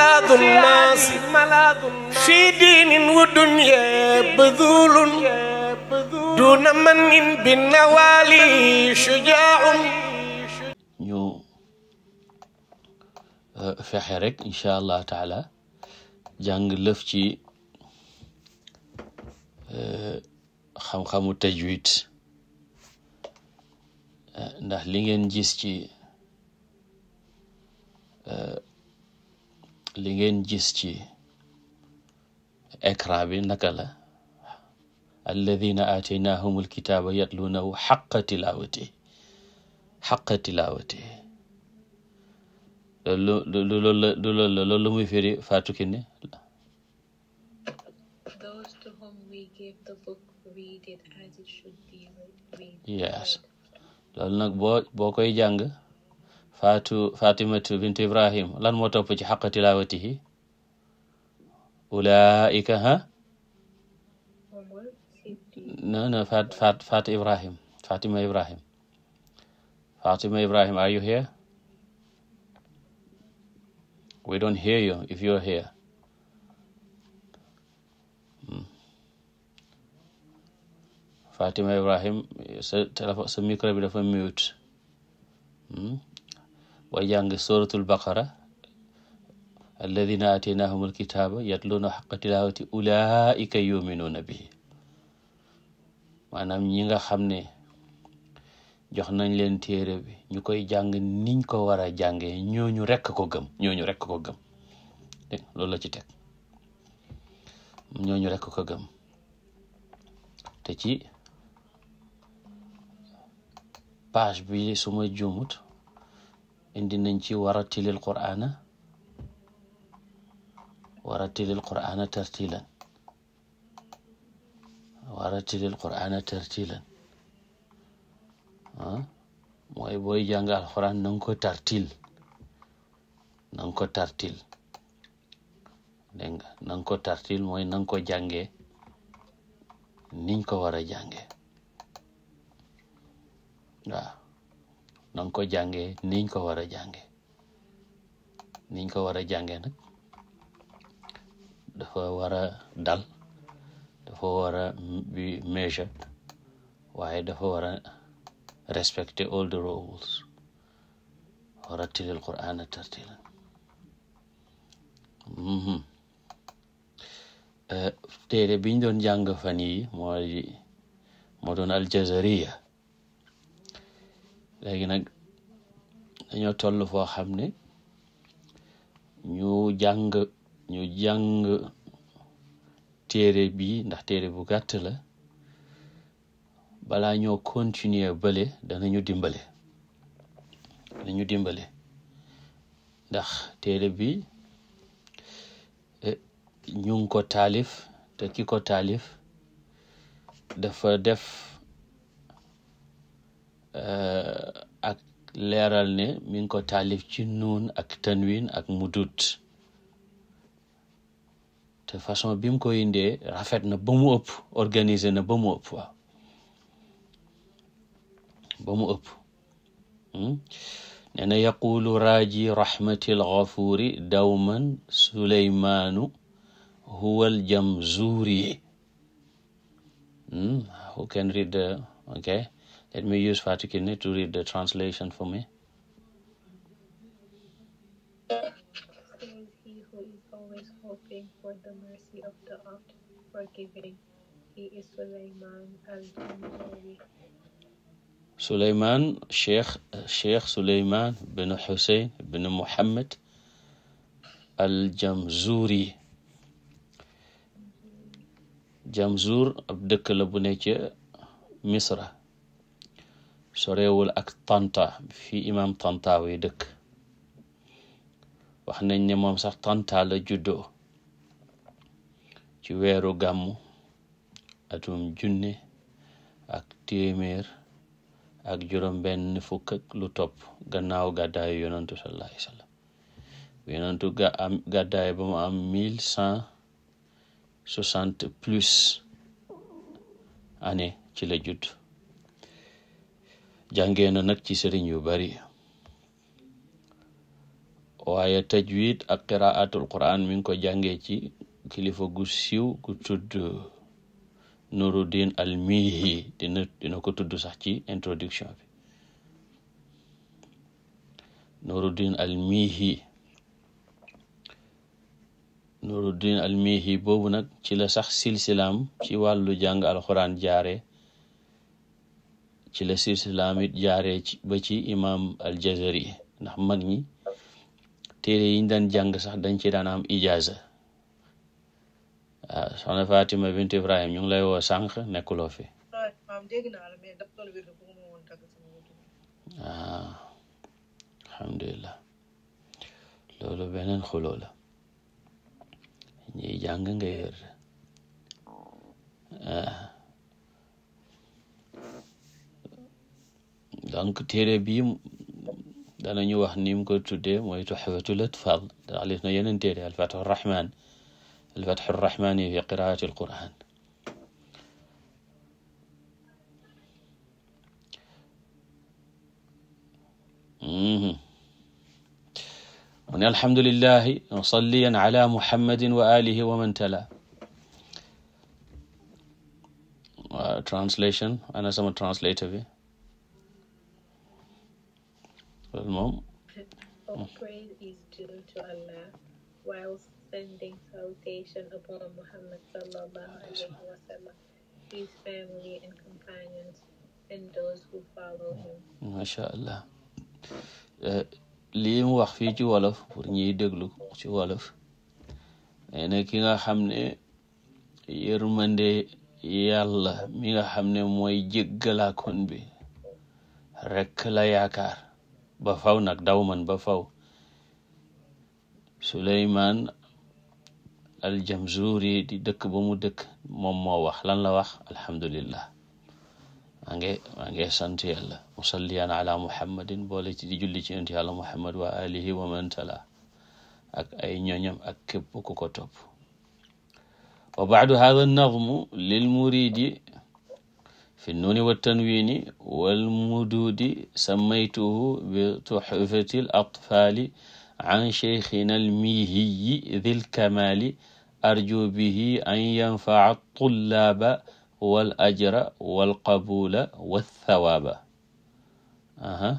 ملاذ الناس في دين ودنيا بذول دون من بالنوالي شجاع ñu euh, fexe rek incha allah taala jàng lëf ci euh, xam-xamu tajwid euh, ndax li ngeen gis ci li ngeen gis ci écran bi naka la alladina aataynahum alkitaaba yatluunahu xaqa tilaawati tilaawati loolu loolu loolu loolu firi Fatou Kiné yes loolu nag boo boo koy jàng faatu fatimatu bintu ibrahim lan moo topp ci xaqa ha non non fat fat ibrahim fatima ibrahim are you here we don't hear you if you're here hmm. ibrahim sa téléphone sa micro mute hmm. booy jàng suratul baqara alladina ateynahum alkitaba yatluuna xaqa tilawati ulaika yuminuuna bihi maanaam ñi nga xam ne jox nañ leen téere bi ñu koy jàng niñ ko war a jàngee ñooñu rekk ko gëm ñooñu rekk ko la ci teg ñooñu rekk ko gëm te ci page bi su ma indi nañ ci waratilil qur'aana waratilil qur'aana tartilan waratilil qur'aana tartilan ah mooy booy jàng alxuraan na nga ko tartil na ko tartil dégg nga na ko tartil mooy na nga ko jàngee niñ ko war a jàngee na ko jàngee niñ ko war a jàngee niñ ko war a jàngee nag dafa war a dal dafa war a bi measure waaye dafa war a respecter all the rules war a tilil qur'aana tartiilan mhm. eh, téere biñ doon jàng fan moo doon aljazariya léegi nag dañoo toll foo xam ne ñu jàng ñu jàng téere bi ndax téere bu gàtt la balaa ñoo continuer bële danañu dimbale danañu dimbale ndax téere bi eh, ñu taalif te ki ko taalif dafa def Euh, ak leeral ne mi ko taalif ci nuun ak tanwin ak mudut te façon bim ko indee rafet na ba mu ëpp organisé na ba mu ëpp waaw ba mu ëpp hmm? nee na yaqulu raaji rahmatil ghafuuri dawman suleymaanu huwal jamzuuri hmm? Let me use Fatikini to read the translation for me. Praise he Sheikh, Sheikh Sulaiman bin Hussein Muhammad al-Jamzuri. Jamzur ab dëkk la bu ne ca Misra. soreewul ak tanta fi imam tantawee dëkk wax nañ ne moom sax tanta la juddoo ci weeru gàmmu atum junne ak téeméer ak juróom benn fukk lu topp gannaaw gàddaayu yonantu sallallahu ba mu am mille cent plus année ci la judd jànge na nag ci sëriñ yu bari waaye tajwid ak qiraatul mi ngi ko jànge ci kilifa gu siiw gu Nuruddin Almihi ko tudd sax ci introduction Nuruddin Almihi Nuruddin Almihi boobu nag ci la sax silsilaam ci wàllu jàng alquran jaare ci la silsilaam it jaaree ci ba ci imaam aljazari ndax mag ñi téere yiñ daan jàng sax dañ ci daan am ijaaza waaw soxna Fatima bint Ibrahim ngi lay woo sànq nekkuloo fi waaw ah, alhamdulilah loolu beneen xuloo la ñiy jàng ngay wér ah. donc téere bii danañu wax nim mu ko tuddee mooy tuxfatul atfal da alif na yeneen téere alfatxu rahman alfatxu rahman yi fi qiraati alquran mhm. mu ne alhamdulillahi musalliyan ala muhammadin wa alihi wa man tala translation ana sama translator bi loolu moom of praise Allah eh, lii mu wax fii ci wolof pour ñiy déglu ci wolof nee na ki nga xam ne yërmande yàlla mi nga xam ne mooy jéggalaakoon bi rekk la yaakaar ba faw nag daw man ba faw suleyman aljamzuri di dëkk ba mu dëkk moom moo wax lan la wax alhamdulillah maa ngi maa ngi sant yàlla musalliyan ala muhammadin boole ci di julli ci yonent yàlla muhammad wa alihi wa man tala ak ay ñoñam ak képp ku ko topp wa baadu hada nadmu lil muridi fi nuuni wa tanwiini wal muduudi sammaytuhu bi tuxfati l atfaali an cheikhina almihiyi dhil kamaali arju bihi an yanfaca tullaaba wal ajra wal qabula wal thawaaba aha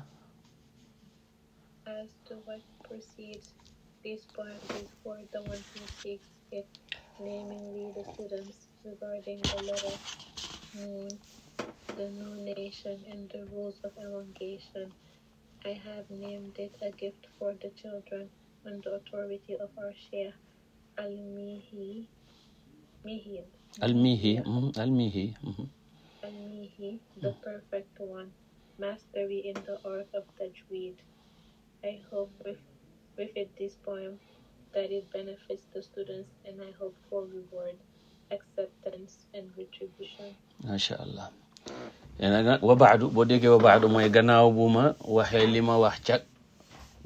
This part is for the one who seeks it, namely the students, regarding the letter Noon the nonation, and the rules of elongation. I have named it a gift for the children on the authority of our Sheikh Al-Mihi. Mihi. Mm-hmm, mm-hmm. the mm. perfect one, mastery in the art of tajweed. I hope with, it this poem that it benefits the students and I hope for reward, acceptance and retribution. MashaAllah. nee baadu boo déggee wa baadu mooy gannaaw bu ma waxee li ma wax ca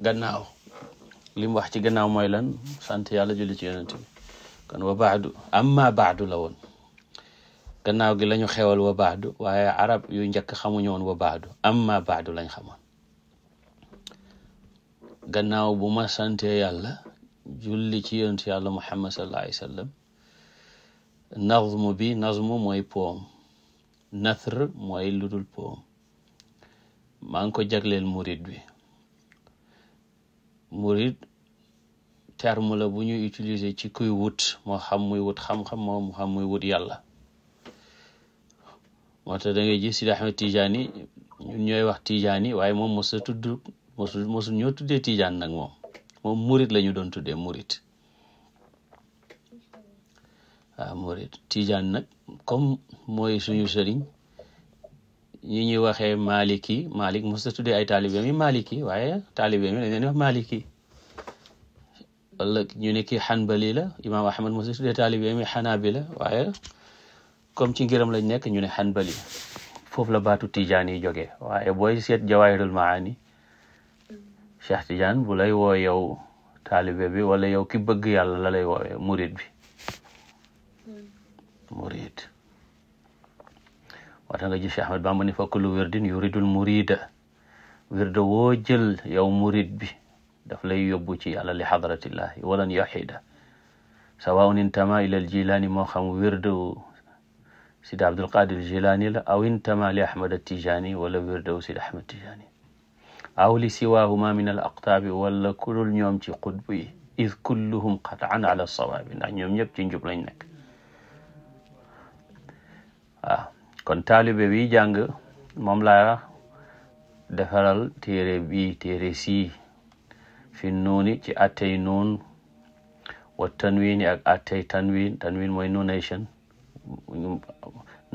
gannaaw wax ci gannaaw mooy lan sant yàlla julli ci yonent bi kon wa baadu amma baadu la woon gannaaw gi lañu xewal wa baadu waaye arab yu njëkk xamuñu woon wa baadu amma baadu lañ xamoon gannaaw bu ma sante yàlla julli ci yonent yàlla muhammad sallallahu alayhi wa sallam nazmu bi nazmu mooy poem nasr mooy ludul poom maa ngi ko jagleel murid bi murid terme la bu ñuy utiliser ci kuy wut moo xam muy wut xam-xam moo xam muy wut yàlla moo tax da ngay gis Sidi Ahmed Tijaani ñun ñooy wax Tijaani waaye moom mosu tudd mosu mosu ñoo tuddee Tijaan nag moom moom murid la ñu doon tuddee murid waaw ah, murid nag comme mooy suñu sëriñ ñi ñuy waxee maliki malik mos a tuddee ay taalibe mi waaye taalibe mi dañ leen wax maliki wala ñu ne kii xanbali la imaam ahmad mos a tuddee taalibe mi la waaye comme ci ngiram lañ nekk ñu ne xanbali foofu la baatu tijaan yi jógee waaye booy seet jawahirul maani cheikh tijaan bu lay woo yow taalibe bi wala yow ki bëgg yàlla la lay woowee murid bi murid waata nga gis Cheikh Ahmad Bamba ni fa kullu wirdin yuridul murida wirda woo jël yow murid bi daf lay yóbbu ci yàlla li xadratillahi walan yaxida sawaun intama ila al jilaani moo xam wirda Sidi Abdul Qadir Jilani la aw intama li Ahmad Tijani wala wirdaw Sidi Ahmad Tijani aw li siwaahuma min al aqtaabi wala kulul ñoom ci qutb yi id kulluhum qataan ala sawaabi ndax ñoom ñëpp ci njub lañ nekk waaw ah, kon taalibe bi jàng moom laa defaral téere bi téere sii fi nuuni ci attey nuun wa tanwiin ak attey tanwiin tanwiin mooy nunation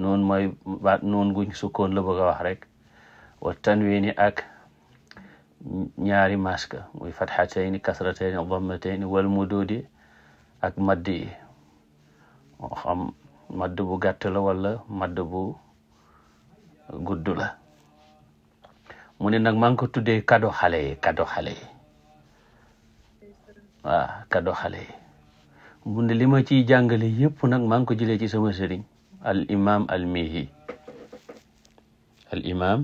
nuun mooy baat nuun guñ sukkoon la bëgg a wax rek wa tanwiin ak ñaari maska muy fatxatayni kasratayni dammatayni wal mududi ak maddi yi moo xam madd bu gàtt la wala madd bu gudd la mu ne nag maa ngi ko tuddee kado xale yi kado xale mu ne li ma ciy jàngale yëpp nag maa ngi ko jëlee ci sama sëriñ al imam al mihi al imam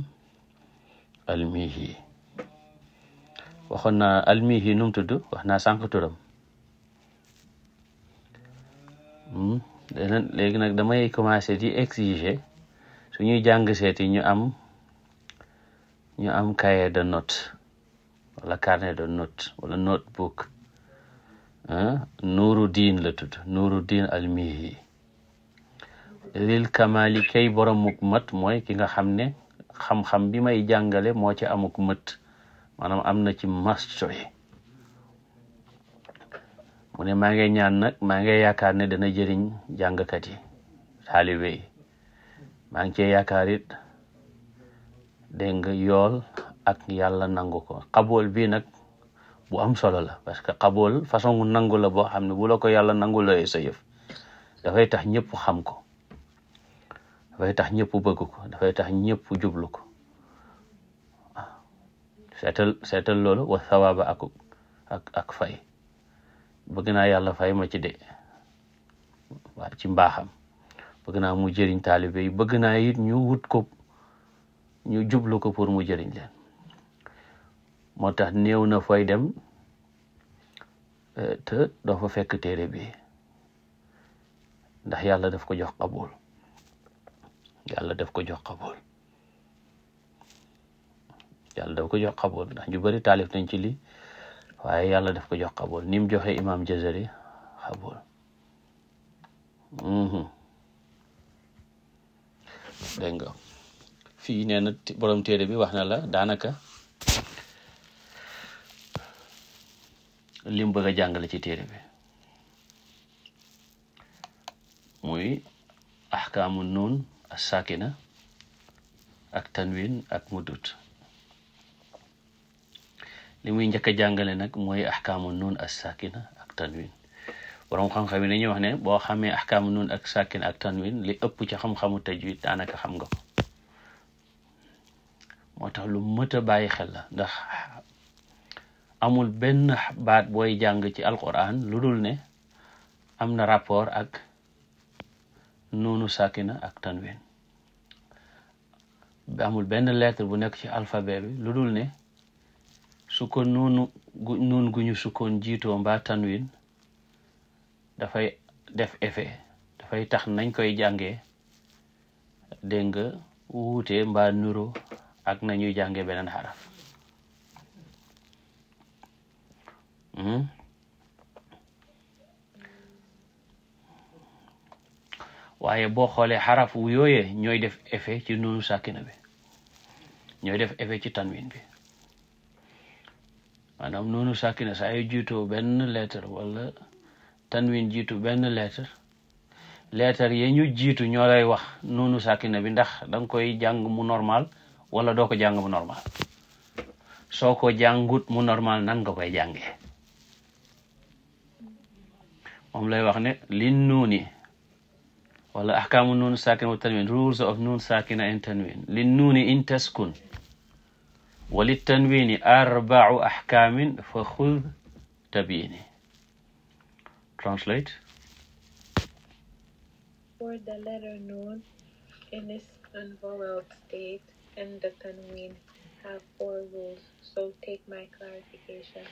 al mihi waxoon naa al mihi nu mu tudd wax naa sànq léegi nag damay commencer di exiger suñuy jàng seeti ñu am ñu am cahier de notes wala carnet de notes wala notebook nuuru diin la tudd nuuru diin almihi lil kamali kay boromuk mat mooy ki nga xam ne xam-xam bi may jàngale moo ci amuk mët maanaam am na ci mastoy mu ne maa ngi ñaan nag maa ngi yaakaar ne dana jëriñ jàngkat yi taalibe yi maa ngi cee yaakaar it dégg nga yool ak yàlla nangu ko xabool bii nag bu am solo la parce que xabool façon gu boo xam ne bu la ko yàlla nangu looyee sa dafay tax ñëpp xam ko dafay tax ñëpp bëgg ko dafay tax ñëpp jublu ko waaw seetal seetal loolu wa sawaaba ak ak fay bëgg naa yàlla fay ma ci de waa ci mbaaxam bëgg naa mu jëriñ taalibe yi bëgg naa it ñu wut ko ñu jublu ko pour mu jëriñ leen moo tax néew na fooy dem euh, te doo fekk téere bi ndax yàlla daf ko jox xabul yàlla def ko jox xabul yàlla daf ko jox xabul ndax ñu bëri taalif nañ ci lii waaye yàlla def ko jox xabool ni mu joxe imam Jazari xabool mhm. dégg nga fii nee borom téere bi wax na la daanaka lim bëgg a jàngale ci téere bi muy ahkaamu nuun as sakina ak tanwin ak mudut li muy njëkk jàngale nag mooy axkaamu nuun ak sakina ak tanwin borom xam-xam yi dañuy wax ne boo xamee axkaamu nuun ak sakina ak tanwin li ëpp ci xam-xamu tajwid daanaka xam nga moo tax lu mët bàyyi xel la ndax amul benn baat booy jàng ci alquran lu dul ne am na rapport ak nuunu sakina ak tanwin amul benn lettre bu nekk ci alphabet bi lu dul ne sukkoon nuunu nuun gu ñu sukkoon jiitoo mbaa tanwin dafay def effet dafay tax nañ koy jànge dégg nga wuute mbaa nuro ak nañuy jànge beneen xaraf hmm? waaye boo xoolee xaraf wu yooyee ñooy def effet ci nunu sàkkina bi ñooy def effet ci tanwin bi maanaam noonu sàkkina saa yu jiitoo benn lettre wala tanwin jiitu benn lettre lettre ya ñu jiitu ñoo lay wax noonu sàkkina bi ndax danga koy jàng mu normal wala doo ko jàng mu normal soo ko jàngut mu normal nan nga koy jànge moom lay wax ne lin nuuni wala ahkaamu nuun saakina wa tanwin rules of nuun saakina and tanwin lin nuuni in taskun walitanwini arbau ahkamin fa xud tabini translate for the letter noon in its unvoweled state and the tanwin have four rules so take my clarification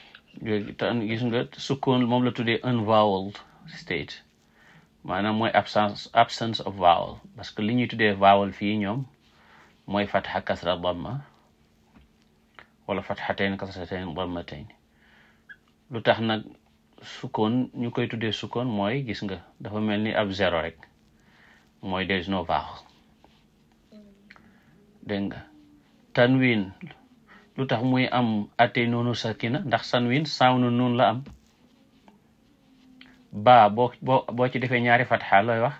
tan gis nga sukkoon moom la tuddee unvoweled state maanaam mooy absence of vowel parce que li ñuy tuddee vowel fii ñoom mooy fatha kasra damma wala fatxatayn kasratayn dammatayn lu tax nag sukkoon ñu koy tuddee sukkoon mooy gis nga dafa mel ni ab zéro rek mooy de no vaaxu dégg nga tanwin lu tax muy am atey noonu sakina ndax san sanwin sawnu nun la am baa boo boo boo ci defe ñaari fatxa looy wax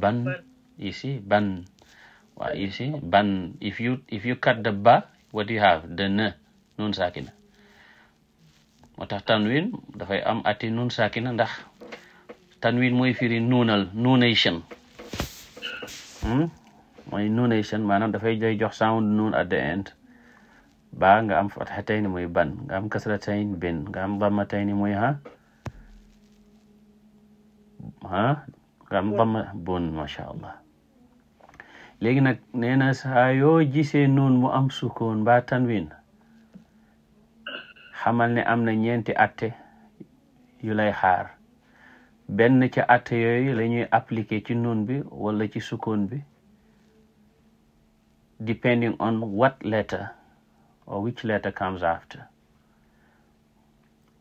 ban ici ban waaw you see ban if you cut the ba what you have the na nun saakina moo tax tanwin dafay am ati nun saakina ndax tanwin mooy firi nuunal nuunation hmm? mooy nuunation maanaam dafay joy jox sound nuun at the end ba nga am fatxatayn mooy ban nga am kasratayn bin nga am dammatayn mooy ha nga am damma bun masha allah léegi nag nee na saa yoo gisee noon mu am sukkoon mbaa tanwin xamal ne am na ñeenti atte yu lay xaar benn ca atte yooyu la ñuy ci noon bi walla ci sukkoon bi depending on what letter or which letter comes after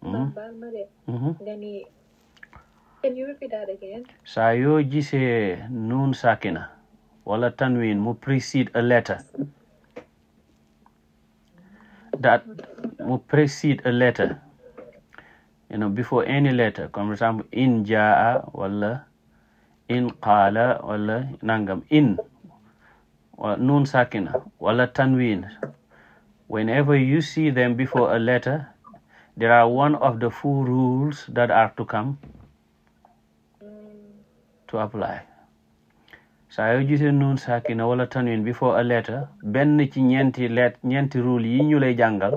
hmm? mm-hmm. saa yoo gisee nuun sakina wala tanwin mu précède a letter that mu précède a letter before any letter comme par in jaa wala in qaala wala nangam in nun sakina wala tanwin whenever you see them before a letter there are one of the four rules that are to come to apply saa yoo gisee nuun saakina wala tanwin before a letter benn ci ñeenti rule yi ñu lay jàngal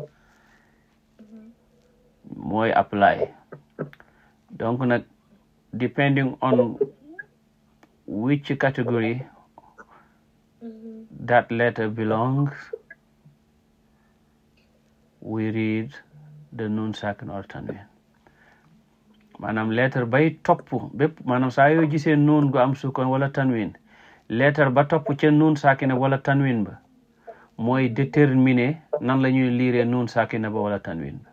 mooy apply donc nag depending on which category mm-hmm. that letter belongs we read the nun sakin or tanwin maanaam lettre bay topp bépp maanaam saa yoo gisee nuun gu am sukkoon wala tanwin leetar ba topp ca nuun saakina wala tanwin ba mooy déterminer nan la ñuy liiree nuun saakina ba wala tanwin ba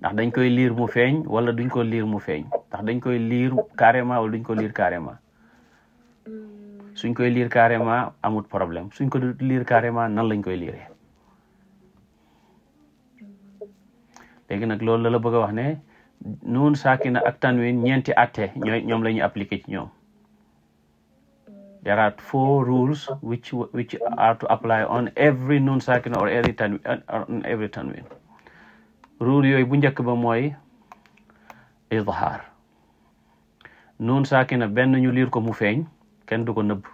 ndax dañ koy liir mu feeñ wala duñ ko liir mu feeñ ndax dañ koy liir carrément wala duñ ko liir carrément suñ koy liir carrément amut problème suñ ko liir carrément nan lañ koy liire léegi nag loolu la la bëgg a wax ne nuun saakina ak tanwin ñeenti atte ñooy ñoom la ñuy appliqué ci ñoom there are four rules which are to apply on every nun sakin or uh, every tan on rule yooyu bu njëkk ba mooy izhar nun sakina benn ñu liir ko mu feeñ kenn du ko nëbb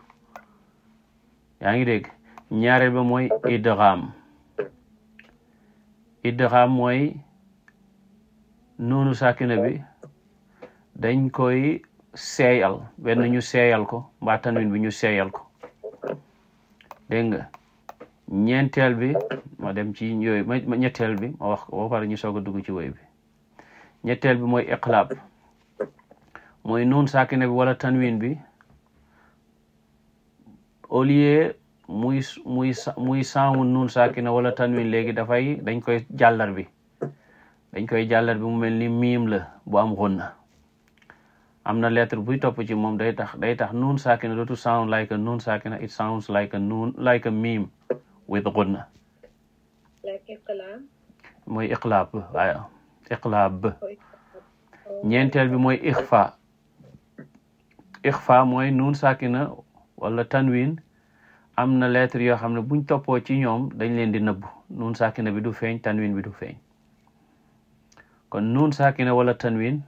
yaa ngi dégg ñaareel ba mooy idgham idgham mooy nuunu sakina bi dañ koy seeyal wenn ñu seeyal ko mbaa tanwin bi ñu seeyal ko dégg nga ñeenteel bi ma dem ci ñetteel bi ma wax ko ba ñu soog a dugg ci woy bi ñetteel bi mooy iqlaab mooy nuun saakina bi wala tanwin bi au lieu muy muy muy saamu nuun saakina wala tanwin léegi dafay dañ koy jàllar bi dañ koy jàllar bi mu mel ni miim la bu am xunna am na lettre buy topp ci moom day tax day tax nuun saakina dootu sound like a nuun saakina it sounds like a nuun like a mim with ghunna mooy iqlaab waaye iqlaab oh. ñeenteel bi mooy ixfa ixfa mooy nuun saakina wala tanwin am na lettre yoo xam ne buñ toppoo ci ñoom dañ leen di nëbbu nuun saakina bi du feeñ tanwin bi du feeñ kon nuun saakina wala tanwin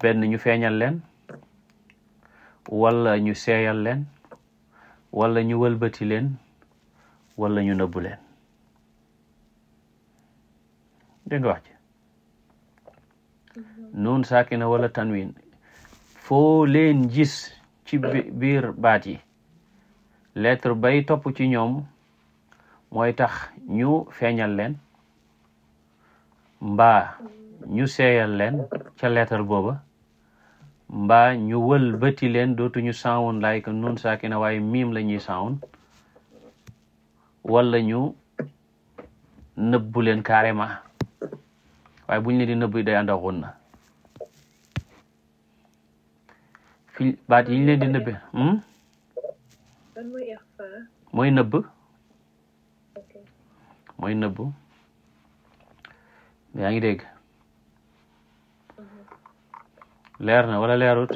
benn ñu feeñal leen wala ñu seeyal leen wala ñu wëlbati leen wala ñu nëbbu leen dégg wax ji mhm. nuun saakina wala tanwin foo leen gis ci biir baat yi lettre bay topp ci ñoom mooy tax ñu feeñal leen mbaa mhm. ñu seyal leen ca leetar booba mba ñu wëlbati leen dootuñu saawun laay ka nun saakina waaye miim la ñuy saawun wala ñu nëbbu leen carrément waaye buñ nëbb day ànd fi baat yi ñu leen di nëbbe hmm? mooy nëbb mooy nëbb yaa ngi dégg leer na wala leerut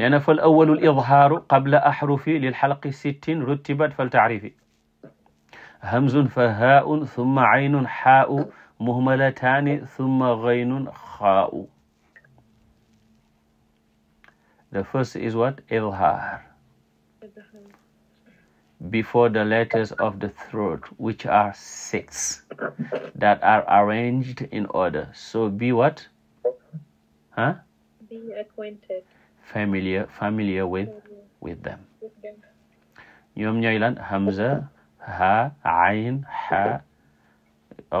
nee na fal awalul idhaaru qabla ahrufi lil xalqi sittin rutibat fal taarifi hamzun fa haaun thumma aynun xaau muhmalataani thumma ghaynun xaau the first is what idhaar before the letters of the throat which are six that are arranged in order so be what huh? being acquainted familiar familiar with with them ñoom ñooy lan hamza ha ayn ha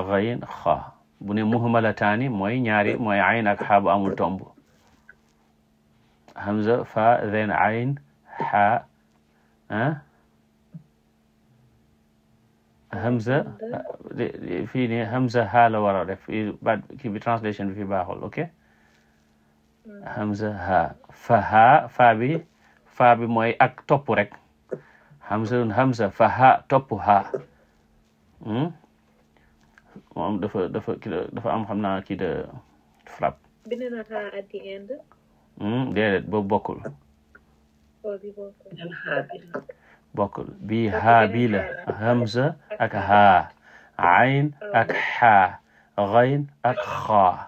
ghayn kha bu ne muhmalataani mooy ñaari mooy ayn ak ha amul tomb hamza fa then ayn ha hamza fii hamza ha la war a bi translation bi fi baaxul ok hamza ha fa ha fa bi mooy ak topp rek hamza hamza fa ha topp ha hmm? moom dafa dafa am xam naa kii de frappe hmm? déedéet boobu bokkul oh, bokkul bii haa bii hamza ak haa ayn ak haa ghayn ak xaa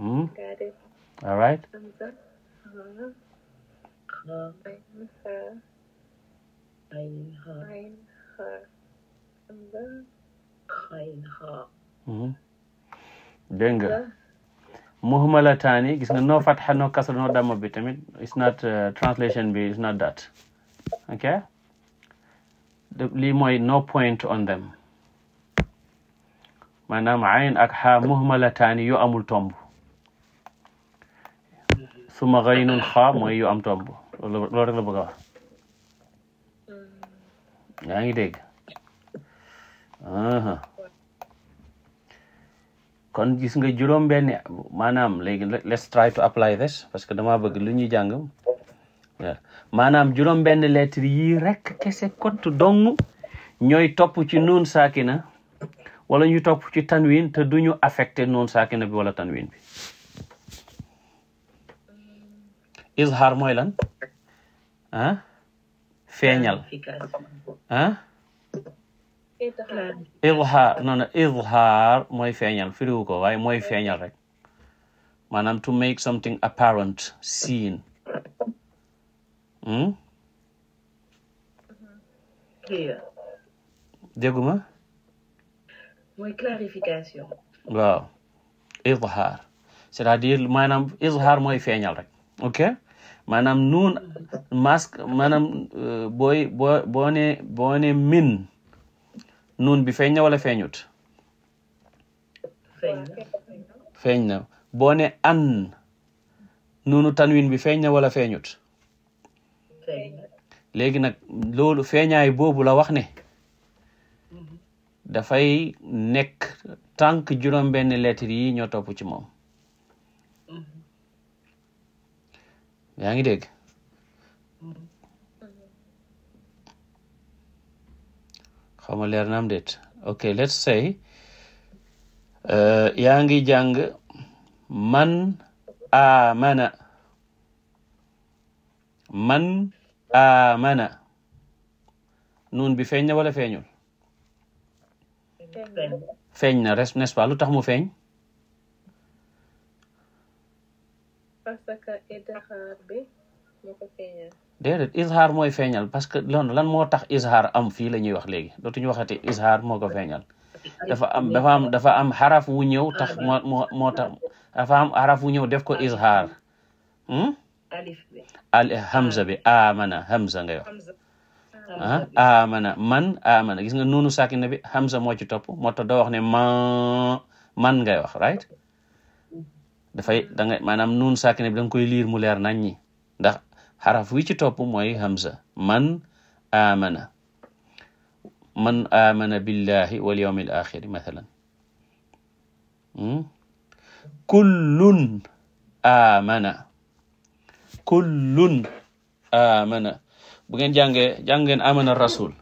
Mm? Got it. All taani hmm? dégg nga gis no fatha no kasra no damma bi tamit it's not uh, translation bi is not that ok lii mooy no point on them maanaam ayn ak xa muhmalataani yu amul tomb suma xaynun xaa mooy yu am tomb loolu rek la bëgg wax mm. yaa ngi dégg kon gis nga juróom benni maanaam léegi let's try to apply this parce que damaa bëgg lu ñuy jàng maanaam juróom benn lettre yii rek kese kot dong ñooy topp ci nuun saakina wala ñu topp ci tanwin te duñu affecté nuun saakina bi wala tanwin bi izhar mooy lan ah feeñal ah izhar non mooy feeñal firiwu ko waaye mooy feeñal rek maanaam to make something apparent seen hmm? yeah. dégguma mooy feeñal rek maanaam nuun masque maanaam eh, booy boo boone miin boo nuun bi feeñ na wala feeñut feeñ na boo an nuunu tanwin bi feeñ na wala feeñut léegi nag loolu feeñaay boobu la wax ne dafay nekk tànk juróom-benn lettre yi ñoo topp ci moom yaa ngi dégg xaw leer na am déet ok let's say yaa ngi jàng man amana man amana nun bi feeñ na wala feeñul feeñ na nest lu tax mu feeñ parce izhaar mooy feeñal parce que loolu lan moo tax izhaar am fii la ñuy wax léegi dootuñu waxati izhaar moo ko feeñal. dafa am dafa am dafa am xaraf wu ñëw tax moo tax dafa am xaraf wu ñëw def ko izhaar. Hmm? alif bi hamza bi amana hamza nga wax. ah amana man amana gis nga noonu sakina bi hamza moo ci topp moo ta doo wax ne ma man ngay wax right dafay da nga maanaam nuun sàkkine bi da koy liir mu leer nañ ñi ndax xaraf wi ci topp mooy hamza man amana man amana billahi wal yawmil axiri mathalan hmm? kullun amana kullun amana bu ngeen jàngee jàng ngeen amana rasul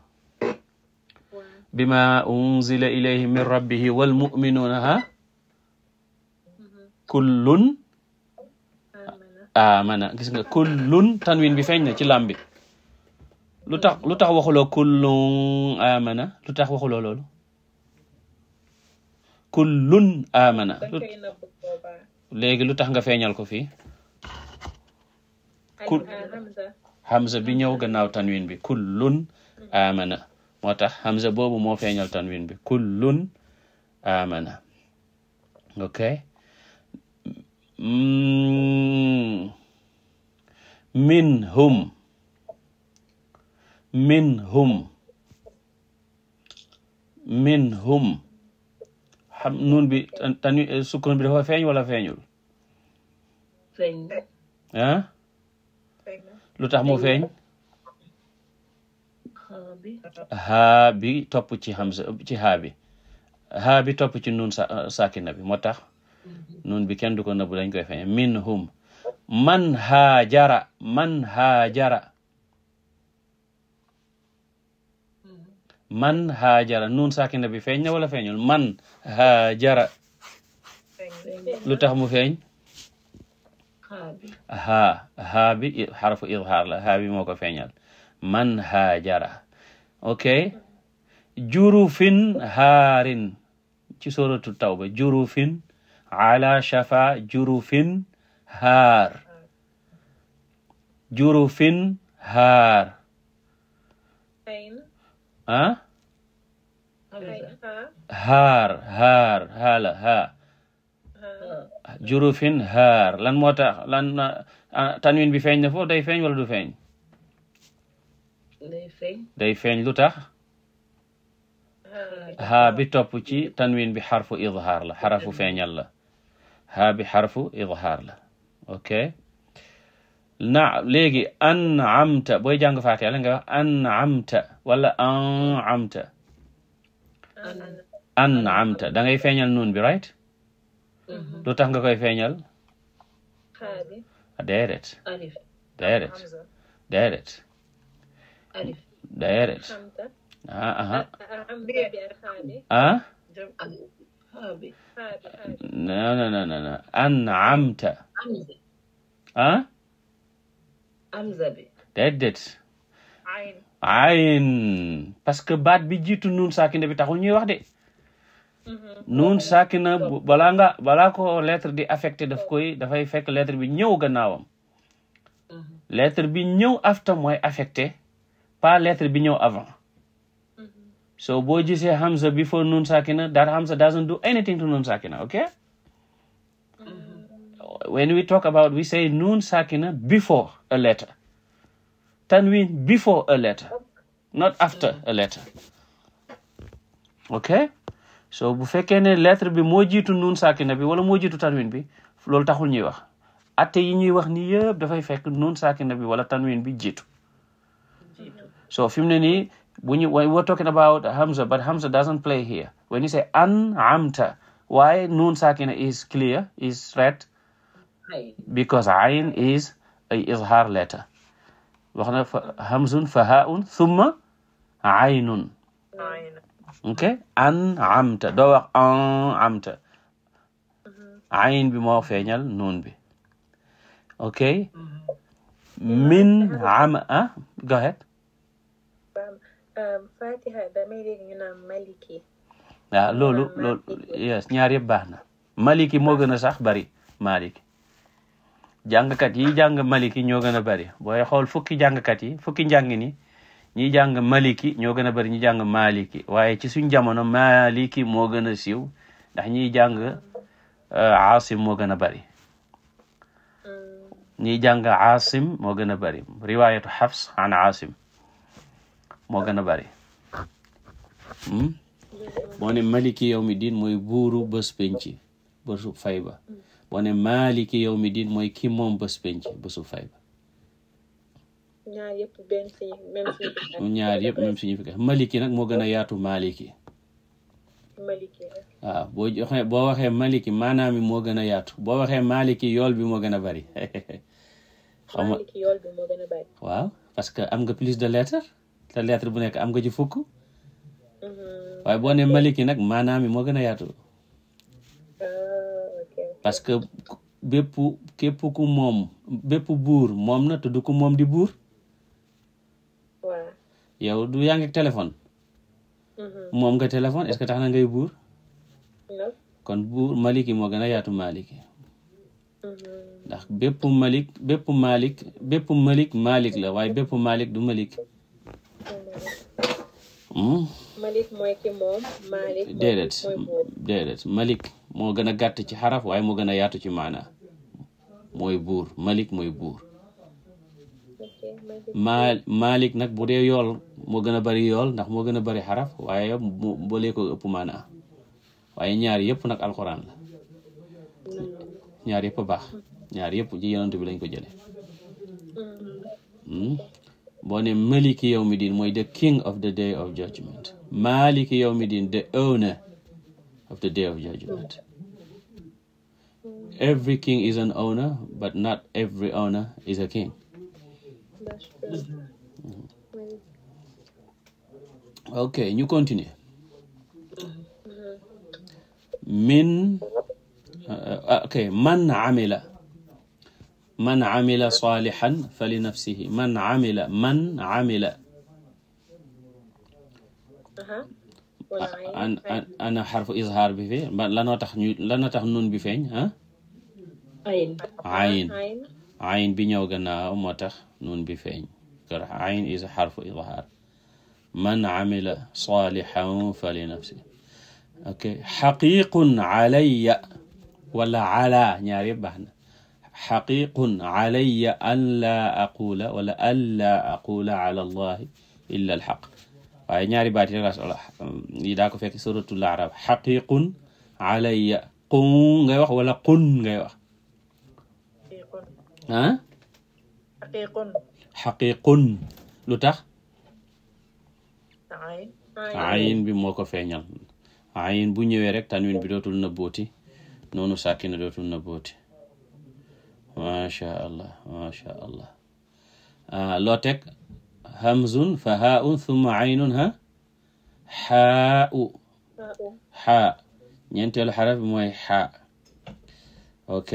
bima unzila ilayhi min rabbihi wal kullun amana gis nga kullun tanwin bi feeñ na ci lam lu tax lu tax waxuloo kullun amana lu tax waxuloo loolu kullun amana léegi lu tax nga feeñal ko fii kul ah, hamza bi ñëw gannaaw tanwin bi kullun mm. amana moo tax hamza boobu moo feeñal tanwin bi kullun amana ok Mm. min minhum minhum xam nuun bi tanu eh, sukkoon bi dafa feeñ wala feeñul ah lu tax mu feeñ haa bi topp ci hamza ci bi haa bi topp ci nuun sakina bi moo tax nun bi kenn du ko nëbb dañ koy feeñ minhum man haajara man haajara man haajara nun saakina bi feeñ na wala feeñul man haajara lu tax mu feeñ haa haa bi xarfu la haa bi moo ko feeñal man haajara ok jurufin haarin ci sóoratu tawba jurufin ala shafa jurufin haar jurufin haar lan moo tax lan ah, bi feeñ na foofu day feeñ wala du feeñ day feeñ lu tax haa bi topp ci tanwin bi xarfu izhaar la xarafu feeñal la haa bi xarfu idhaar la ok na léegi an'amta booy jàng faatiha la nga wax an'amta wala an'amta an'amta da ngay feeñal nuun bi right lu tax nga koy feeñal déedéet déedéet déedéet déedéet ah ah ah non non non non an'amta amza bi déedéet parce que baat bi jiitu nuun saakina bi taxul ñuy wax de nuun saakina balaa nga balaa ko lettre di affecté daf koy dafay fekk lettre bi ñëw gannaawam lettre bi ñëw afta mooy affecté pas lettre bi ñëw avant so boo gisee Hamza before noon sakina that Hamza doesn't do anything to nun sakina okay mm-hmm. when we talk about we say nun sakina before a letter tanwin before a letter not after a letter okay so bu fekkee ne lettre bi moo jiitu nun sakina bi wala moo jiitu tanwin bi loolu taxul ñuy wax atte yi ñuy wax nii dafay fekk nun sakina bi wala tanwin bi jiitu so fi mu ne when you when we're talking about Hamza, but Hamza doesn't play here. When you say an amta, why nun sakina is clear, is straight? Because ayn is a izhar letter. wax na fa hamzun fa haun thumma aynun. ok an amta doo wax an amta. Mm-hmm. ayn bi moo feeñal nun bi. ok. Mm-hmm. min mm-hmm. ama ah go ahead. Um, loolu loolu yes ñaar yëpp baax na. Maliki moo gën a sax bari Maliki. jàngkat yi jàng Maliki ñoo gën a bari booy fukki jàngkat yi fukki njàng ni ñi jàng Maliki ñoo gën a bari ñi jàng Maliki waaye ci suñ jamono Maliki moo gën a siw ndax ñiy jàng uh, Asim moo gën a bari. Hmm. ñiy jàng Asim moo gën a bari riwaayatu Hafs an Asim. moo gën a bari hmm? boo ne maliki yow mi diin mooy buuru bés penc bésu fay ba boo ne maliki yow mi diin mooy ki moom bés bësu bésu fay ñaar yëpp benn ñaar yëpp même signification maliki nag moo gën a yaatu maliki waaw boo joxee boo waxee maliki maanaam mi moo gën a yaatu boo waxee maliki yool bi moo gën a bari waaw parce que am nga plus de lettres te bu nekk am nga ci fukk mhm. waaye boo ne maliki nag maanaam yi moo gën a yaatu ah, parce que bépp képp ku moom bépp buur moom na te du moom di buur yow du yaa ngi téléphone mhm. moom nga téléphone est-ce que tax na ngay buur kon buur maliki moo gën a yaatu maliki mhm. ndax bépp malik bépp malik bépp malik malik la waaye bépp malik du malik Hmm? Malik mooy ki moom. Malik déedéet déedéet moo gën a gàtt ci xaraf waaye moo gën a yaatu ci maana mooy buur Malik mooy buur. ma Malik nag bu dee yool moo gën a bari yool ndax moo gën a bari xaraf waaye mu ko ëpp maana waaye ñaar yépp nag alxuraan la ñaar yëpp baax ñaar yëpp ci yonent bi lañ ko jële mm-hmm. hmm? boo ne maliki yawmi mooy the king of the day of judgment maliki yawmi the owner of the day of judgment every king is an owner but not every owner is a king ok ñu continue min uh, uh, ok man amila man amila salihan fa li nafsihi man amila man amila uh-huh. an ana xarfu izhaar bi fi lanoo tax ñu lanoo tax nun bi feeñ ah ayn ayn bi ñëw gannaaw moo tax nun bi feeñ kor ayn is xarfu izhaar man amila salihan fa li nafsihi ok xaqiqun alayya wala ala ñaar yëpp baax na xaqiqun alayya an laa aqula wala an laa aqula ala allahi illa alxaq waaye ñaari baat yi daa ko fekk suratul arab xaqiqun alayya qun ngay wax wala qun ngay wax ah xaqiqun lu tax ayin bi moo ko feeñal ayin bu ñëwee rek tanwin bi dootul na booti noonu sàkkina dootul na booti macha allah macha allah ah, loo teg hamzun fa haun thumma aynun ha xaa u xaa ñeenteelu xaraf bi mooy xaa ok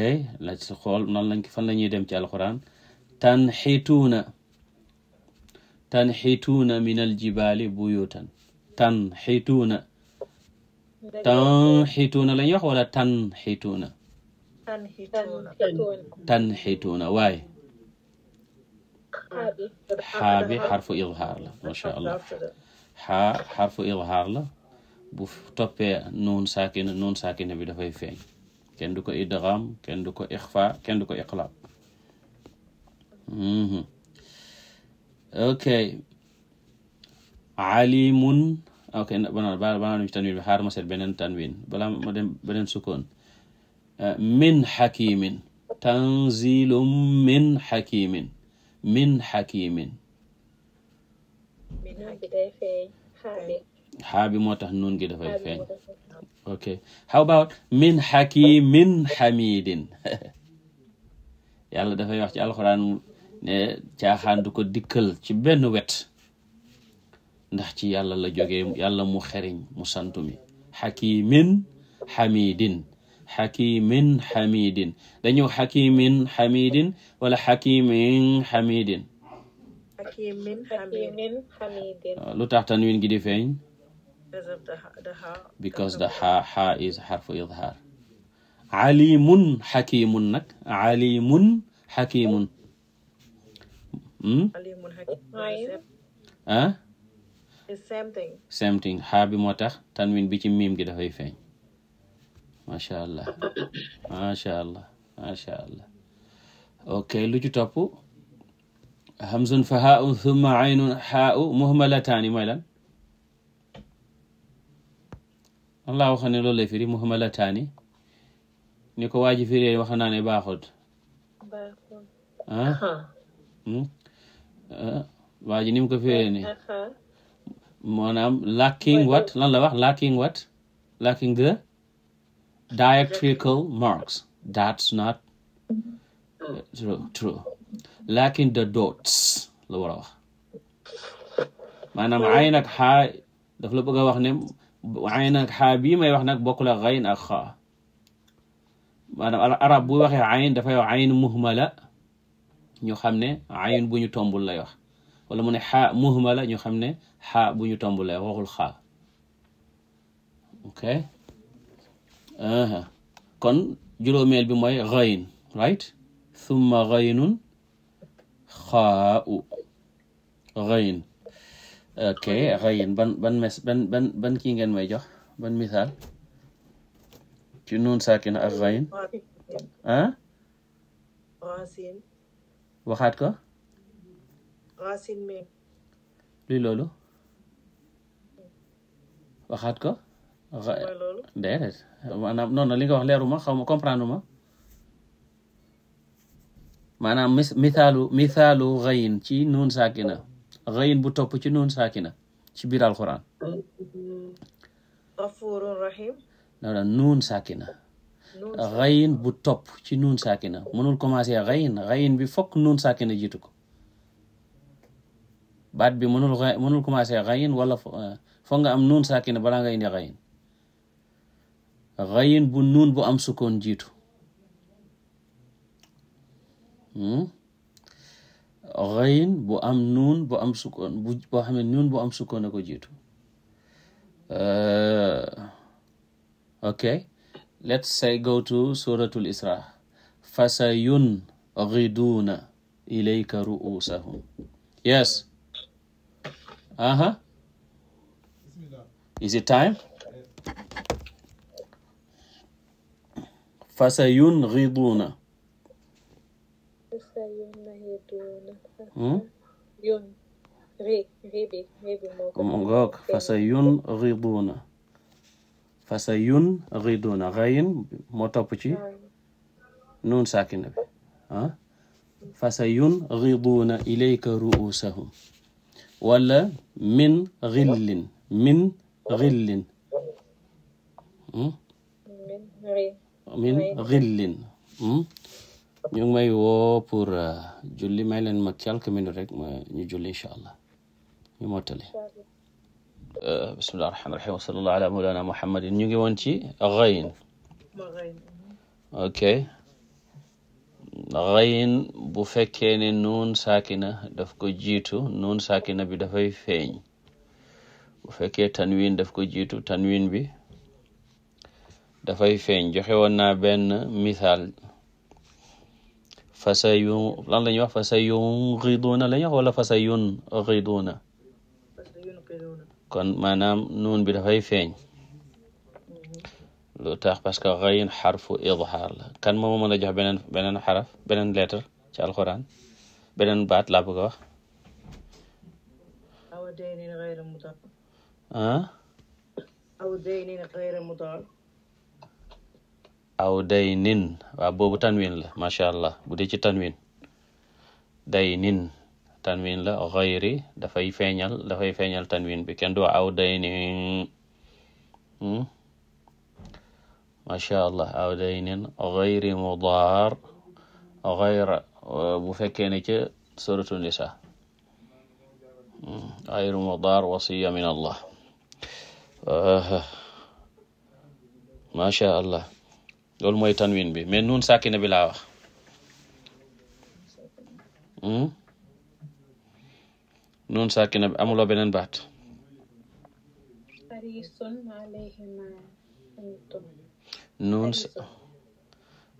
la ci xool nan lañ fan la ñuy dem ci alquran tanxituuna tanxituuna min aljibaali buyutan tanxituuna tanxituuna lañ wax wala tanxituuna tanxituuna waaye xaa bi xarfu idhaar la macha allah xaa xarfu idhaar la bu toppee nuun saakina nuun saakina bi dafay feeñ kenn du ko idgham kenn du ko ixfa kenn du ko iqlaab ok alimun ok banaan banaan tanwin bi xaar beneen tanwin balaa ma dem beneen sukkoon min xakimin tanzilum min xakimin min xakimin xaa bi moo tax nun gi dafay feeñ ok how about min xakimin xamidin yàlla dafay wax ci alxuraan caaxaan du ko dikkal ci benn wet ndax ci yàlla la jógee yàlla mu xeriñ mu santu mi xakimin xamidin dañu ñëw xakimin xamidin wala xakimin xamidin lu tax tanwin gi di feeñ because the ha ha is harfu idhar alimun xakimun nag alimun xakimun hmm? ah same thing ha bi moo tax tanwin bi ci miim gi dafay feeñ macha allah macha allah ok lu ci topp hamzun fa haa'un thumma aynun haa'u muhmalataani mooy lan Allah wax ne loolu firi muhmalataani ni ko waa ji firi wax naa ne baaxut ah? hmm? ah, waa ji ni mu ko firee ni maanaam lacking what lan la wax lacking what lacking the diacritical marks. That's not true. True. Lacking the dots la war wax maanaam ayn xaa daf la bëgg a wax ne ayn ak xaa bii may wax nag bokkul ak xayn ak xaa maanaam arab bu waxee ayn dafay wax ayn muhmala ñu xam ne ayn bu ñu tombul lay wax wala mu ne xaa muhmala ñu xam ne xaa bu ñu tombul lay waxul xaa kon juróomeel bi mooy ghayn right thumma ghaynun xaa'u ghayn ok ghayn ban ban ban ban ban ngeen may jox ban misaal ci nuun saakina ak ghayn ah waxaat ko luy loolu waxaat ko déedéet maanaam noonu li nga wax leeru ma xaw ma comprendre ma maanaam mis mithaalu mithaalu xëyin ci nuun saakina xëyin bu topp ci nuun saakina ci biir alquran gafurun rahim noonu nuun saakina bu topp ci nuun saakina mënul commencé xëyin xëyin bi fokk nuun saakina jiitu ko baat bi mënul mënul commencé xëyin wala eh, foog nga am nuun saakina balaa nga indi xëyin xayin bu nuun bu am sukkoon jiitu xayin hmm? bu am nuun bu am sukkoon xam ne am sukkoon a ko jiitu uh, ok let's say go to suratul isra fasayun ghiduuna ilayka ru'usahum yes aha uh-huh. is it time fasa hmm? yungiduuna ngoog fasa yungiduuna fasa yungiduuna xayin moo topp ci nuun saakina bi ah fasa yungiduuna ilayka ruusahum wala min xillin min xillin min xillin hmm? ñu may woo pour euh, julli may leen ma quelques minutes rek ma ñu julli incha allah ñu mottali euh, bismillahi rahmaani rahiim wa sallallahu ala mawlana muhammadin ñu ngi woon ci xayin ok xayin bu fekkee ne nuun saakina daf ko jiitu nuun saakina bi dafay feeñ bu fekkee tanwin daf ko jiitu tanwin bi dafay feeñ joxe woon naa benn misaal fa yu lan la ñuy wax fa yungiduuna la ñuy wax wala fasa yungiduuna kon maanaam nuun bi dafay feeñ mm-hmm. lu tax parce que xayin xarfu idhaar la kan moo mën a jox beneen beneen xaraf beneen lettre ci alquran beneen baat laa bëgg a wax aw day nin waaw tanwin la macha allah bu dee ci tanwin day tanwin la xayri dafay feeñal dafay feeñal tanwin bi kenn du wax aw day nin hmm? macha allah aw day nin mudaar xayra uh, bu fekkee ne ca suratu nisa xayru hmm. mudaar wasiya min allah uh-huh. macha allah loolu mooy tanwin bi mais nuun sàkkina bi laa wax hmm? nuun sàkkina bi amuloo beneen baat nuun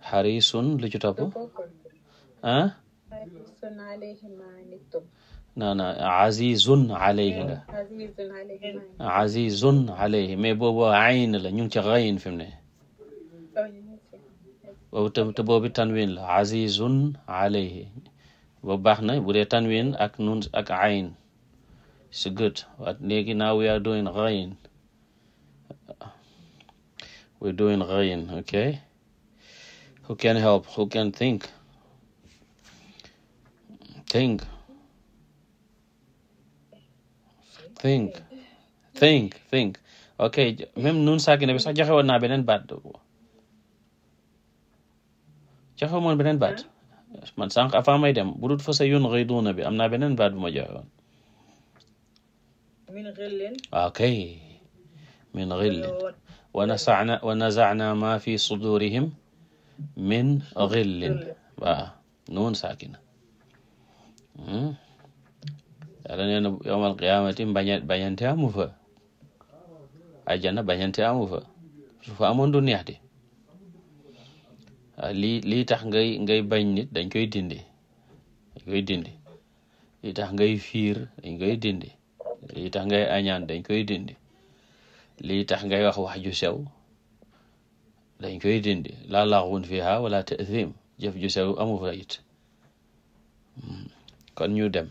xarisun lu ci topp ah non non azizun alayhi nga eh, azizun alayhi mais boobu ayn la ñu ngi ci xayin fi mu ne boobu te boobu tanwin la azizun alayhi boobu baax na bu dee tanwin ak nun ak ayn si gët waat léegi we are doing ghayn we're doing ghayn okay who can help who can think think think think think okay même nun saakina bi sax joxe woon naa beneen dafa amoon beneen baat man sànq avant may dem bu dul fa sa yoon rëy duuna bi am naa beneen baat bu ma joxe woon. min xillin waaw kay min xillin wa nasana wa nazana ma fi sudurihim min xillin waaw nuun saakina yàlla nee na yowmal qiyaamati baña bañante amu fa ajana bañante amu fa su fa amoon du neex di Euh, lii lii tax ngay ngay bañ nit dañ koy dindi dañ koy dindi tax ngay fiir dañ koy dindi lii tax ngay añaan dañ koy dindi li tax ngay wax wax ju sew dañ koy dindi laa laxwun fiha wala ta'thim jëf ju sew amu fa hmm. kon ñu dem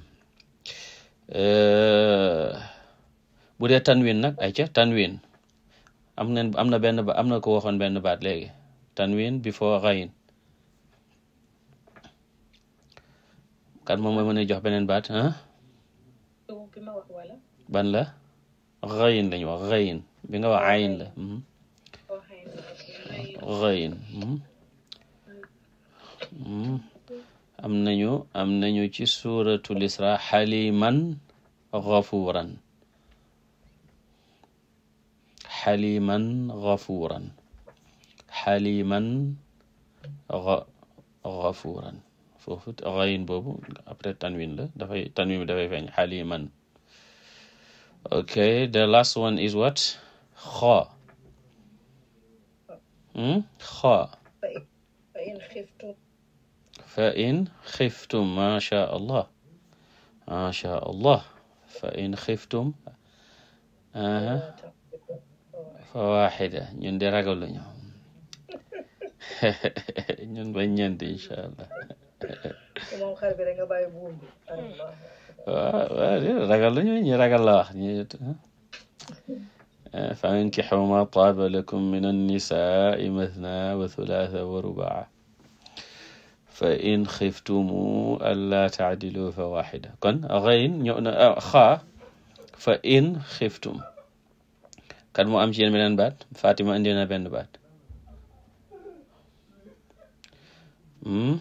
euh, bu dee tanwin nag ay ca tanwin am na am na benn ba am na ko waxoon benn baat léegi tanwin before ghayn kan moom mooy mën a jox beneen baat ah? ban la ghayn lañu wax ghayn bi nga wax ayn la ghayn mhm. mhm. mhm. am nañu am nañu ci suuratul Isra xaliman ghafuran xaliman ghafuran xaliman gafuran foofu xayin boobu après tanwin la dafay tanwin bi dafay feeñ xaliman ok the last one is what xo xo hmm? fa in xiftum macha allah macha allah fa in xiftum fa waaxida ñun de ragal lañu ñun ba ñeent incha allah. moom xar bi rek nga bàyyi buum bi. waaw waaw ragal la ñu ñi ragal la wax ñi eh, fa ankixu ma taaba lakum min annisaai mathna wa thulaatha wa rubaa fa in xiftumu alla taadilu fa waxida kon ghayn ñëw na ah, xaa fa in xiftum kan moo am ci yéen beneen baat Fatima indi na benn baat Hmm?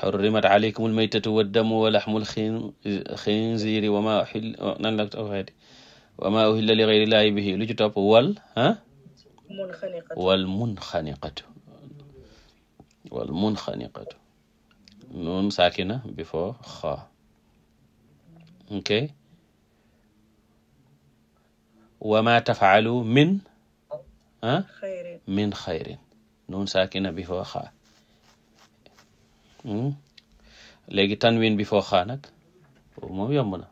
xurrimat aleykum almaytatu waddamu wa laxmu alxinziiri wa maa uhilla nan la waxeeti wa maa uhilla li gayri llaahi bihi lu ci topp wal ah wal munxaniqatu wal munxaniqatu nuun saakina before xa ok wa maa tafaalu min ah min xayrin nun saakina bi foo xaa hmm? léegi tanwin bi foo xaa nag boobu moom yomb na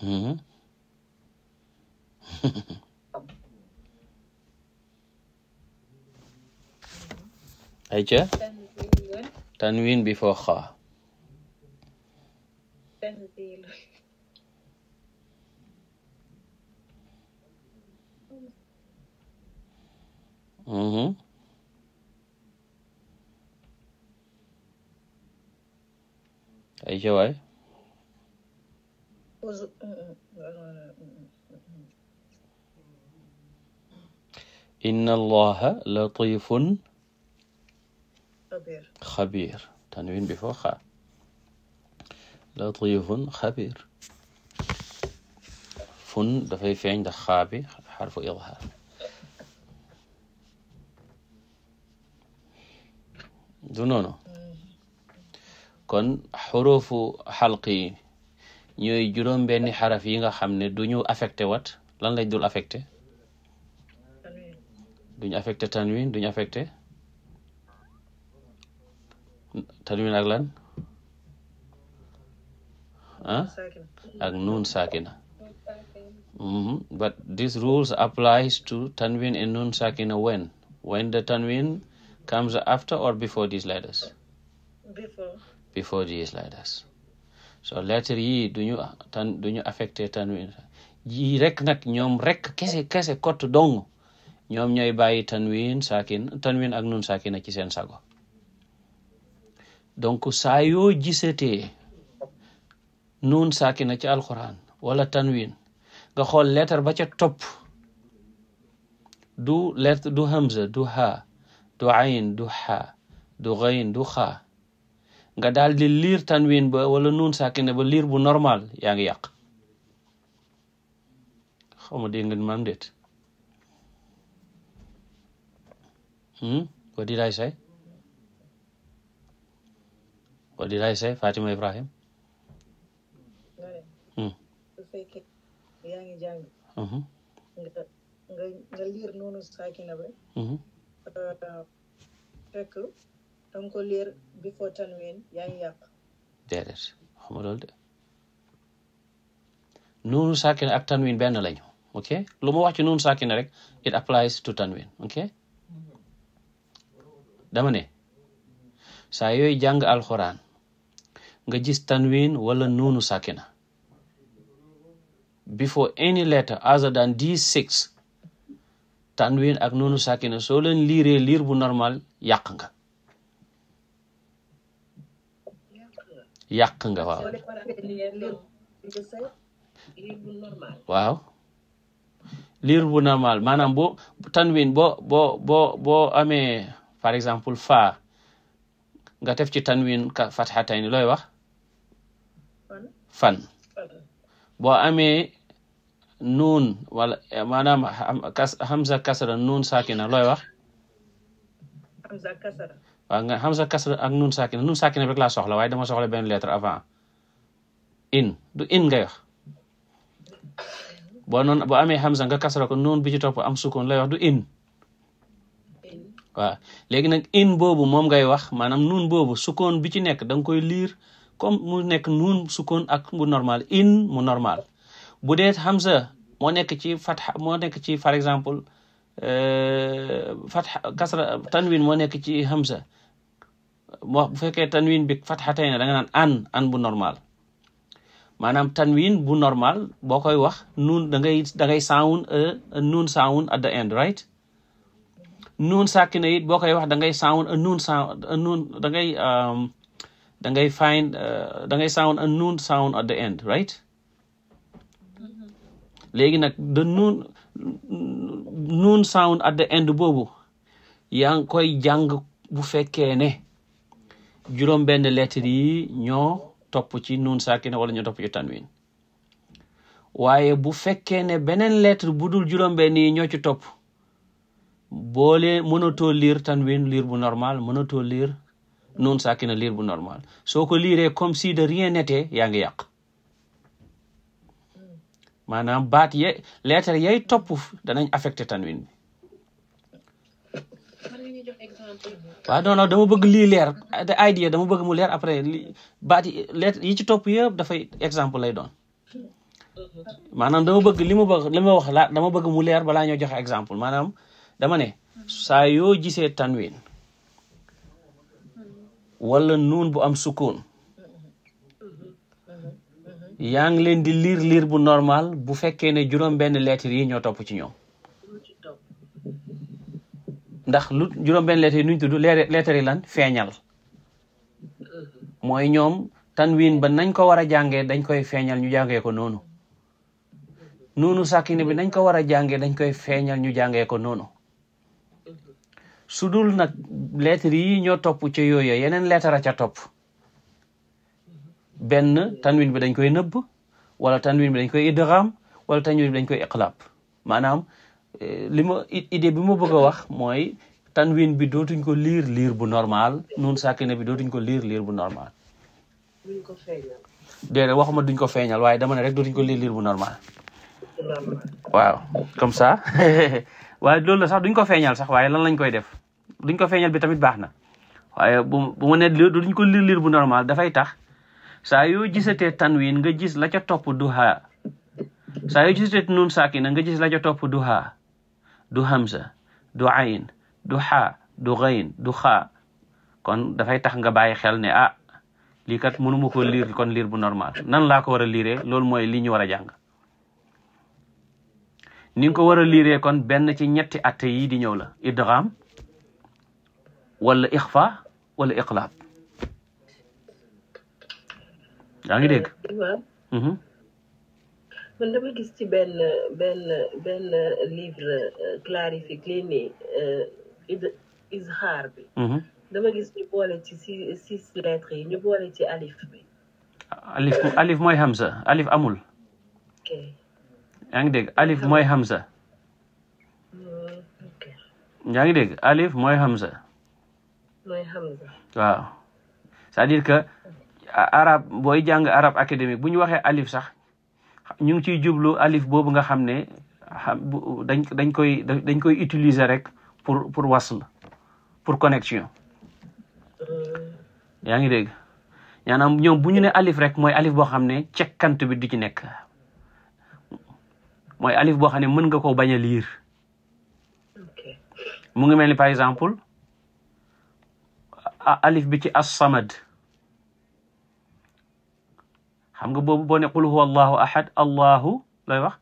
hmm? ayca tanwin bi foo xaa ce waay uh, inna allaha latifun xabir tanwin bi foo xaa latifun xabir fun dafay feeñ ndax xaa bi xarfu idhaar du noonu kon xurufu xalq yi ñooy juróom benni xaraf yi nga xam ne du ñu affecté wat lan lañ dul affecté duñu affecté tanwin duñu affecté tanwin ak lan ah ak nuun saakina mhm. But these rules applies to tanwin and nun sakina when when the tanwin comes after or before these letters before G is like this so lettre yii duñu tan duñu affecté tanwin yi rek nag ñoom rek kese kese kott dong ñoom ñooy bàyyi tanwin saakin tanwin ak nun saakina ci seen sago donc saa yoo gisatee nun saakina ci alxuraan wala tanwin nga xool lettre ba ca topp du lettre hamza du ha du ayn du ha du ghayn nga daal di liir tanwin ba wala nuun sakina ba liir bu normal yaa ngi yàq xaw ma dégg ngeen maam déet hmm? what did say Fatima Ibrahim hmm. yaa hmm. nga liir nuunu sakina ba fekk danga ko liir before tanwin yaa ngi yàq déedéet xama loolu de nuunu saakina ak benn lañu ok lu ma wax ci nuunu saakina rek it applies to tanwin ok dama ne saa yooyu jàng alxuraan nga gis tanwin wala nuunu saakina before any letter other than these six tanwin ak nuunu saakina soo leen liiree liir bu normal yàq nga yàq nga waaw liir bu normal maanaam boo tanwin boo boo boo amee par exemple fa nga def ci tanwin ka fatxatayn wax fan boo amee nuun wala maanaam hamza kasra nuun sakina looy wax waaw nga hamza kasra ak nun saakina nun saakina rek laa soxla waaye dama soxla benn lettre avant in du in ngay wax boo noon boo amee hamza nga kasra ko nun bi ci topp am sukkoon lay wax du in nag in boobu moom ngay wax maanaam nuun boobu sukkoon bi ci nekk da nga koy liir comme mu nekk nuun sukkoon ak mu normal in mu normal bu dee hamza moo nekk ci fatha moo nekk ci par exemple euh, fatha moo nekk ci hamza bu fekkee tanwin bi fatxatay na da naan an bu normal maanaam tanwin bu normal boo koy wax nuun da ngay da ngay sound a e, e, nuun sound at the end right nuun sàkki boo koy wax da ngay sound a e, nuun da ngay da ngay da ngay sound a nuun sound um, at the end right léegi nag de nuun nuun sound at the end boobu yaa ngi koy jàng bu fekkee ne juróom benn lettre yi ñoo topp ci nun saakina wala ñoo topp ci tanwin waaye bu fekkee ne beneen lettre bu dul juróom benn yi ñoo ci topp boole mënatoo lire tanwin liir bu normal mënatoo lire nun saakina liir bu normal soo ko liiree comme si de rien n'était yaa ngi yàq maanaam baat ye lettre yay topp danañ affecté tanwin bi waaw non non dama bëgg lii leer te idea dama bëgg mu leer après li baat yi ci topp yëpp dafay exemple lay doon maanaam dama bëgg li mu bëgg li ma dama bëgg mu leer balaa ñoo joxe exemple maanaam dama ne saa yoo jisee tan tanwin wala nuun bu am sukkoon yaa ngi leen di liir liir bu normal bu fekkee ne juróom benn lettre yi ñoo topp ci ñoom ndax lu juróom-benn lettre yi nuñ tudd lettre lan feeñal mooy ñoom tanwin ba nañ ko war a jàngee dañ koy feeñal ñu jàngee ko noonu noonu sàkkine bi nañ ko war a jàngee dañ koy feeñal ñu jàngee ko noonu su dul nag lettre yi ñoo topp ca yooya yeneen lettre a ca topp benn tanwin bi dañ koy nëbb wala tan tanwin bi dañ koy idgham wala tanwin bi dañ koy iqlab maanaam Euh, li ma idée bi mu bëgg a wax mooy tanwin bi dootuñ ko liir liir bu normal nun sàkkina bi dootuñ ko liir liir bu normal déedéet waxuma duñ ko feeñal waaye dama ne rek dootuñ ko liir liir bu normal waaw comme ça waaye loolu sax duñ ko feeñal sax waaye lan lañ koy def duñ ko feeñal bi tamit baax na waaye bu bu ma ne duñ ko liir liir bu normal dafay tax saa yoo gisatee tanwin nga gis la ca topp duha saa yoo gisatee nun sàkkina nga jis la ca topp duha du hamza du ayn du xaa du xayn du xaa kon dafay tax nga bàyyi xel ne ah lii kat mënu ma liir kon liir bu normal nan laa ko war a liiree loolu mooy li ñu war a jàng ni ko war a liiree kon benn ci ñetti atte yi di ñëw la idgham wala ixfa wala iqlaab yaa ngi dégg man dama gis ci benn benn livre euh, clarifié lii nii euh, izhaar bi mhm. dama gis ñu boole ci six six lettres yi ñu boole ci alif alif mooy hamza alif amul yaa ngi dégg alif mooy hamza mm, yaa ngi dégg alif mooy hamza mooy hamza waaw cest dire que arab booy jàng arab académique bu ñu waxee alif sax ñu ngi ciy jublu alif boobu nga xam ne dañ dañ koy dañ koy utiliser rek pour pour wasl pour connexion euh. yaa ngi dégg ñaanaam ñoom bu ñu ne alif rek mooy alif boo xam ne cekkant bi du ci nekk mooy alif boo xam ne mën nga koo bañ a liir mu ngi mel ni par exemple alif bi ci as-samad xam nga boobu boo ne qul huwa allahu ahad allahu lay wax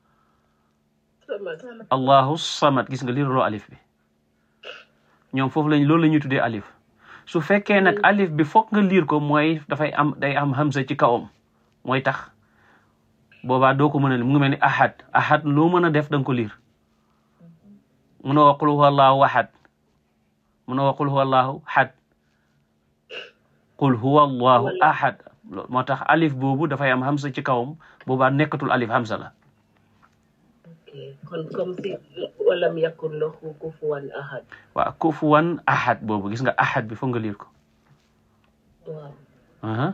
samad gis nga li roo alif bi ñoom foofu lañ loolu la ñuy tuddee alif su fekkee nag hmm. alif bi foog nga liir ko mooy dafay am day am hamza ci kawam mooy tax boobaa doo ko mën a mu ngi mel ni ahad ahad loo mën a def da ko liir mënoo wax qul huwa allahu ahad mënoo wax qul huwa allahu ahad qul huwa allahu ahad moo tax alif boobu dafay am hamza ci kawam boobaa nekkatul alif hamza la. kon comme si walam kufuwan ahad. waaw boobu gis nga ahad bi foog ko. waaw.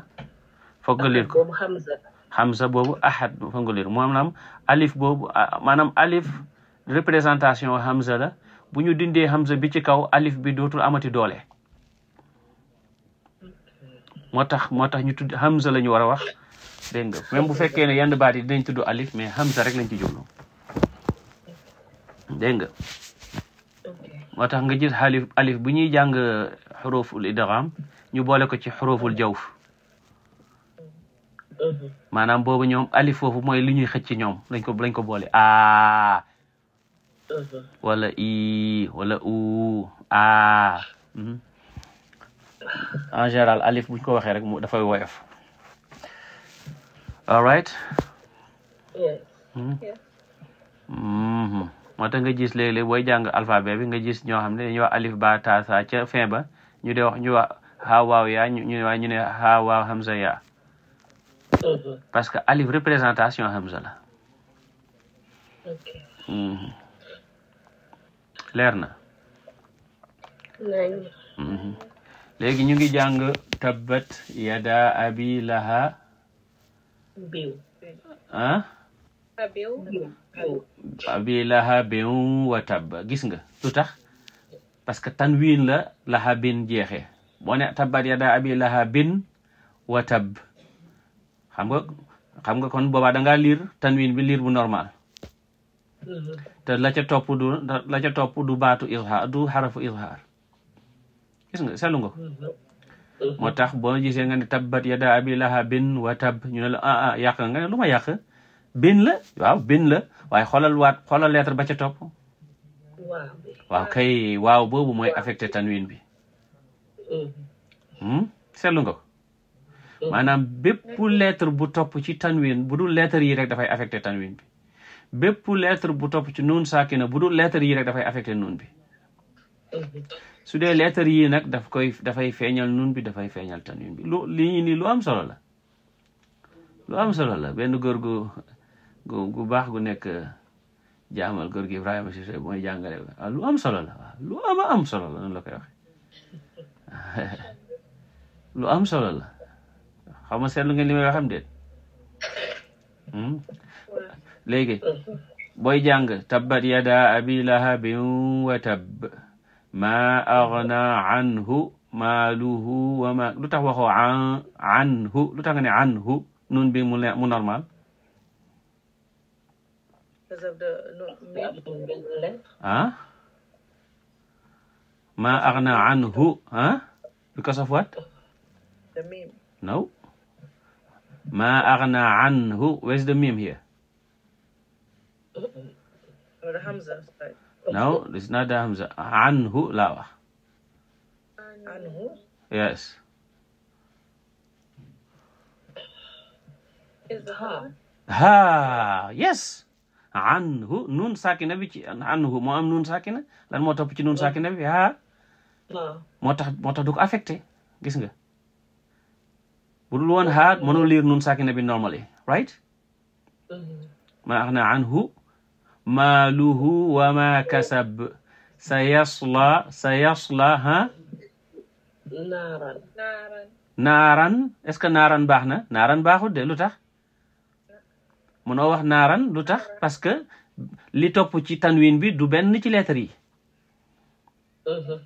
foog nga ko boobu hamza. hamza boobu ahad foog nga liir ko maanaam alif boobu ah, maanaam alif représentation hamza la bu ñu dindee hamza bi ci kaw alif bi dootul amati doole. moo tax moo tax ñu tudd hamza la ñu war a wax dégg nga même bu fekkee ne yenn baat yi dinañ tudd alif mais hamza rek lañ ci jublu dégg moo tax nga gis alif alif bu ñuy jàng xuruful idgham ñu boole ko ci xuruful jawf mhm. maanaam boobu ñoom alif foofu mooy li ñuy xëcc ñoom lañ ko lañ ko boole a mhm. wala i wala u a mhm. en général alif buñ ko waxee rek mu dafay woyof all right hmm? Hmm. moo tax nga gis léeg-léeg booy jàng alphabet bi nga gis ñoo xam ne dañuy wax alif ba sa ca fin ba ñu de wax ñu wax ha waaw yaa ñu waa ñu ne waaw hamza yaa uh-huh. parce que alif représentation hamza la hmm. leer léegi ñu ngi jàng tabbat yada abi laha biw ah abi laha gis nga lu tax parce que tanwiin la laha bin jeexe boo tabbat yada abi laha bin wa tabb nga xam nga kon boobaa da ngaa liir tanwiin bi liir bu normal mhm. te la ca topp du du baatu izhaar du xarafu izhaar gis nga seetlu nga mhm. moo mhm. tax boo gisee nga ne tabbat yada abi lahabin wa tab ñu ne la ah ah yàq nga ne lu ma yàq bin la waaw bin la waaye xoolal waat xoolal ba ca topp waaw kay waaw boobu mooy affecté tanwin bi mhm. hmm? seetlu nga ko maanaam bépp lettre bu topp ci tan tanwin bu dul lettre yi rek dafay affecté tanwin bi bépp lettre bu topp ci nuun saakina bu du lettre yi rek dafay affecté nuun bi su dee leetar yii nag daf koy dafay feeñal nun bi dafay feeñal tanwin bi nii lu am solo la lu am solo la benn góor gu gu baax gu nekk uh, jaamal gër gi Ibrahima Cissé mooy jàngale waaw ah, am solo la ah, lu am solo la noonu la am solo la xaw ma seetlu ngeen li may waxam déet hmm? léegi booy jàng tabbat yada abi lahabin wa tabb maa aghnaa anhu maaluhu wa ma lu tax waxoo an anhu lu tax nga ne anhu nun bi mu ne mu normal ah ma agna anhu ah because of what the meme no ma agna anhu where's the meme here the hamza side No, it's not the Hamza. Anhu laa wax. Anhu. Yes. nun sakina bi ci anhu moo am nun sakina lan moo topp ci nun sakina bi ha. moo tax moo tax du ko affecté gis nga. bu dul woon ha nun sakina bi normally right. Mm-hmm. ma ax na anhu maaluhu wa ma kasab sayasla sayaslaha naaran naaran est-ce que naaran baax na naaran baaxul de lu tax munoo wax naaran lu tax parce que li topp ci tanwin bi du benn ci lettre yi mhm.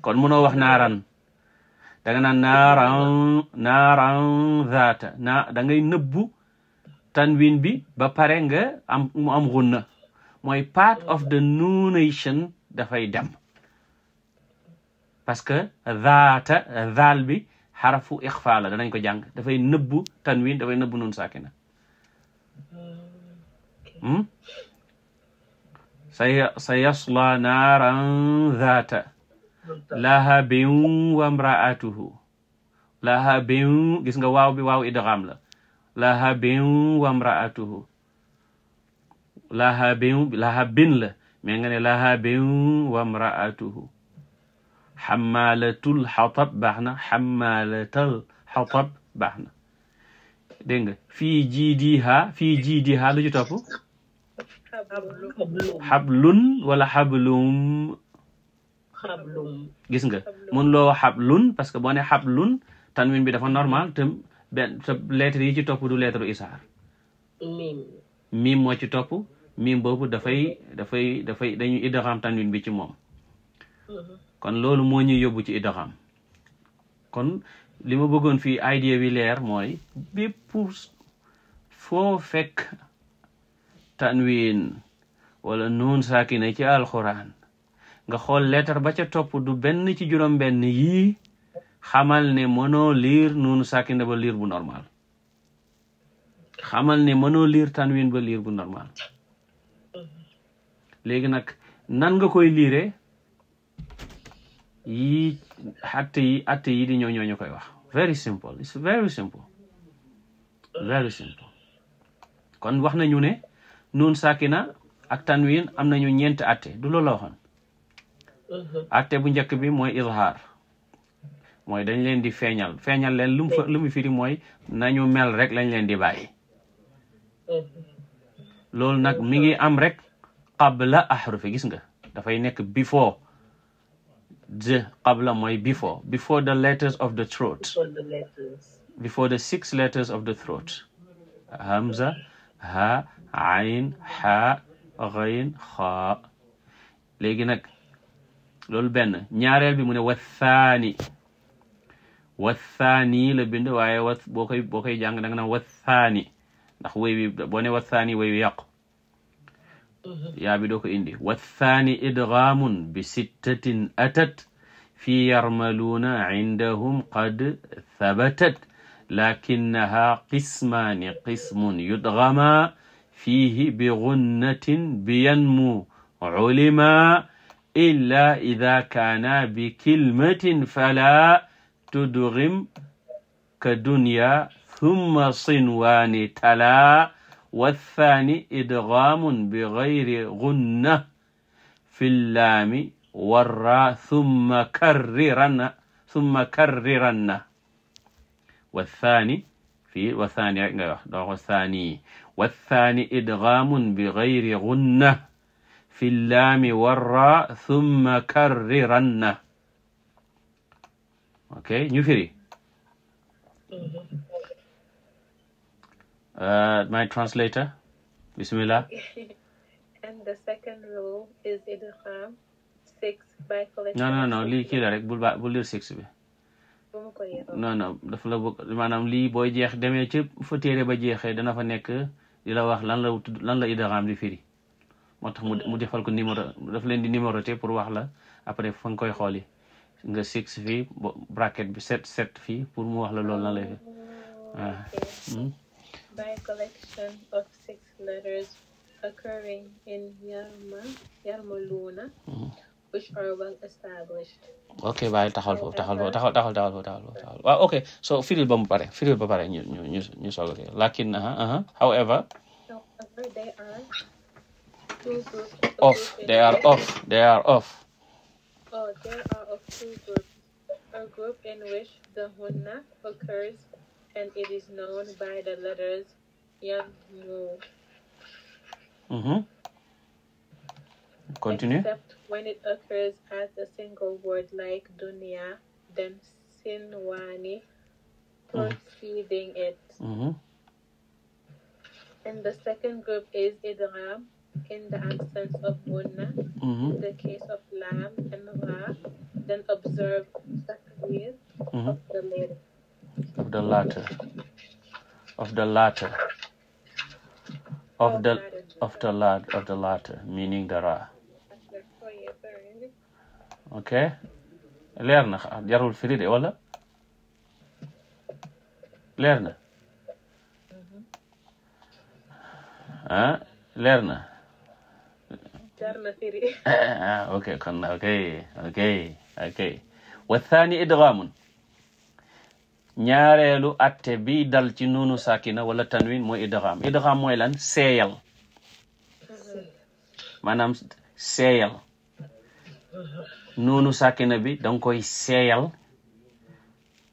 kon munoo wax naaran da nga naan naaran naaran zaata na da ngay nëbbu tanwin bi ba pare nga am am xunna mooy part of the new nation dafay dem parce que zaata zaal bi xarafu ixfa la ko jàng dafay nëbbu tanwin dafay nëbbu nun saakina hmm? sa yasla naaran zaata lahabin wa mraatuhu lahabin gis nga waaw bi waaw idgham la lahabin wa mraatuhu lahabin lahabin la mais nga ne lahabin wa mraatuhu xamalatul xatab baax na xamalatal xatab baax na dégg nga fii jiidiha fii jiidiha lu ci topp xablun wala xablum gis nga mun loo wax parce que boo ne xablun tanwin bi dafa normal te benn te lettre yi ci topp du lettre isaar mim moo ci topp miim boobu dafay dafay dafay dañuy idgaam bi ci moom kon loolu moo ñuy yóbbu ci idgaam kon li ma bëggoon fii idée bi leer mooy bépp foo fekk tanwin wala nuun saakina ci alxuraan nga xool leetar ba ca topp du benn ci juróom-benn yii xamal ne mënoo liir nuun saakina ba liir bu normal xamal ne mënoo liir tanwin ba liir bu normal léegi nag nan nga koy liire yi atte yi atte yi di ñëw ñoo ñu koy wax very simple it's very very simple kon wax nañu ne nun sakina ak tanwin am nañu ñeenti atte du loolu la uh-huh. bu njëkk bi mooy izhar mooy dañ leen di feeñal feeñal leen lu mu lu firi mooy nañu mel rek lañ leen di bàyyi uh-huh. loolu nag mi ngi am rek qabla ahrufi gis nga dafay nekk before the qabla mooy before before the letters of the throat before the six letters of the throat hamza ha ghayn kha léegi nag loolu benn ñaareel bi mu ne wathaani wathaani wa boo koy boo koy jàng da nga naan wathaani ndax woy wi boo ne wathaani woy wi yaa bi doo ko indi wa thaani idgaamun bi sittatin atat fi yarmaluuna indahum qad thabatat lakinnaha qismaani qismun yudgama fiihi bi gunnatin biyanmu culima illa ida kaana bi kilmatin fala tudgim ka dunya thumma sinwaani tala والثاني إدغام بغير غنة في اللام والراء ثم كررن ثم كررن والثاني في والثاني والثاني والثاني إدغام بغير غنة في اللام والراء ثم كررن. ok ñu firi Uh, my translator. Bismillah. And the second rule No no no lii kii la rek bul ba six bi. non non daf la bëgg maanaam lii booy jeex demee ci fa téere ba jeexee dana fa nekk di la wax lan la lan la idgham di firi. moo tax mu defal ko numéro daf leen di te pour wax la après fa nga koy xooli nga six fii bracket bi sept sept fii pour mu wax la loolu lan lay fi by a collection of six letters occurring in Yarma Yarmaluna, hmm. which are well established. ok bàyyi taxawal foofu taxawal foofu taxawal taxawal taxawal foofu taxawal waaw ah, ok so firil ba mu pare firil ba pare ñu ñu ñu soog a lakin however. however they are two groups. of they are of they are of. oh they are of two groups. a group in which the hunna occurs. and it is known by the letters Yagmu. Mm-hmm. Except when it occurs as a single word like dunya, then sinwani, preceding it. Mm-hmm. And the second group is idram, in the absence of Munna, mm-hmm. the case of Lam and Ra, then observe Takwir mm of the letter. of the latter of the latter of the latter meaning the ra ok leer na jarul firi wala leer na ah leer na ah, ok kon ok ok ok wa thani idgamun ñaareelu atte bi dal ci nuunu sakina wala tanwin mooy idgham idgham mooy lan seeyal maanaam seeyal nuunu sakina bi da koy seeyal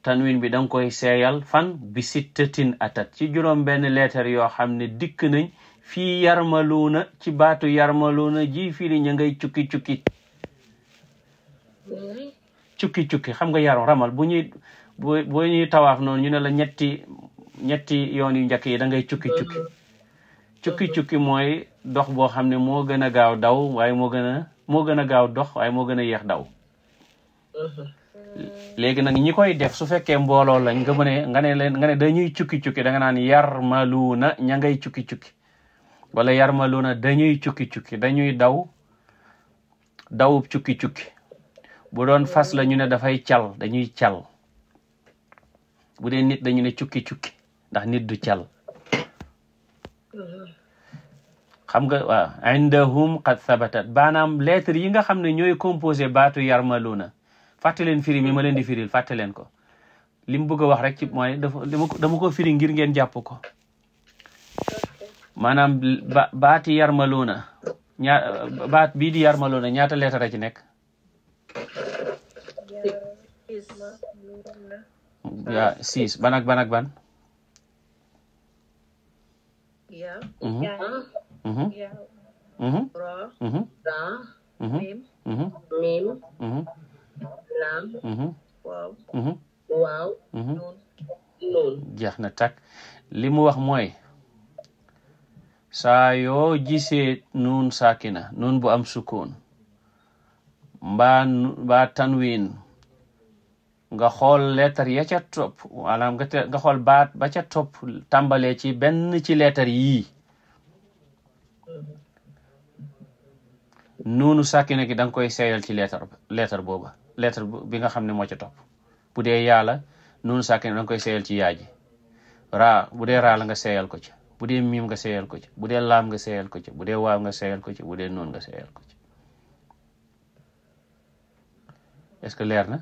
tanwin bi da koy seeyal fan bi sittatin atat ci juróom benn leetar yoo xam ne dikk nañ fii yarmaluuna ci baatu yarmaluuna ji fii li ñu ngay cukki-cukki cukki xam nga yaru ramal bu ñuy bu bu ñuy tawaaf noonu ñu ne la ñetti ñetti yoon yu njëkk yi da ngay cukki cukki cukki cukki mooy dox boo xam ne moo gën a gaaw daw waaye moo gën a moo gën a gaaw dox waaye moo gën a yéex daw uh-huh. léegi nag ñi koy def su fekkee mbooloo lañ nga mëne nga ne leen nga ne dañuy cukki cukki da nga naan yarmaluuna ña ngay cukki cukki wala yarmaluuna dañuy cukki cukki dañuy daw dawub cukki cukki bu doon fas la ñu ne dafay cal dañuy cal bu dee nit dañu ne cukki cukki ndax nit du cal xam nga waaw indahum qad sabatat yi nga xam ne ñooy composé baatu yarmaluna fàtte leen firi mi ma leen di firil fàtte leen ko li mu bëgg wax rek ci mooy dafa dama ko firi ngir ngeen jàpp ko maanaam baati yarmaluna ñaa baat bii di yarmaluna ñaata lettre a ci nekk ya six ban ak ban ak ban ya waaw na takk li mu wax mooy saa yoo gisee nuun saakina nuun bu am sukkoon mbaa mbaa tanwiin nga xool leetar ya ca topp maanaam nga xool baat ba ca topp tàmbalee ci benn ci leetar yii nuunu sàkkina gi danga koy seeyal ci leetar leetar booba leetar bi nga xam ne moo ca topp bu dee yàlla la nuunu sàkkina da nga koy seyal ci yaa ji raa bu dee raa nga seyal ko ci bu dee miim nga seeyal ko ci bu dee laam nga seyal ko ci bu dee waaw nga seeyal ko ci bu dee nuun nga seeyal ko ci est-ce que leer na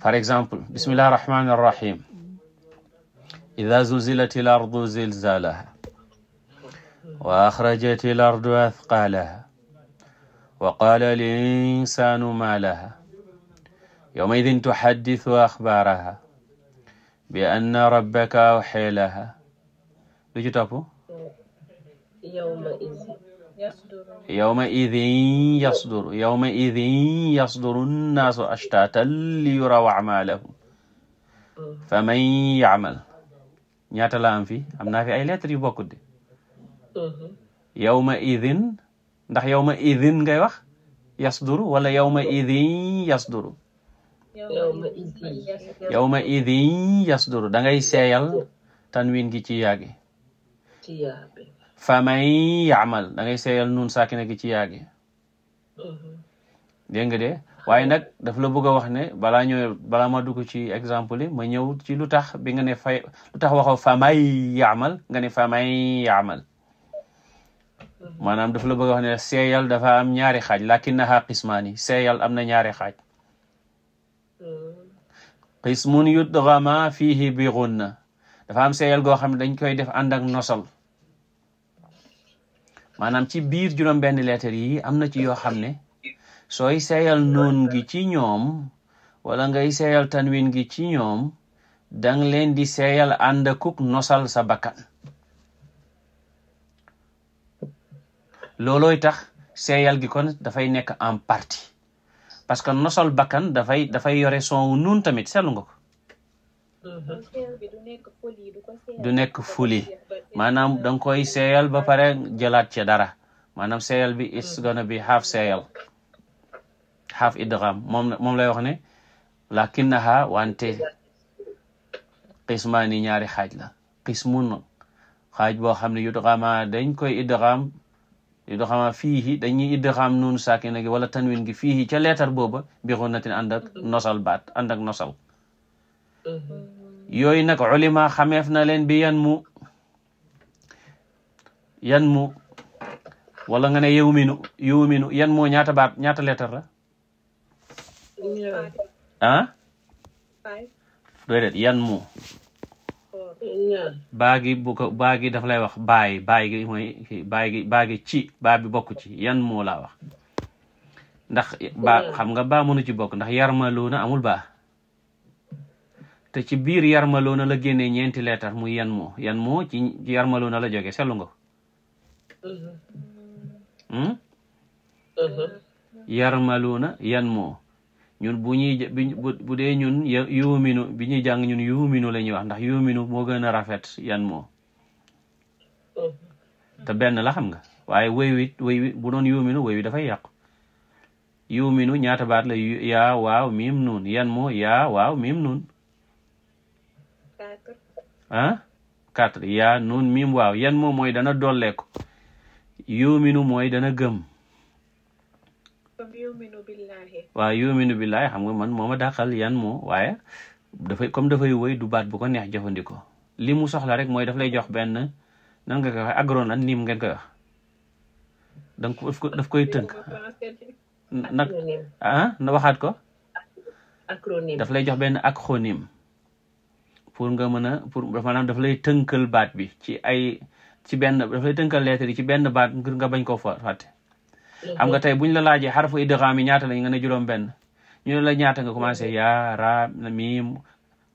par hmm? exemple bismillahi rahmani rahim ida zulzilati l ardu zilzalaha wa axrajati l ardu athqalaha wa qaala al insanu ma laha yowma idin tuxaddisu axbaaraha bi anna rabbaka awxee laha lu ci topp yawma idin yasduru yawma idin yasduru nnaasu ashtatan li yuraw acmaalahum fa man yacmal ñaata la am fi am naa fi ay lettres yu bokkut de yawma idin ndax yawma idin ngay wax yasduru wala yawma idin yasduru yawma idin yasduru da ngay seeyal tanwin gi ci yaagi fa man yaamal da ngay seeyal nun saakina gi ci yaagi dégg nga de waaye nag daf la bëgg a wax ne balaa ñëw balaa ma dugg ci exemple yi ma ñëw ci lu tax bi nga ne fay lu tax waxoo fa may yaamal nga ne fa may yaamal maanaam daf la bëgg wax ne seeyal dafa am ñaari xaaj lakinnaha qismaani seeyal am na ñaari xaaj qismun yudgama fihi bi gunna dafa am seeyal goo xam ne dañ koy def ànd ak nosal maanaam ci biir juróom-benn leetar yi am na ci yoo xam ne sooy seeyal noon gi ci ñoom wala ngay seeyal tanwin gi ci ñoom dang leen di seeyal ànd akuk nosal sa bakkan loolooy tax seeyal gi kon dafay nekk en partie parce que nosal bakkan dafay dafay yore soow nun tamit seetlu nga mm-hmm. du nekk fuli maanaam da nga koy seeyal ba pare jëlaat ci dara maanaam seeyal bi it's mm-hmm. gonna be half seeyal half idgham moom moom lay wax ne lakinnaha wante qismaani ñaari xaaj la qismun xaaj boo xam ne yudghama dañ koy idgham idghama fiihi dañuy idgham nuun saakina gi wala tanwin gi fiihi ca leetar booba bi gunnatin ànd ak mm-hmm. nosal baat ànd ak nosal mm-hmm. yooyu nag na leen bi yan mu yan moo wala nga ne yawminu yawminu yan mu ñaata baat ñaata leetar la ah déedéet yan mu baagi bu baagi daf lay wax baay baay gi mooy baay baagi ci baa bi bokk ci yan mu laa wax ndax xam nga baa mënu ci bokk ndax yarmaluuna amul baa te ci biir yarmaluuna la génnee ñeenti leetar mu yan mu yan mu ci yarmaluuna la jógee seetlu nga Hmm? Uh-huh. yarmaluuna yan moo ñun bu ñuy bu ñun yuuminu bi la ñuy wax ndax yuuminu moo gën a rafet yan moo uh-huh. te benn la xam nga waaye wéy wi bu doon yuuminu wéy wi dafay yàqu yuuminu ñaata baat la yaa waaw miim nuun yan moo yaa waaw miim nuun ah quatre yaa nuun miim waaw yan moo mooy dana dolleeku yuminu mooy dana gëm waaw yuminu billaahi xam nga man moo ma dàqal yan moo waaye dafay comme dafay woy du baat bu ko neex jëfandikoo li mu soxla rek mooy daf lay jox benn nan nga koy wax agroon lan koy wax ah, na waxaat ko daf lay jox benn acronyme pour nga mën pour maanaam daf lay tënkal baat bi ci ay ci benn daf lay ci benn baat ngir nga bañ koo fàtte xam nga tey buñ la laajee xarfu idgham yi nga ne juróom benn ñu ne ñaata nga commencé yaa ra miim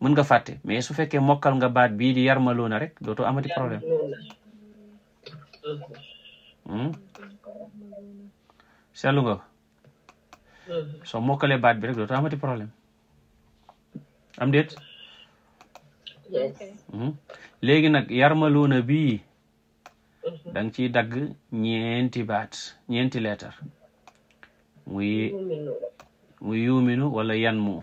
mën nga fàtte mais su fekkee mokkal nga baat bii di yarmaloo na rek dootoo amati problème hmm? nga soo mokkalee baat bi rek dootoo amati da nga ciy dagg ñeenti baat ñeenti leetar muy muy yuuminu wala yan moo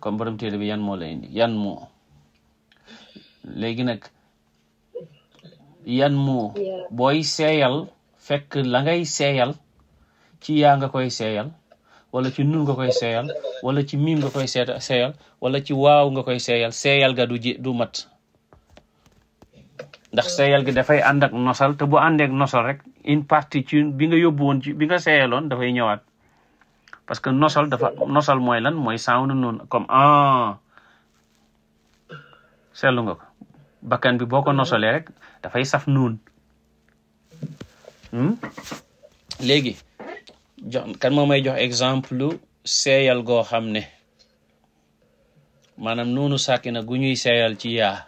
comme borom téere bi yan moo la yan moo léegi nag yan moo booy seeyal fekk la ngay seeyal ci yaa nga koy seeyal wala ci nun nga koy seeyal wala ci miim nga ci waaw nga koy seeyal seeyal ga du mat ndax seyal gi dafay ànd ak nosal te bu àndeek nosal rek une partie ci bi nga yóbbu woon ci bi nga seeyaloon dafay ñëwaat parce que nosal dafa nosal mooy lan mooy sound noonu comme ah seetlu nga bakkan bi boo ko nosalee rek dafay saf nuun hmm? léegi jox kan moo may jox exemple seyal goo xam ne maanaam nuunu sàkki na gu ñuy seeyal ci yaa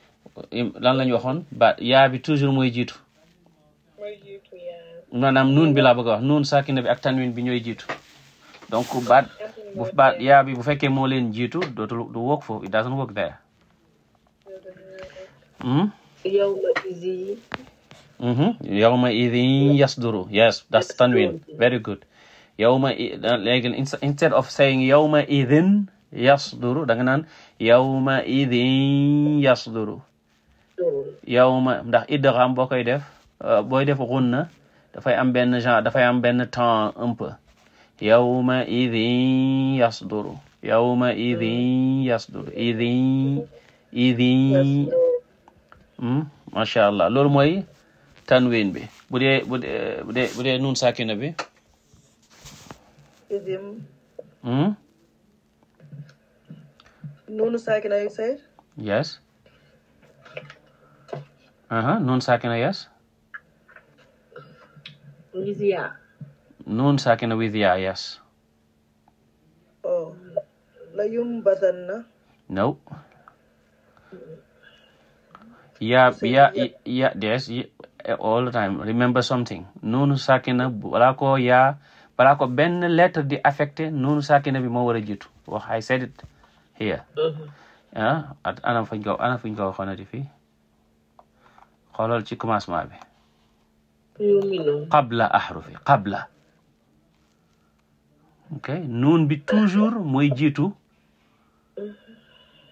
lan lañ waxoon ba yaa bi toujours mooy jiitu maanaam nuun bi laa bëgg a wax nuun sakina bi ak tanwin bi ñooy jiitu donc baat bu baat yaa bi bu fekkee moo leen jiitu dootul du wokk foofu it doesn't work there hmm? yawma idin mm-hmm. yasduru yes that's tanwin very good yawma léegi instead of saying yawma idin yasduru da nga naan yawma idin yasduru yawma ndax idgham boo koy def euh, booy def gunna dafay am benn genre dafay am benn temps un peu yawma idhin yasduru yawma idhin yasduru idhin idhin hmm, macha allah loolu mooy tanwin bi bu dee bu nun sakina bi hmm? nunu sakina yes nun sakina yes with ya nun sakina with ya yes oh la yumbatanna no ya ya ya yes eh, all the time remember something nun sakina balaa ko yaa balaa ko benn lettre di affecté nun sakina bi moo war a jiitu wax I said it here ana fañ ko ana fuñ ko waxoonati fii xoolal ci commencement bi qabla ahrufi qabla ok nuun bi toujours mooy jiitu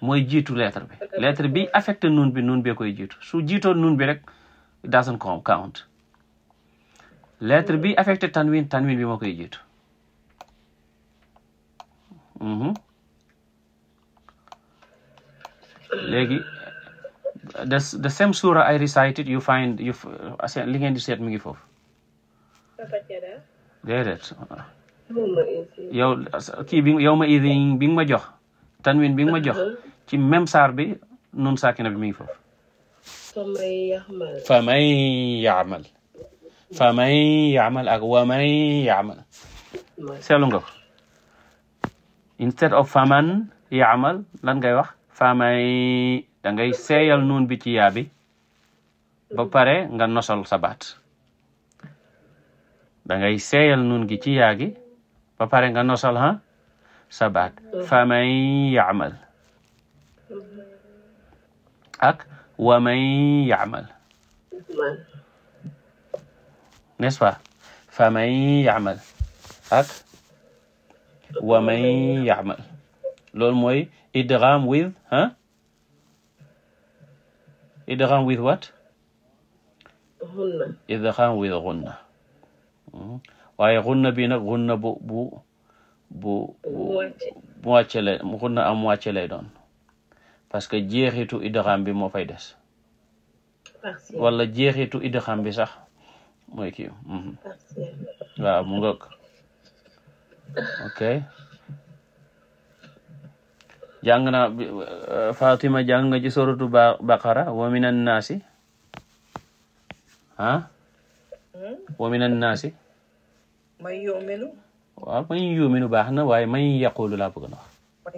mooy jiitu lettre bi lettre bi affecté nuun bi nuun bee koy jiitu su jiitoo nuun bi rek doesn't count lettre bi affecté tanwin tanwin bi moo koy jiitu mhm. léegi the the same surah I recited you find you uh, li ngeen di seet mi ngi foofu. bi yow ma idin bi ma jox tanwin bi nga ma jox ci même saar bi nun saakina bi mi ngi foofu. fa man yaamal fa man yaamal ak wa man yaamal instead of fa man lan ngay wax fa da ngay seeyal nuun bi ci yaa bi ba pare nga nosal sa baat da seeyal nuun gi ci yaa gi ba pare nga nosal ha sa baat fa ak wamay man yaamal n'est-ce pas ak wa man yaamal loolu mooy idgham with ha Idgham with what? Ghunna. Idgham with ghunna. Hmm. waaye ghunna bi nag ghunna bu bu bu bu wàcce lay ghunna am wàcce doon parce que jeexitu idgham bi moo fay des. wala jeexitu idgham bi sax mooy kii. Hmm. waaw mu ngëkk ok. jàng na eh, Fatima jàng nga ci suratu baqara wa min annaasi ah wa min annaasi man yuminu baax na waaye man yaqulu la bëgg na wax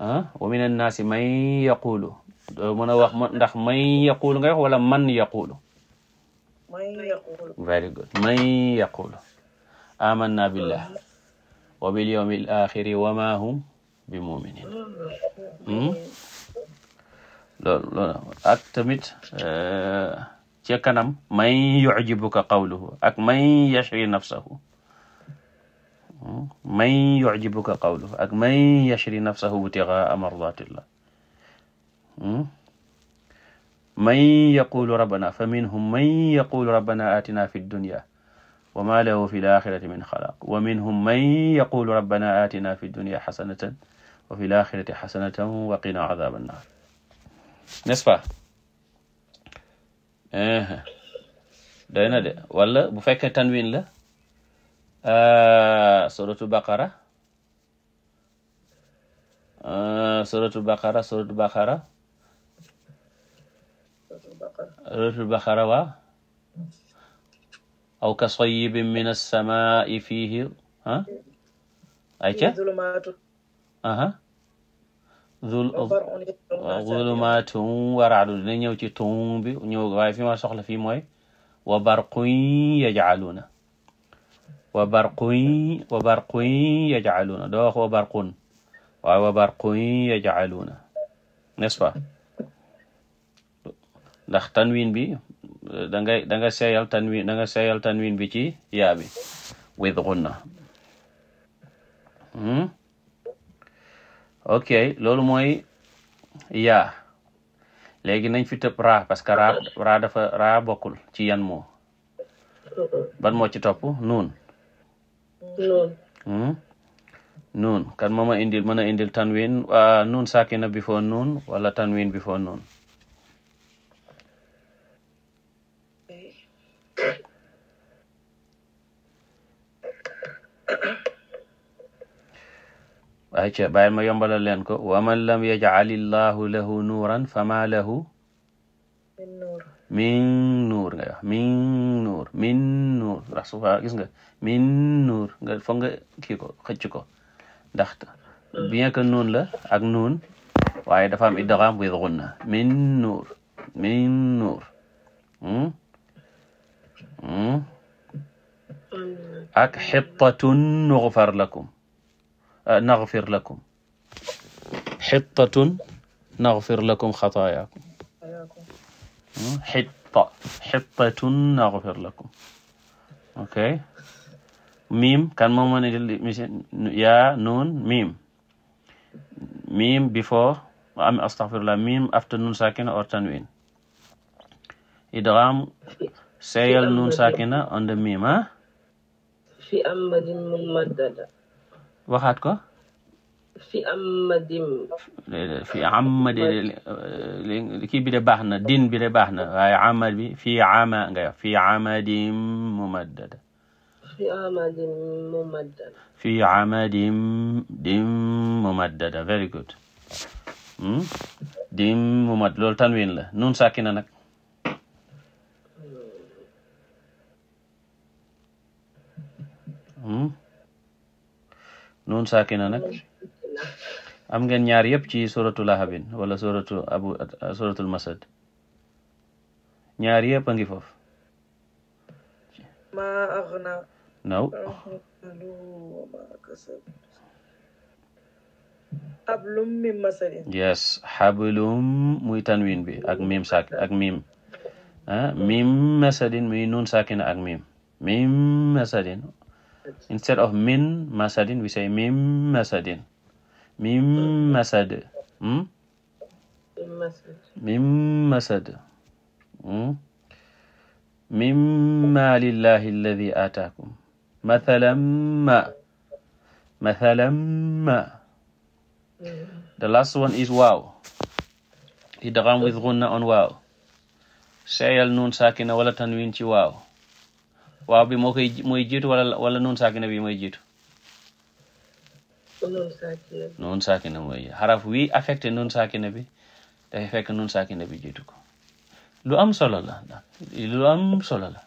ah wa min annaasi man yaqulu a wax ndax man yaqulu ngay wax wala man yaqulu very good man yaqulu amanna billah wa bil yawmil axiri wa ma bi muminin hmm? loolu loolu ak tamit eh, ci kanam man yujibuka qawluhu ak man yashri nafsahu hmm? man yujibuka qawluhu ak man yashri nafsahu btigaa mardatillah hmm? man yaqulu rabbana fa minhum man yaqulu rabbana atina fi dunya wama lahu fi l axirati min xalaq wa minhum man yaqulu rabbana atina fi dunya xasanatan wa fi laaxirati xasanatan wa qina adaba annaar n'est-ce pas eh, doy na de wala bu fekkee tanwin la ah, ah, suratu baqara suratu baqara suratu baqara suratu baqara waa aw ka sayyibin min assamaa'i fiihi ah ayca zul zulumaatun wa ra'dun dina ñëw ci tun bi waaye fi ma soxla fii mooy wa barqun yaj'aluuna wa barqun wa barqun yaj'aluuna doo wax wa barqun waaye wa barqun yaj'aluuna n'est-ce pas ndax tanwin bi da ngay da nga tan tanwin da nga tanwin bi ci yaa bi with ok loolu mooy yaa léegi nañ fi tëb raa parce que raa raa dafa raa bokkul ci yan mo ban moo ci topp nuun hmm? kan moo ma indil mën na indil tanwin uh, nuun sakina before nuun wala tanwin before nuun waaye ca bàyyil ma yombalal leen ko wa man lam yajcalillaahu lahu nuuran fama lahu min nuur nga wax min nuur min nuur ndax suufa gis nga min nuur nga foog nga kii ko xëcc ko ndax bien que nuun la ak nuun waaye dafa am idgaam with gunna min nuur min nuur hmm? Hmm? ak xittatun nuxfar lakum naghfir lakum xittatun naghfir lakum xataayaakum xitta xittatun naghfir lakum ok miim kan moom moo nekk yaa nuun miim miim before am astaghfirullah miim after nuun sakina or tanwin idgham sayal nuun sakina on the miim ah fi am madin mun maddada waxaat ko fi amadim fi amadi kii bi de baax na din bi de baax na waaye amad bi fi ama nga wax fi fi amadim mumaddada dim mumaddada very good hmm? dim mumad loolu tanwin la nun sàkkina nun saakina nag am ngeen ñaar yëpp ci suratu lahabin wala suratu abu suratul masad ñaar yëpp a ngi foofu naw yes xablum muy tanwin bi ak mim sak ak mim ah mim masadin muy nun saakina ak mim mim masadin Instead of min masadin, we say mim masadin. Mim masad. Hmm? masad. Hmm? Mimma lillahi alladhi ataakum. Mathalan ma. ma. Hmm. The last one is waaw. Idgham with ghunna on waaw. Sayal nun sakina wala tanwin ci waaw. waaw bi moo koy mooy jiitu wala wala nuun saakina bi mooy jiitu nuun saakina mooy xaraf wi affecté nuun saakina bi dafay fekk nuun saakina bi jiitu ko lu am solo la lu am solo la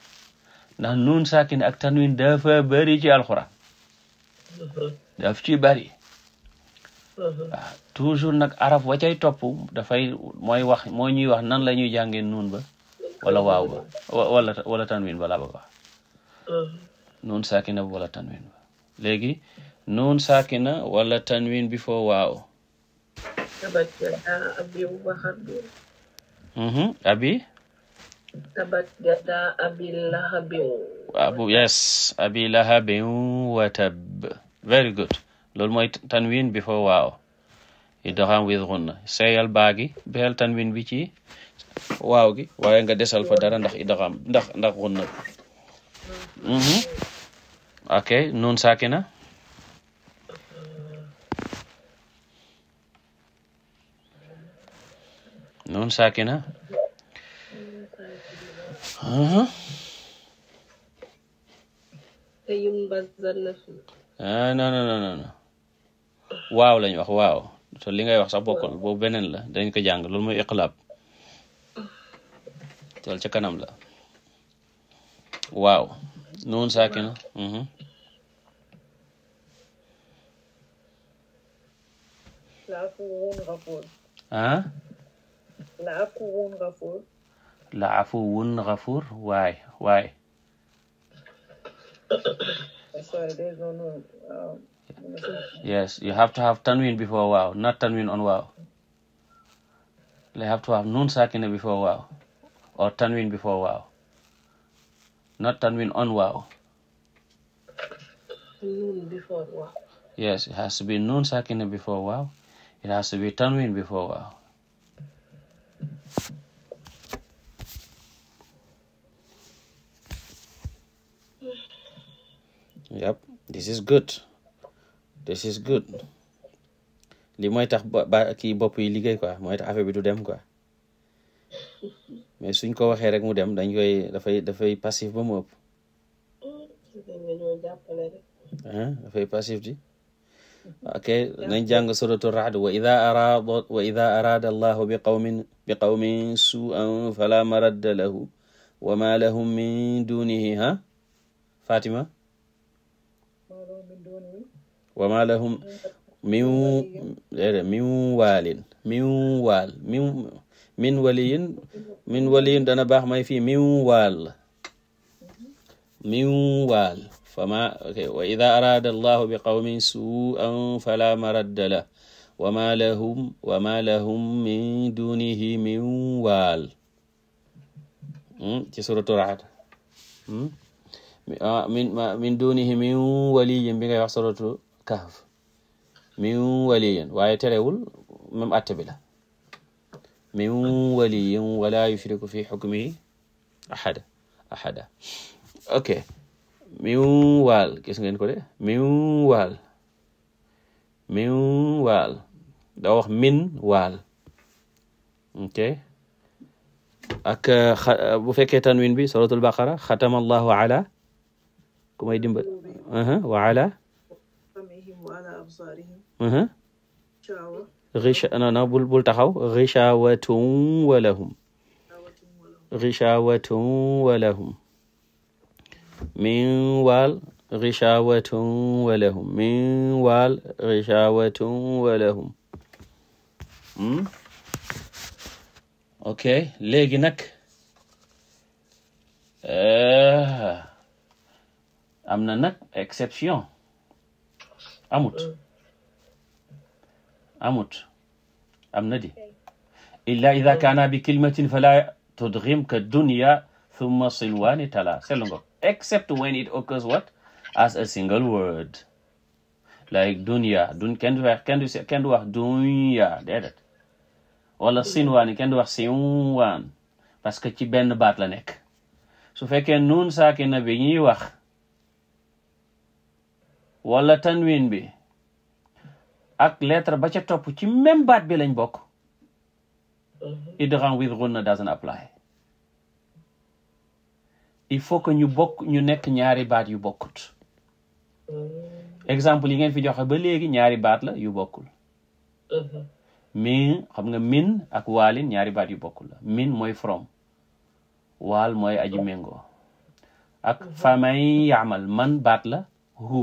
ndax nuun saakina ak tanwin dafa bëri ci alxuraan mhm. daf ci bëri waaw mhm. ah, toujours nag araf wa cay topp dafay mooy wax moo ñuy wax nan la ñuy jàngee nuun ba wala waaw ba wala wala tanwin ba laa bëgg wax nuun saakina wala tanwin ba léegi nuun saakina wala tanwin before waaw ah, abi mhm, tabat ah, yada very good loolu mooy tanwin before waaw i doxam with gunna seeyal baagi bexel tanwin bi ci waaw gi waaye nga desal fa dara ndax i doxam ndax ndax ኦኬ ኑን ሳኪና ኑን ሳኪና non non non non waaw lañ wax waaw so li ngay wax sax bokkul boobu beneen la dañ ko jàng loolu mooy iqlaab tool ah. ca kanam la waaw nuun sakina la afuwun gafur waay waay um, yes you have to have tanwin before waaw not tanwin on waaw they have to have nun sakina before waaw or tanwin before waaw not tanwin on waw. Noon before Yes, it has to be noon sakina before waw. It has to be tanwin before waw. Yep, this is good. This is good. Li mooy tax ba kii bopp yi liggéey quoi mooy tax affaire bi du dem quoi. mais suñ ko waxee rek mu dem dañ koy dafay dafay passif ba mu ëpp ah dafay passif di ok nañ jàng suratu raad wa ida araada wa bi qawmin bi qawmin suan fala maradda wa ma lahum min dunihi fatima wa ma lahum min min min waal min waliyin min waliyin dana baax may fii min waal min waal fama wa ida araada allahu bi qawmin suu'an fala maradda lah wa ma lahum wa ma lahum min dunihi min waal hmm, ci suratu raad hmm? ah, min min dunihi min waliyin bi ngay wax suratu kahf min waliyin waaye terewul même atte bi la min waliyin wala yushriku fi xukmihi ahada ahada ok min waal gis ngeen ko de min waal min waal daa wax min waal ok ak bu fekkee tanwin bi suratul baqara xatama allahu ala ku may dimbal wa ala samihim wa ala absarihim richa non non bul bul taxaw richawatun walahum richawatun walahum min waal richawatun walahum min waal richawatun walahum hmm? ok léegi nag euh, am na nag exception amut euh. amut am na di illa ida kaana bi kalimatin fala tudghimka dunya thumma silwani tala seetlu nga except when it occurs what as a single word like dunya kenn du wax dunya déedéet wala sinwaan kenn du wax sinwaan parce que ci benn baat la nekk su fekkee nuun saakina bi ñuy wax wala tanwin bi ak lettre ba ca topp ci même baat bi lañ bokk mhm. idgham with ghunna doesn't apply il faut que ñu bokk ñu nekk ñaari baat yu bokkut mhm. exemple yi ngeen fi jox ba léegi ñaari baat la yu bokkul mhm. min xam nga min ak waalin ñaari baat yu bokkul la min mooy from waal mooy aji méngoo ak faman yaamal man baat la hu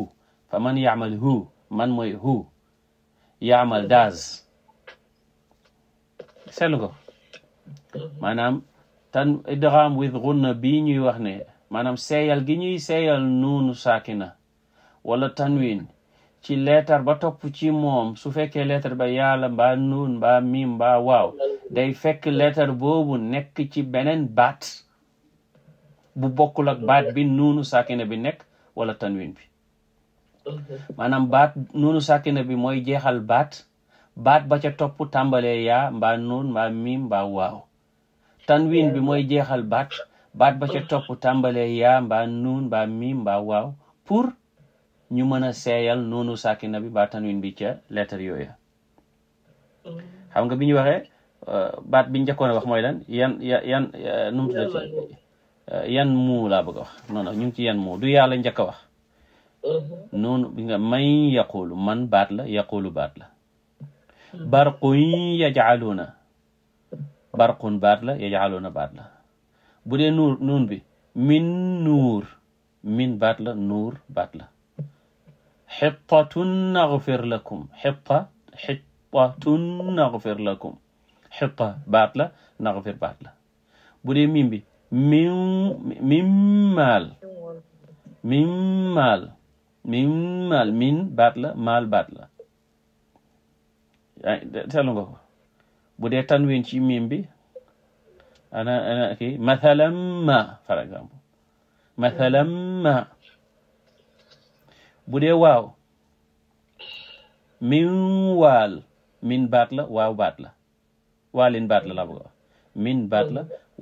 faman yaamal hu man mooy hu yaamal daaz seetlu ko maanaam tan with gunna bii ñuy wax ne maanaam seyal gi ñuy seeyal nuunu saakina wala tanwin ci leetar ba topp ci moom su fekkee leetar ba yàlla mbaa nuun mbaa miim mbaa waaw day fekk leetar boobu nekk ci beneen baat bu bokkul ak baat bi nuunu saakina bi nekk wala tanwin bi maanaam baat nuunu sàkkina bi mooy jeexal baat baat ba ca topp tàmbalee yaa mbaa nuun mbaa miim mbaa waaw tanwin bi mooy jeexal baat baat ba ca topp tàmbalee yaa mba nuun mbaa miim mbaa waaw pour ñu mën a seeyal nuunu sàkkina bi ba tanwin bi ca leetar yooyu xam nga bi ñu waxee uh, baat bi njëkkoon a wax mooy lan yan yan mu uh, yan muu laa bëgg a wax non ci yan muu du yàlla njëkk a wax Uh-huh. noonu bi nga may yaqulu man baat la yaqulu baat la barqun yajaluuna barqun baat la yajaluuna baat la bu dee nuur nuun bi min nuur min baat la nuur baat la xittatun naxfir lakum xitta xittatun naxfir lakum xitta baat la naxfir baat la bu dee mim bi min mimmaal mimmaal mim maal min baat la maal baat la seetlu bu dee tanwin ci mim bi ana ana kii mathalan ma par exemple mathalan ma bu dee waaw min waal min baat la waaw baat la waalin baat la laa bëgg la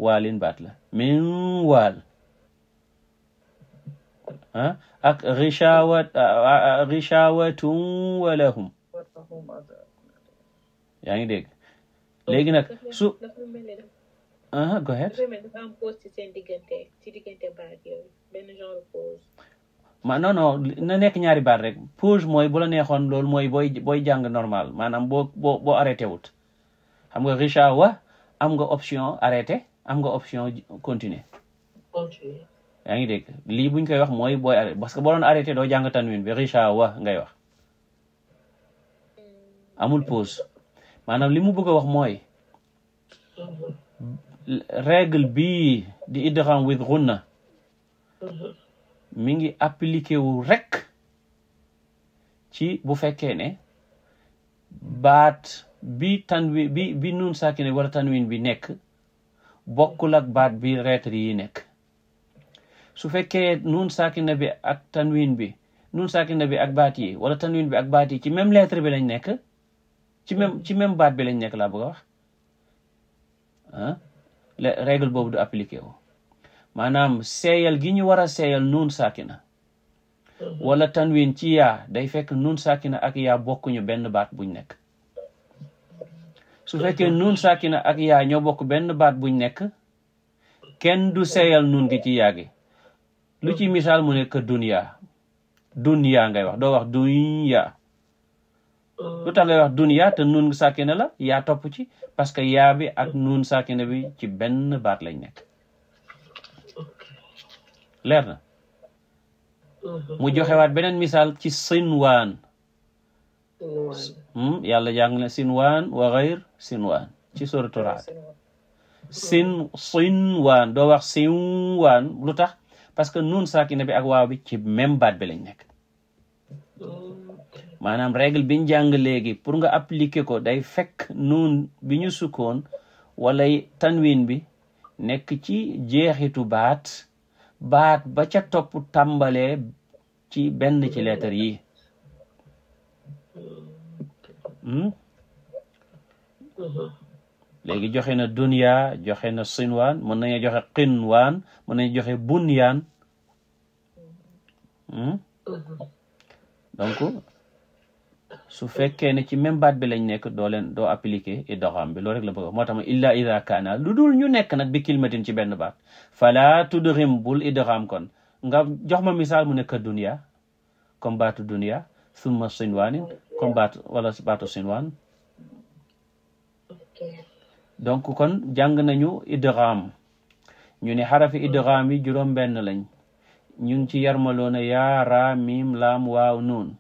waalin baat la waal ah ak richawatun walahum yaa ngi dégg léegi nag su ah go ahead ma non non na nekk ñaari baat rek pause mooy bu la neexoon loolu mooy booy booy jàng normal maanaam boo boo boo arrêté wut xam nga richa wa am nga option arrêté am nga option continuer yaa ngi dégg lii buñ koy wax mooy booy arrêté parce que boo doon arrêté doo jàng tanwin bi richa wa ngay wax amul pause maanaam li mu bëgg a wax mooy règle bi di idgham with ghunna mi ngi appliqué wu rek ci bu fekkee ne baat bi tanwi bi bi nun sakine wala tanwin bi nekk bokkul ak baat bi reetar yi nekk su fekkee nun saakina bi ak tanwin bi nun saakina bi ak baat yi wala tanwin bi ak baat yi ci même lettre bi lañ nekk ci même ci même baat bi lañ nekk laa bëgg a wax ah boobu du appliqué wu maanaam seeyal gi ñu war a seeyal nun saakina mhm. wala tanwin ci yaa day fekk nun saakina ak yaa bokkuñu benn baat buñ nekk su fekkee nun saakina ak yaa ñoo bokk benn baat buñ nekk kenn du seeyal nun gi ci yaa gi lu ci misaal mu nekk dunya dunya ngay wax doo wax dunya lu tax ngay wax dunya te nun sakina la yaa topp ci parce que yaa bi ak nun sakina bi ci benn baat lañ nekk leer na mu joxewaat beneen misaal ci sinwaan hmm, yàlla jàng na sinwaan wa xayr sinwaan ci suratu raad sin sinwaan doo wax sinwaan lu tax parce que nun sakina bi ak waaw bi ci même baat bi lañ nekk maanaam règle biñ jàng léegi pour nga appliquer ko day fekk nun bi ñu sukkoon wala tanwin bi nekk ci jeexitu baat baat ba ca topp tàmbalee ci benn ci lettre yi hmm? uh-huh. léegi joxe na dunya joxe na sinwaan mën nañu joxe qinwaan mën nañu joxe bunyaan hmm? donc su fekkee ne ci même baat bi lañ nekk doo leen doo appliqué bi loolu rek la bëgg moo tax illa ida kaana lu dul ñu nekk nag bi kilmatin ci benn baat fala tudghim bul idgham kon nga jox ma misaal mu nekk dunya comme baatu dunya thumma sinwaanin comme baatu sinwaan donc kon jàng nañu idgham ñu ne xarafi idgham yi juróom-benn lañ ñu ngi ci yarmaloona yaa raa miim laam waaw nuun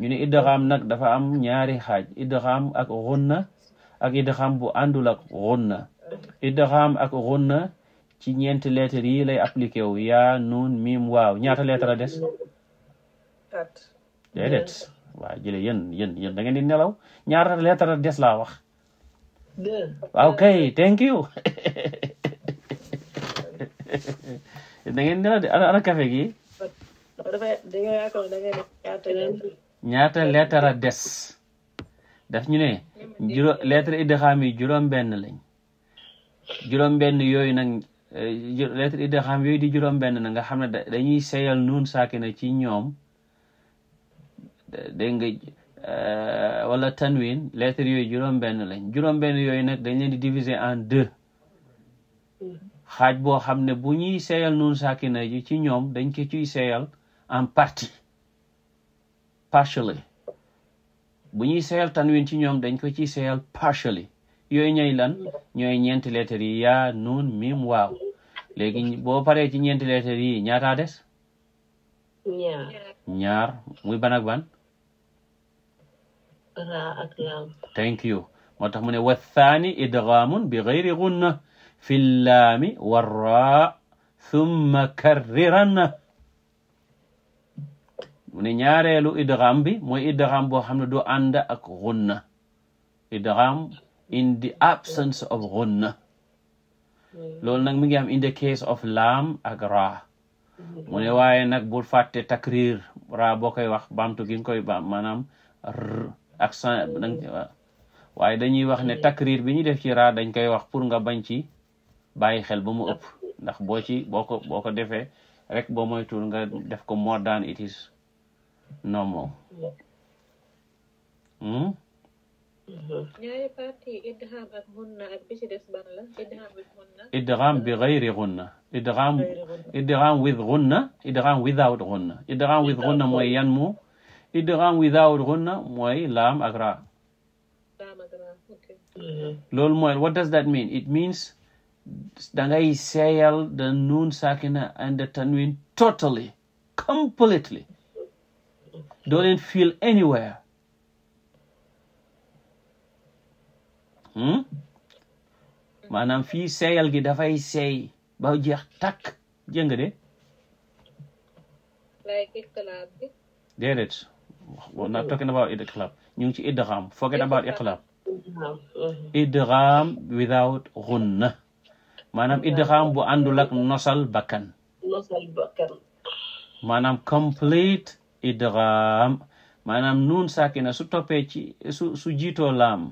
ñu ne nag dafa am ñaari xaaj idgham ak ghunna ak idgham bu àndul ak ghunna idgham ak ghunna ci ñeenti lettre yi lay appliqué wu yaa nuun miim waaw ñaata lettre a des déedéet a des laa wax Okay, thank you. da ngeen di ana ana café gi. ñaata lettre des. def ñu ne juróom lettre yi juróom-benn lañ juróom-benn yooyu nag eh, lettre idgham yooyu di juróom-benn nag nga xam ne dañuy seyal nuun saakina ci ñoom dégg Euh, wala tanwin lettre yooyu juróom-benn lañ juróom-benn yooyu nag dañ leen di diviser en deux xaaj boo xam ne bu ñuy seeyal nun sakina ji ci ñoom dañ ko ciy seeyal en partie partially bu ñuy seeyal tanwin ci ñoom dañ ko ciy seeyal partially yooyu ñooy lan ñooy ñeenti lettres yi yaa nun mim waaw léegi boo paree ci ñeenti lettres yi ñaataa des ñaar muy ban ban raa thank you moo tax mu ne wathaani idgaamun bi gayri gunna fi llaami warraa thumma karriran mu ne ñaareelu idgaam bi mooy idgaam boo xam ne du ànd ak gunna idgaam in the absence of gunna mm. loolu nag mi ngi am in the case of laam ak raa mu ne waaye nag bul fàtte takrir raa boo koy wax baamtu gi nga koy baam maanaam ak sa waaye dañuy wax ne takrir bi ñu def ci raa dañ koy wax pour nga bañ ci bàyyi xel ba mu ëpp ndax boo ci boo ko boo ko defee rek boo moytuwul nga def ko more than it is normal hmm? ñaari parti idgham ak ghunna ak bi ci des ban la idgham bi ghayri ghunna idgham idgham with without ghunna idgham mooy yan mu idgham without ghunna mooy laam ak ra mhm. mooy what does that mean it means dangay seyal the nun sakina and the tanwin totally completely don't feel anywhere hmm? fii seeyal gi dafay seey ba jeex takk jëng de we're not talking about idgham ñu ngi ci idgham forget about iqlam idgham without ghunna maanaam idgham bu àndul ak nosal bakkan maanaam complete idgham maanaam nuun sakina su toppee ci su su jiitoo laam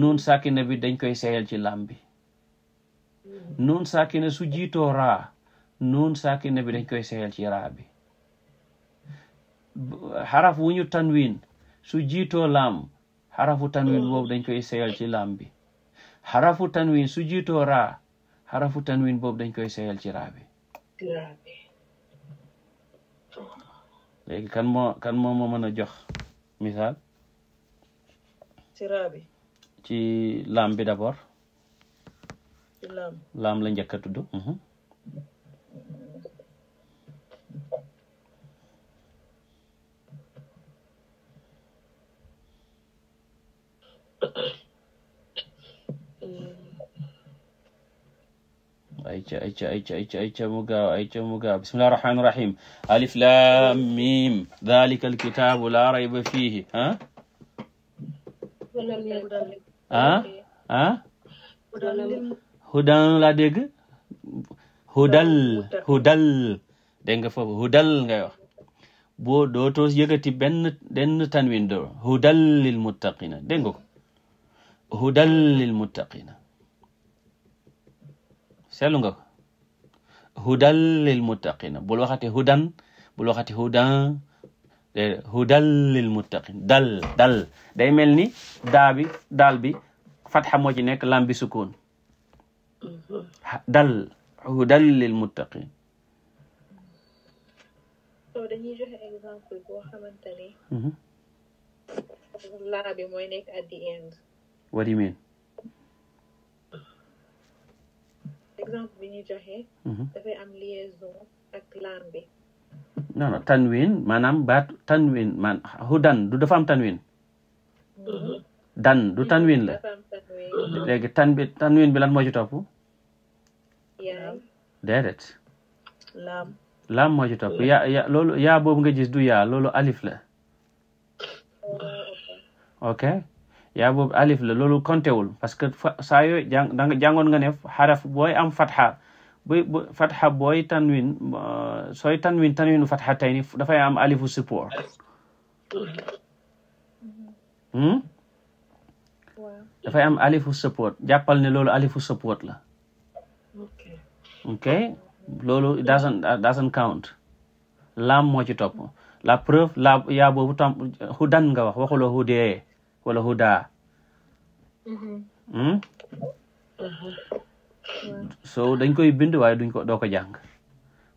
nuun sakina bi dañ koy seyal ci laam bi hmm. nuun sakina su jiitoo raa nuun sakina bi dañ koy seyal ci raa bi xaraf wu ñu tanwin su jiitoo laam xarafu tanwin boobu dañ koy seyal ci laam bi xarafu tanwin su jiitoo raa xarafu tanwin boobu dañ koy seyal ci raa bi léegi kan moo kan mën a jox misaal ci raa bi ci laam la njëkk a ayca ayca ayca ayca ayca mu gaaw ayca mu hudal nga foofu hudal ngay wax boo dootoo yëkkati benn hudal lil muttaqina dégg hudan lil muttaqina seetlu nga ko hudan lil muttaqina bul waxate hudan bul waxate hudan eh, hudan lil muttaqin dal day mel ni daa bi daal bi fatxa ci nekk lam bi sukkoon dal hudan lil muttaqin what do you mean. exemple bi ñu joxe. Mm-hmm. man hu dan du dafa am tanwin. Mm-hmm. dan du tanwin la. Mm-hmm. léegi tan bi bi lan moo ci topp. laam. laam moo yaa boobu nga gis du yaa loolu alif la. Oh, ok. yaa boobu alif la loolu kontewul parce que saa yoo jàngoon nga ne xaraf booy am fatxa bu bu fatxa booy tanwin euh, sooy tan tanwinu fatxa tey ni dafay am alifu support mm-hmm. hmm? dafay am alifu support jàppal ne loolu alifu support la ok loolu uh, doesn't count laam moo ci topp la preuve la yaa tam xudan nga waxuloo xudee wala huda mm-hmm. hmm? uh-huh. so dañ koy bind waaye duñ ko doo ko jàng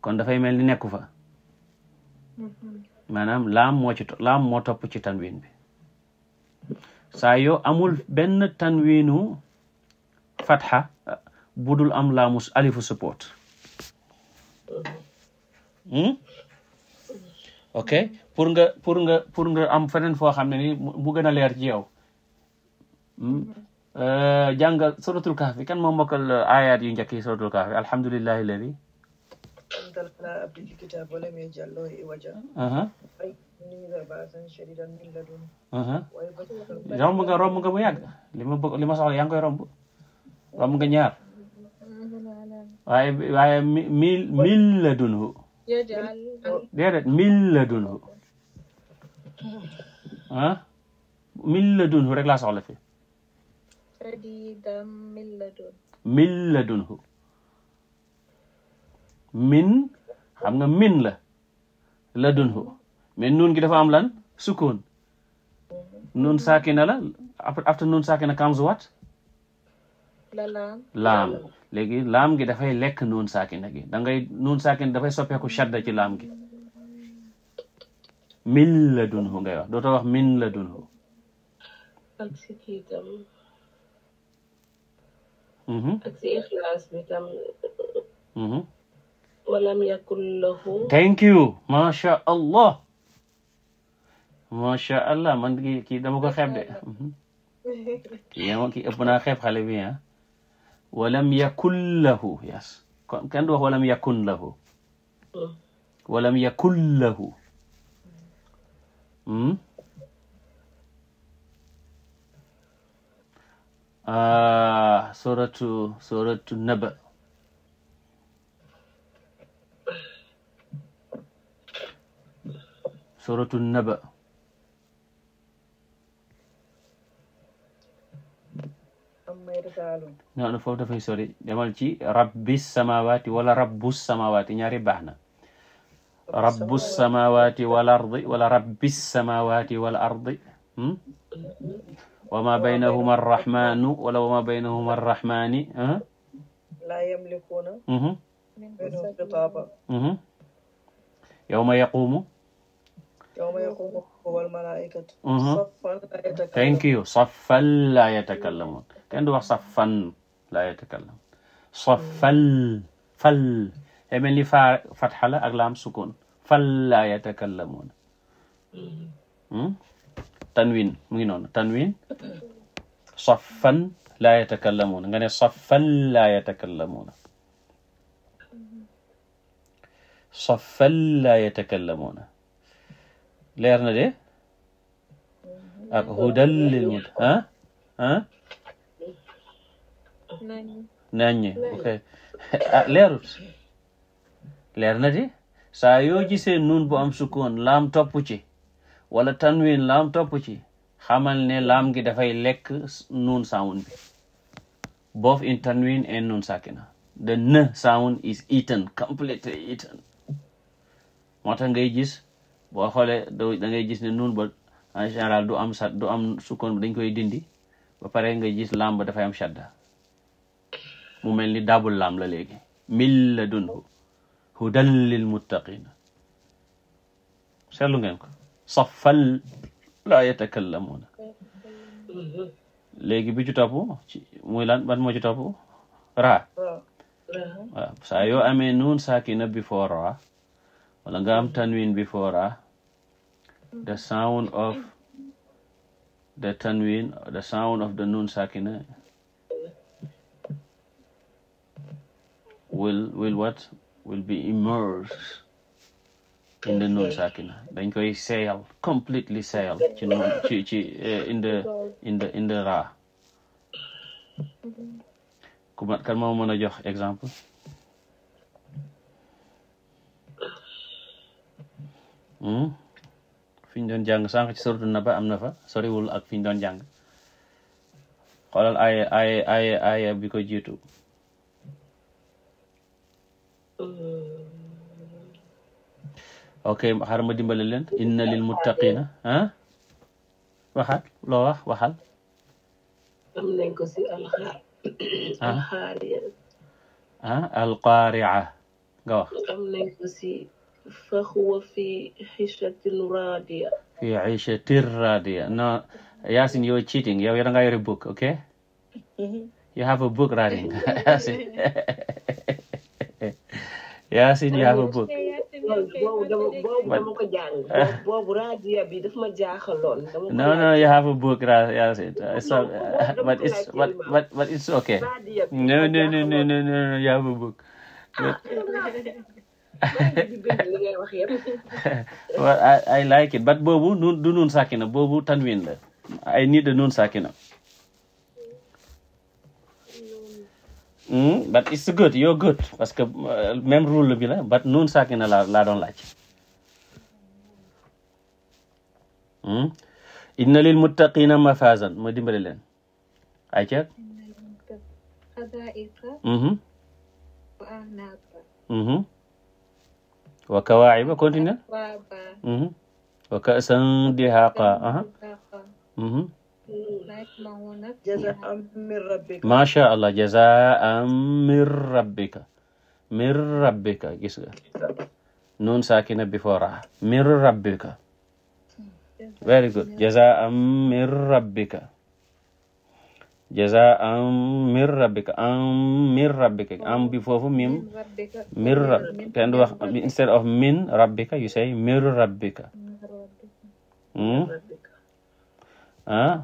kon dafay mel ni nekku fa mm-hmm. maanaam laam moo ci laam moo topp ci tanwin bi saa amul benn tan wiinu fatxa budul am laamu alifu support uh-huh. hmm? ok pour nga pour nga pour nga am feneen foo xam ne ni mu gën a leer ji yow hmm? mm-hmm. euh, jàngal suratul kahfi kan moo mokkal euh, ayaat yu njëkk yi suratul kahfi alhamdulillahi alladi uh-huh. uh-huh. romb nga romb nga bu yàgg li ma bëgg li ma soxla yaa romb romb nga ñaar waaye waaye mil mil la ah min ladunhu rek laa soxla fi sadida min ladun min ladunhu min xam nga min la ladunhu mais nuun gi dafa am lan sukkoon nuun saakina la after nuun saakina comes what laam léegi laam gi dafay lekk nuun saakina gi da ngay nuun saakina dafay soppeeku shadda ci laam gi min ladunhu ngay wax dootoo wax min ladunhu ak si kii tam mhm. ak si ixlaas bi tam mhm. walam yakun lahu thank you macha allah macha allah man kii kii dama ko xeeb de mhm. kii dama kii ëpp naa xeeb xale bi ah walam yakun lahu yes kon kenn du wax walam yakun lahu mm. walam yakun lahu Mm. Uh, suratu suratu Naba suratu Naba noonu foofu dafay sori demal ci rabbi samawati wala rabbu samawati ñaari baax na rabbu samawati wal ardi wala rabbi samawati wal ardi wa ma baynahuma arrahmanu wala wa ma baynahuma arrahmani la yamlikuuna xitaaba yawma yaqumu yawma yaqumu wal malaikatu saffan la yatakallamun thank you saffan la yatakallamun kenn du wax saffan la yatakallamun saffal fal day mel ni faa fatxa ak laam sukkoon fal laa hmm? tanwin mu ngi noonu tanwin saffan laa yatakallamuuna nga ne saffan laa yatakallamuuna saffan laa yatakallamuuna leer na de ak hudan lil mut ah ah naññi ok ah, leerut leer na di saa yoo gisee nun bu am sukkoon laam topp ci wala tanwin laam topp ci xamal ne laam gi dafay lekk nun sound bi both in tanwin and nun sakina the n sound is eaten completely eaten moo tax ngay gis boo xoolee da ngay gis ne nun ba en général du am sa du am sukkoon dañ koy dindi ba pare nga gis laam ba dafay am shadda mu mel ni daabul laam la léegi mil la dundu hudan lil muttaqina seetlu ngeen ko saffal laa yatakallamuuna léegi bi ci topp lan ban moo ci topp raa waaw amee nuun saakina before raa wala nga am tanwin before raa the sound of the tanwin the will what will be immersed in the Noor Sakina dañ koy seeyal completely seeyal ci noon ci ci eh, in the in the in the ra ku ma kan moo mën a jox exemple hmm? fi ñu doon jàng sànq ci sortu na ba am na fa soriwul ak fi ñu doon jàng xoolal aaya aaya aaya aaya bi ko jiitu ok xaaral ma dimbale leen inna lil muttaqina ah waxaat loo wax waxal am nañ si ah? alxaariya ah am nañ ko si faxuwa fi xichatin radia fi xichatin radia non Yasin yow cheating yow da ngaa yore book ok mm-hmm. you have a book writing Yasin Yaasin yaa ko bëgg. boobu dama boobu dama ko jàng. boobu radia bi daf ma jaaxaloon. non non yaa ko bëgg Yaasin. Uh, uh, but but it's okay. no no no no no no yaa ko I, like it but boobu du nun sakina boobu tanwin la. I need a nun sakina. Mm, but it's good you're good parce que uh, même rule bi la but nun sakina la laa doon laaj mm? inna lil muttaqina mafazan ma dimbale leen ay ceeb mm -hmm. wa kawaiba continue wa mm-hmm. kaasan dihaqa aha mm-hmm. macha allah jazaan min rabbika min rabbika nun sakina before ah. min rabbika very good min rabbika am min rabbika am bi foofu mim min rabbika instead of min rabbika you say min rabbika hmm? ah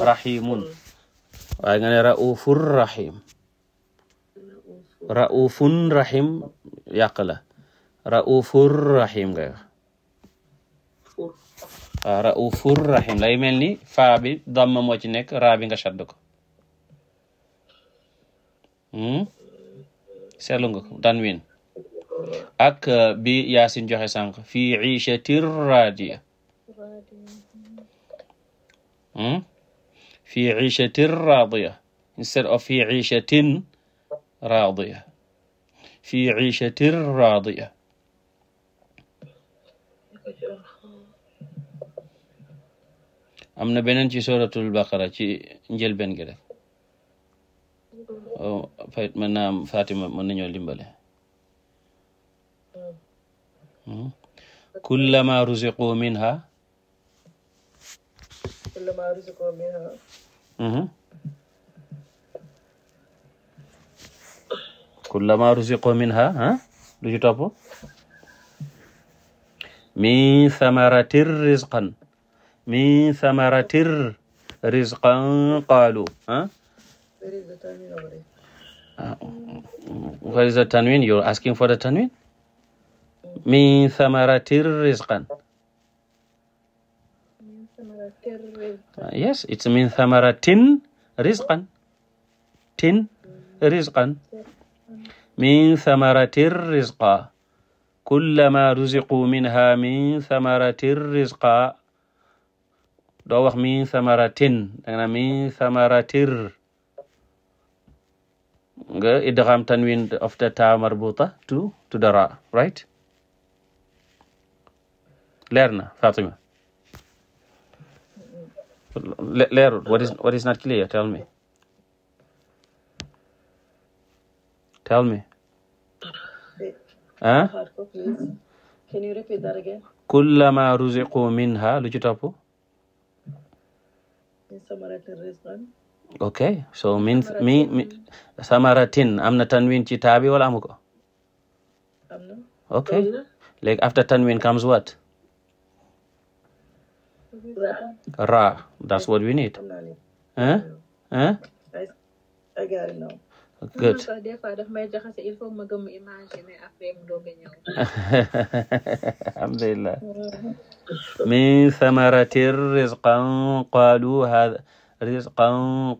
rahimun waaye nga ne raufun rahim raufun rahim yàq la raufur lay mel ni faa bi damma moo ci nekk raa bi nga shadd ko hmm? seetlu nga ak uh, bi yaasin joxe sànq fi iishatir raadiya hmm? fi ishatin radiya instead of fi ishatin radiya fi ishatin radiya am na beneen ci suratul baqara ci njëlbeen gi rek oh fayit mën naa am Fatima mën nañoo dimbale kullama ruziqu minha كل ما رزقوا منها كل ما رزقوا min samaratir rizqan min samaratir rizqan qaalu ah what the tanwin you're asking for the tanwin min samaratir rizqan Uh, yes it's min thamaratin rizqan tin rizqan min thamaratin rizqa kullama ruziqu minha min thamaratin rizqa doo wax min thamaratin danga naa min thamaratir nga idgham tanwin of the ta marbuta to to the ra right leer na Fatima leerul what is not clear tell me tell me ah kullama ruziqu minha lu ci topp ok so min min am na tanwin ci taabi wala amu ok like after tanwin comes what Ra. That's what we need. Huh? Huh? I got it now. Good. Alhamdulillah. Min thamaratin rizqan qalu hadha rizqan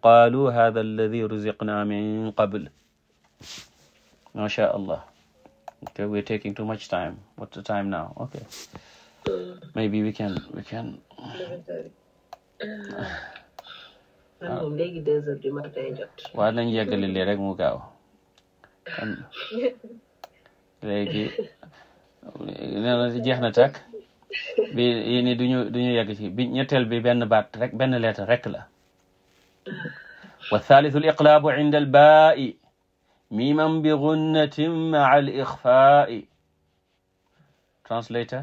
qalu hadha alladhi ruziqna min qabl. Masha Allah. Okay, we're taking too much time. What's the time now? Okay. maybe we can we can. man moom léegi deux heures du matin jot. waaw nañ yeggali lii rek mu gaaw. léegi nee na jeex na tàkk bi yii nii duñu duñu yegg ci bi ñetteel bi benn baat rek benn lettre rek la wa thaalithu liqlaabu inda albaa'i miiman bi gunnatin maa al ixfaa'i translator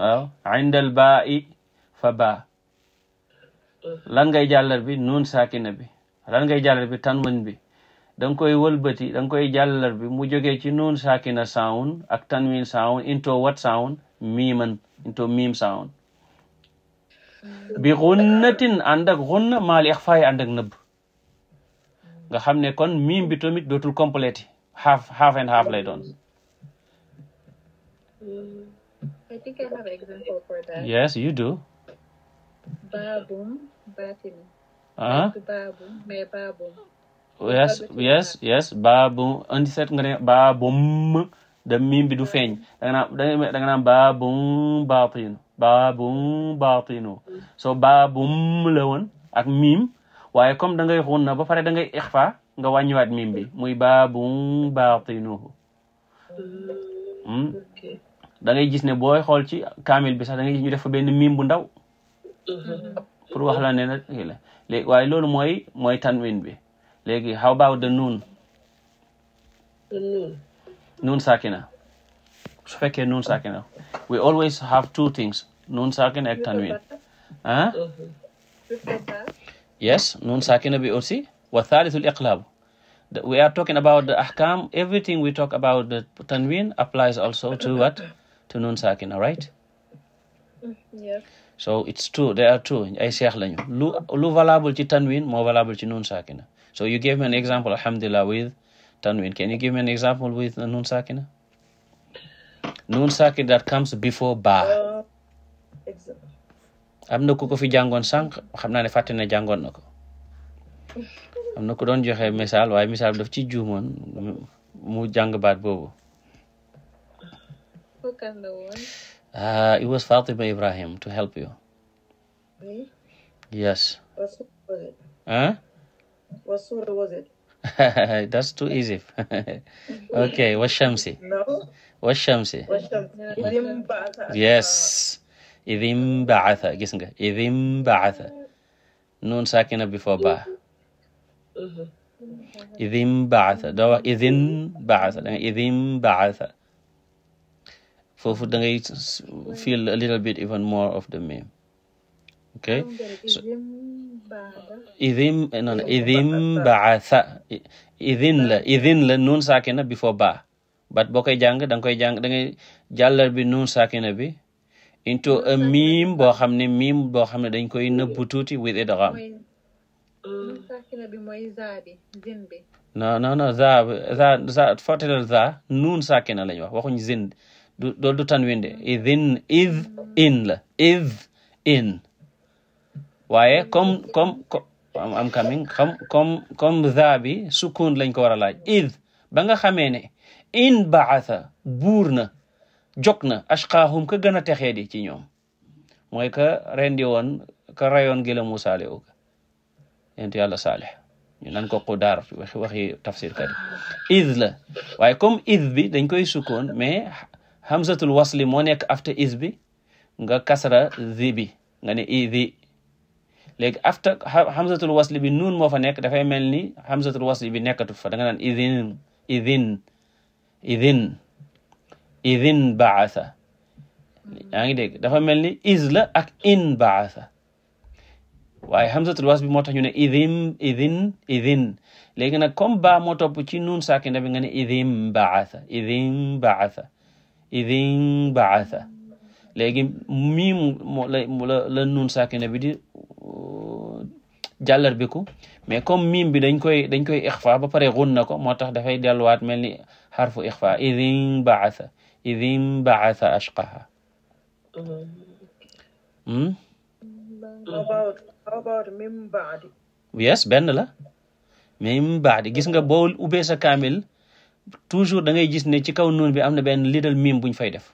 waaw indal baa i fa baa lan ngay jàllar bi nuun saakina bi lan ngay jàllar bi tanwin bi danga koy wëlbati danga koy jàllar bi mu jógee ci nuun saakina sound ak tanwin sound into what sound miiman into miim sound bi xunnatin ànd ak xunna maal ixfaay ak nëbb nga xam ne kon miim bi tamit dootul complète half and half lay doon I Yes, uh-huh. yes yes baabum andi seet nga ne baabum da miim bi du feeñ danga naan baabum baatinu baabum baatinu so baabum la ak miim waaye comme da ngay ba pare da ngay ixfa nga wàññiwaat miim bi muy baabum baatinu mm. mm. da gis ne booy xool ci kaamil bi sax da ngay ñu def benn miim bu ndaw wax la ne nag la waaye loolu mooy mooy tanwin bi léegi how about the nuun nuun sakina su fekkee nuun sakina we always have two things nuun sakina ak tanwin ah yes nuun sakina bi aussi wa thalithul iqlab we are talking about the ahkam everything we talk about the tanwin applies also to what te nun saakina right mm, yeah. so it's two there are two ay seex lañu lu lu valable ci tanwin moo valable ci nun saakina so you gave me an example alhamdulillah with tanwin can you give me an example with nun saakina nun saakina that comes before ba uh, am na ku ko fi jàngoon sànq xam naa ne fàtte na jàngoon na ko am na ku doon joxe misaal waaye misaal daf ci juumoon mu jàng baat boobu Wakanda was? Uh, it was Fatima Ibrahim to help you. Really? Yes. What surah was it? Huh? What surah was it? That's too easy. Okay, Washamsi. No. Washamsi. Washamsi. Yes. Idhim ba'atha. Gis nga idhim ba'atha. Nun sakina before ba. Mm-hmm. Idhim ba'atha. Doo wax idhin ba'atha. Idhim ba'atha. foofu da ngay feel a little bit even more of the meme okay so idhim no no idhim la idhin la nun sakina before baa but boo koy jàng da nga koy jàng da ngay jàllar bi nun sakina bi into a meme boo xam ne meme boo xam ne dañ koy nëbbu tuuti with idgham no no no za za za fortaleel za nun sakina lañ wax waxuñ zind du loolu du tanwin de idhin id la id in waaye comme comme comme am coming xam comme comme za bi sukun lañ ko war a laaj id ba nga xamee ne in baatha buur na jog na ashqaahum ka gën a texee di ci ñoom mooy ka rendi woon ka rayoon gi la Musa le uga yent yàlla saalih ñu nan ko qudaar waxi tafsir kat id la waaye comme id bi dañ koy sukkoon mais hamzatul wasli moo nekk after is bi nga kasra zi bi nga ne i zi léegi after hamzatul wasli bi nuun moo fa nekk dafay mel ni hamzatul wasli bi nekkatu fa da nga naan idin idin idin idin baasa yaa ngi dégg dafa mel ni is la ak in baasa waaye hamzatul wasli bi moo tax ñu ne idim idin idin léegi nag comme ba moo topp ci nuun saakina bi nga ne idim baasa idim idin baatha léegi mii mu la nun saakina bi di jàllar biku mais comme miim bi dañ koy dañ koy ixfa ba pare xun na ko moo tax dafay delluwaat mel ni xarfu ixfa idin baatha idin baatha ashqaha yes benn la mim baadi gis nga boo ubbee sa kaamil toujours da ngay gis ne ci kaw nuun bi am na benn little mim bu ñu fay def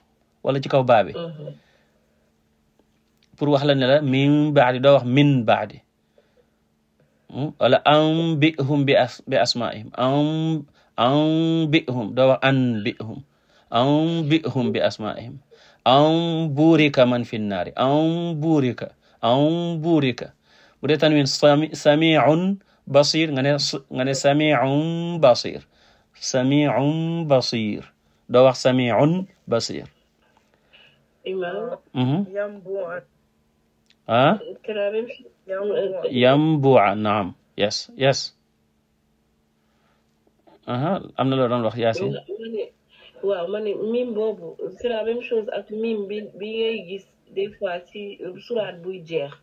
wala ci kaw baa mhm. pour wax la ne la min baadi doo wax min baadi hmm? wala am bi hum asmaihim am am doo wax am bi hum asmaihim am buurika man fi am buurika am buurika bu dee tanwin basir nga ne nga basir samiun basir doo wax samiun basir ah mhm. yambua naam yes yes am na loo doon wax yaasin waaw ma boobu c'est la même euh, jeex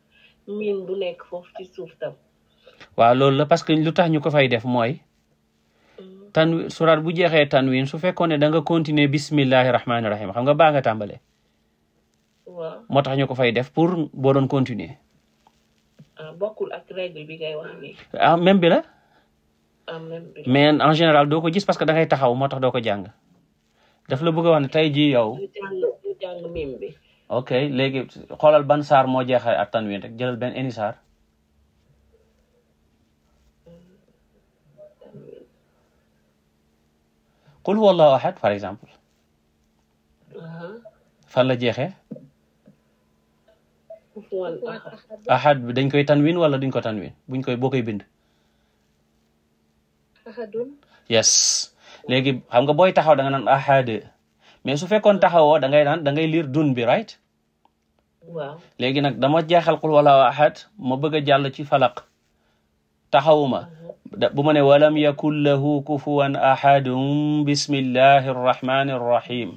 mim bu nekk foofu ci suuf tam waaw loolu la parce que lu tax ñu ko fay def mooy tan suraat bu jeexee tanwin su fekkoon ne danga nga continuer bismillahi rahmaani rahim xam nga baa nga tàmbalee. moo tax ñu ko fay def pour boo doon continuer. ah bi ah, même bi la. ah en général doo ko gis parce que dangay taxaw moo tax doo ko jàng. daf la bugga a wax ne tey jii yow. ok léegi xoolal ban saar moo jeexa ak tanwin rek jëlal benn eni saar. qul huwa allahu ahad par exemple fan la jeexee ahad bi dañ koy tan tanwin wala duñ ko tanwin buñ koy boo koy bind yes léegi xam nga booy taxaw da nga naan ahad mais su fekkoon taxawoo dangay ngay naan da ngay lire dun bi right waaw léegi nag dama jeexal qul huwa ahad ma bëgg a jàll ci falaq taxawuma bu ma ne walam yakun lahu kufuwan ahadun bismillahi arrahmani arrahim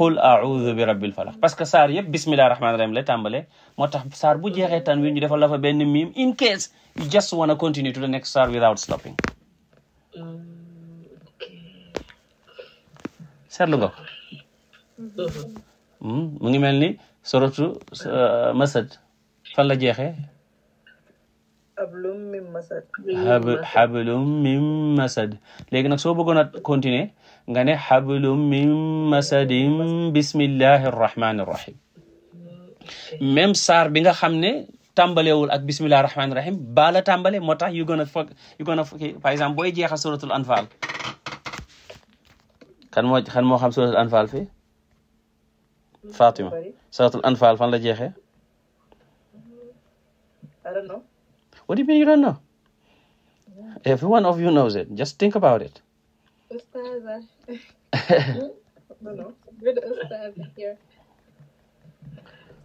qul audu bi rabbil falaq parce que saar yëpp bismillahi rahmani rahim lay tàmbale moo tax saar bu jeexee tan wi ñu defal la fa benn miim in case you just wanna continue to the next saar without stopping seetlu nga ko hmm, mu ngi mel ni suratu uh, masad fan la jeexee hablum min masad min masad léegi nag soo bëggoon a continuer nga ne hablum min masadin bismillahi rrahmani rrahim saar bi nga xam ne tàmbalewul ak bismillahi rrahmani rrahim baa la moo tax yu gën a foog a par exemple booy jeexa suratul anfal kan moo kan moo xam suratul anfal fi hmm, Fatima suratul anfal fan la jeexe What do you mean you don't know? Yeah. Every one of you knows it. Just think about it. Ustaza. no, no. Good Ustaza here.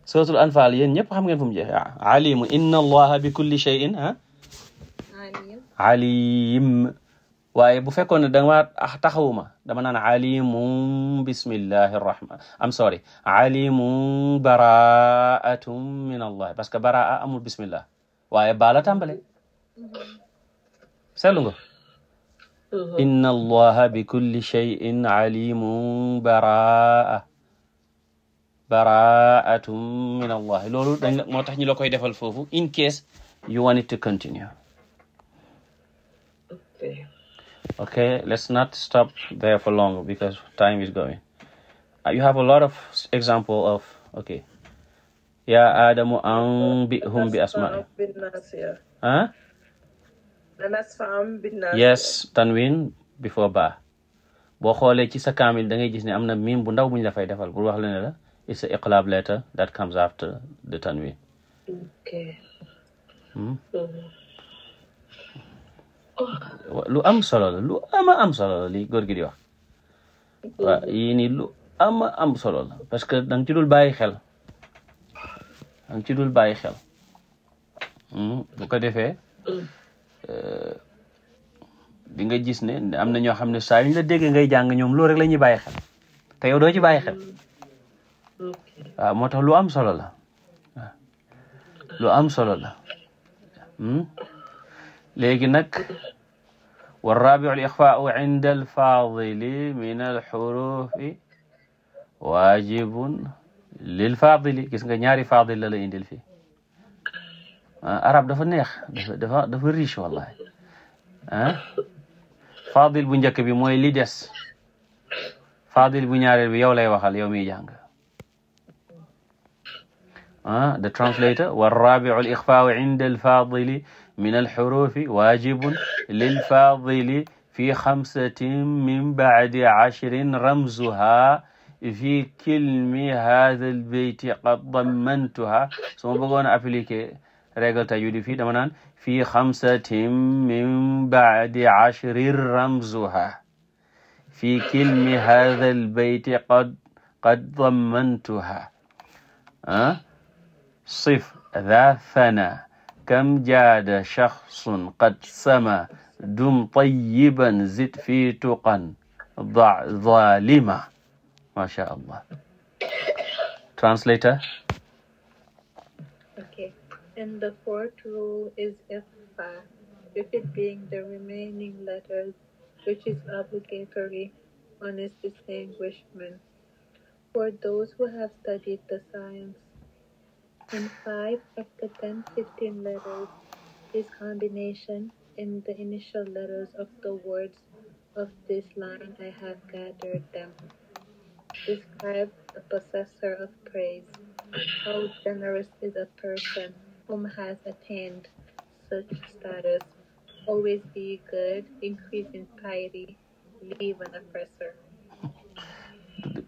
suratul anfal yéen ñëpp xam ngeen fu mu jeexe alimu inna allaha bi kulli shay'in ah alim waaye bu fekkoon ne dama taxawuma dama naan alimum bismillahi rrahman am sorry alimum baraatum min allah parce que baraa amul bismillah waaye baala tàmbale seetlu nga inna allaha bi kulli cheyin alimun baraa baraatum min allah loolu moo tax ñu la koy defal foofu in case you want to continue okay. let's not stop there for long because time is going you have a lot of example of ya adamu anbihum bi asma'i ah yes tanwin before ba boo xoolee ci sa kaamil da ngay gis ne am na miim bu ndaw bu ñu la fay defal pour wax la ne la it's a iqlab letter that comes after the tanwin hmm? mm-hmm. lu am solo la lu ama am solo li góor gi di mm-hmm. lu ama am solo la parce que danga ci dul bàyyi xel am ci dul bàyyi xel hmm, bu ko defee euh, di nga gis ne am na ñoo xam ne saa yu ñu la déggee ngay jàng ñoom loolu rek la ñuy bàyyi xel te yow doo ci bàyyi xel waaw ah, moo tax lu am solo la lu am solo la hmm? léegi nag والرابع الإخفاء عند الفاضل من الحروف واجب lil faadili gis nga ñaari faadil la la indil fii ah, arab dafa neex dafa dafa dafa riche wallahi ah faadil bu njëkk bi mooy li des faadil bu ñaareel bi yow lay waxal yow miy jàng ah the translator warrabiu al ixfaau inda al faadili min al xurufi waajibun lil faadili fi xamsatin min bacdi ashrin ramzuha fi kilmi hadha al beyti qad dammantuha su ma bëggoon a appliqué règle tajwid fii dama naan fii xamsatin min baadi ashrin ramzuha fii kilmi hadha al beyti qad qad dammantuha ah sif dha thana kam jaada shaxsun qad sama dum tayiban zid fii tuqan da zalima Masha Allah. Translator? Okay. the fourth rule is ifa, it being the remaining letters, which is obligatory on its distinguishment for those who have studied the science. In five of the 10 letters is combination in the initial letters of the words of this line I have gathered them. described a possessor of praise. How generous is a person whom has attained such status? Always be good, increase in leave an oppressor.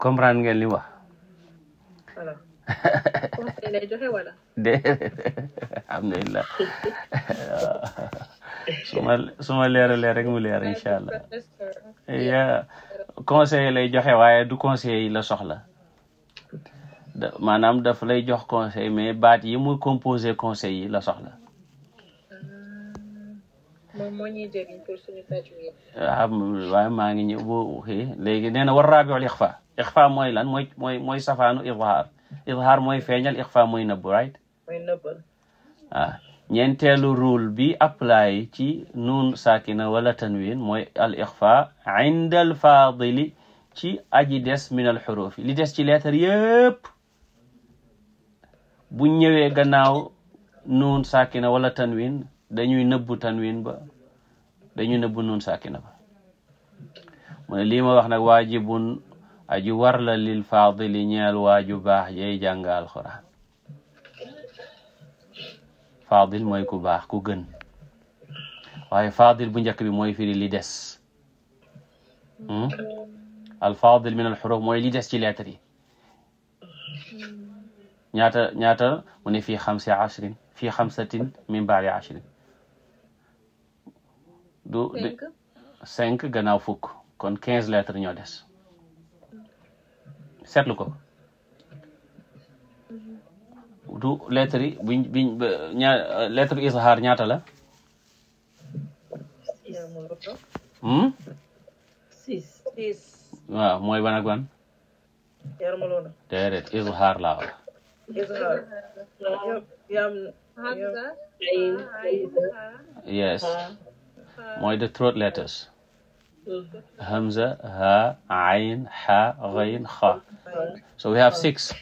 comprendre ngeen li wax. voilà. conseil lay joxe wala. déedéet alhamdulilah. su ma su ma leeralee conseil lay joxe waaye du conseil yi la soxla maanaam daf lay jox conseil mais baat yi muy composé conseil yi la soxla waaw euh, ah, waaye maa ngi ñëw bo léegi nee na war raabiul ixfa ixfa mooy lan mooy mooy mooy safaanu izhaar izhaar mooy feeñal ixfa mooy nëbb right ah. ñeenteelu rule bi apply ci nuun saakina wala tanwin mooy al aji des min al li des ci leetar yépp bu ñëwee gannaaw nuun sakina wala tanwin dañuy nëbbu tanwin ba dañuy nëbbu nuun saakina ba mu ne lii ma wax nag waajibun aji war la lil faadili ñeel waaju baax yay jàng alxuraan faadil mooy ku baax ku gën waaye faadil bu njëkk bi mooy firi li des hmm? alfaadil min alxuruf mooy li des ci lettre yi ñaata ñaata mu ne fii xamsi ashrin fii xamsatin min baadi ashrin du cinq gannaaw fukk kon quinze lettres ñoo des seetlu ko tu lettre yi buñ biñ ñaa lettre hmm? mooy ban ak ban. déedéet izhaar laa yes mooy the throat letters. Mm-hmm. hamza ha ayn ha ghayn kha so we have six.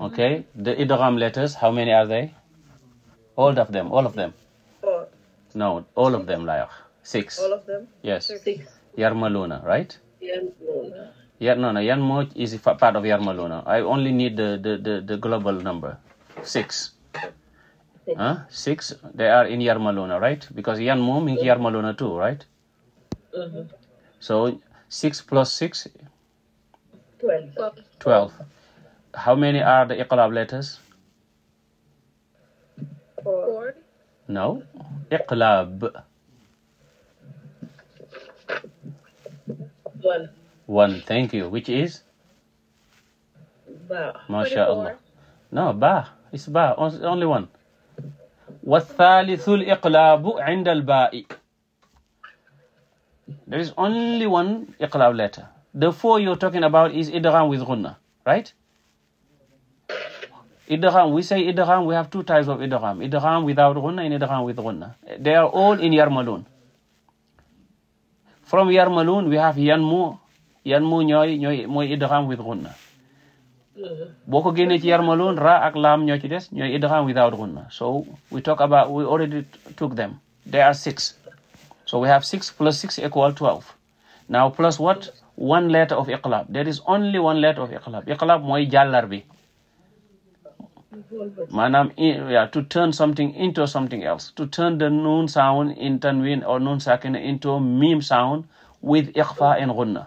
Okay, the idgham letters, how many are they? All of them, all of them. Four. No, all of them Six. Yes. Yarmaluna, Yarmaluna. Yarmaluna. I only need the global number. Six. Six. they are in Yarmaluna, right? Because Yarmaluna too, mm-hmm. six plus six? Twelve. How many are the iqlab letters? Four. No. Iqlab. One. One. Thank you. Which is? Ba. Masha Allah. No, ba. It's ba. Only one. wa thalithu liqlaabu inda albaai there is only one iqlaab letter the four you're talking about is idgham with ghunna right Idgham, we say idgham, we have two types of idgham. Idgham without ghunna and idgham with ghunna. They are all in yarmalun. From yarmalun, we have yanmu. Yanmu ñooy ñooy mooy idgham with ghunna. boo ko génnee ci yarmalun ra ak laam ñoo ci des ñooy idgham without ghunna. So we talk about, we already took them. There are six. So we have six plus six equal twelve. Now plus what? One letter of iqlab. There is only one letter of iqlab. Iqlab mooy jàllar bi. maanaam yeah to turn something into something else to turn the noon sound in tanwin or noon sakina into mim sound with ikhfa and ghunna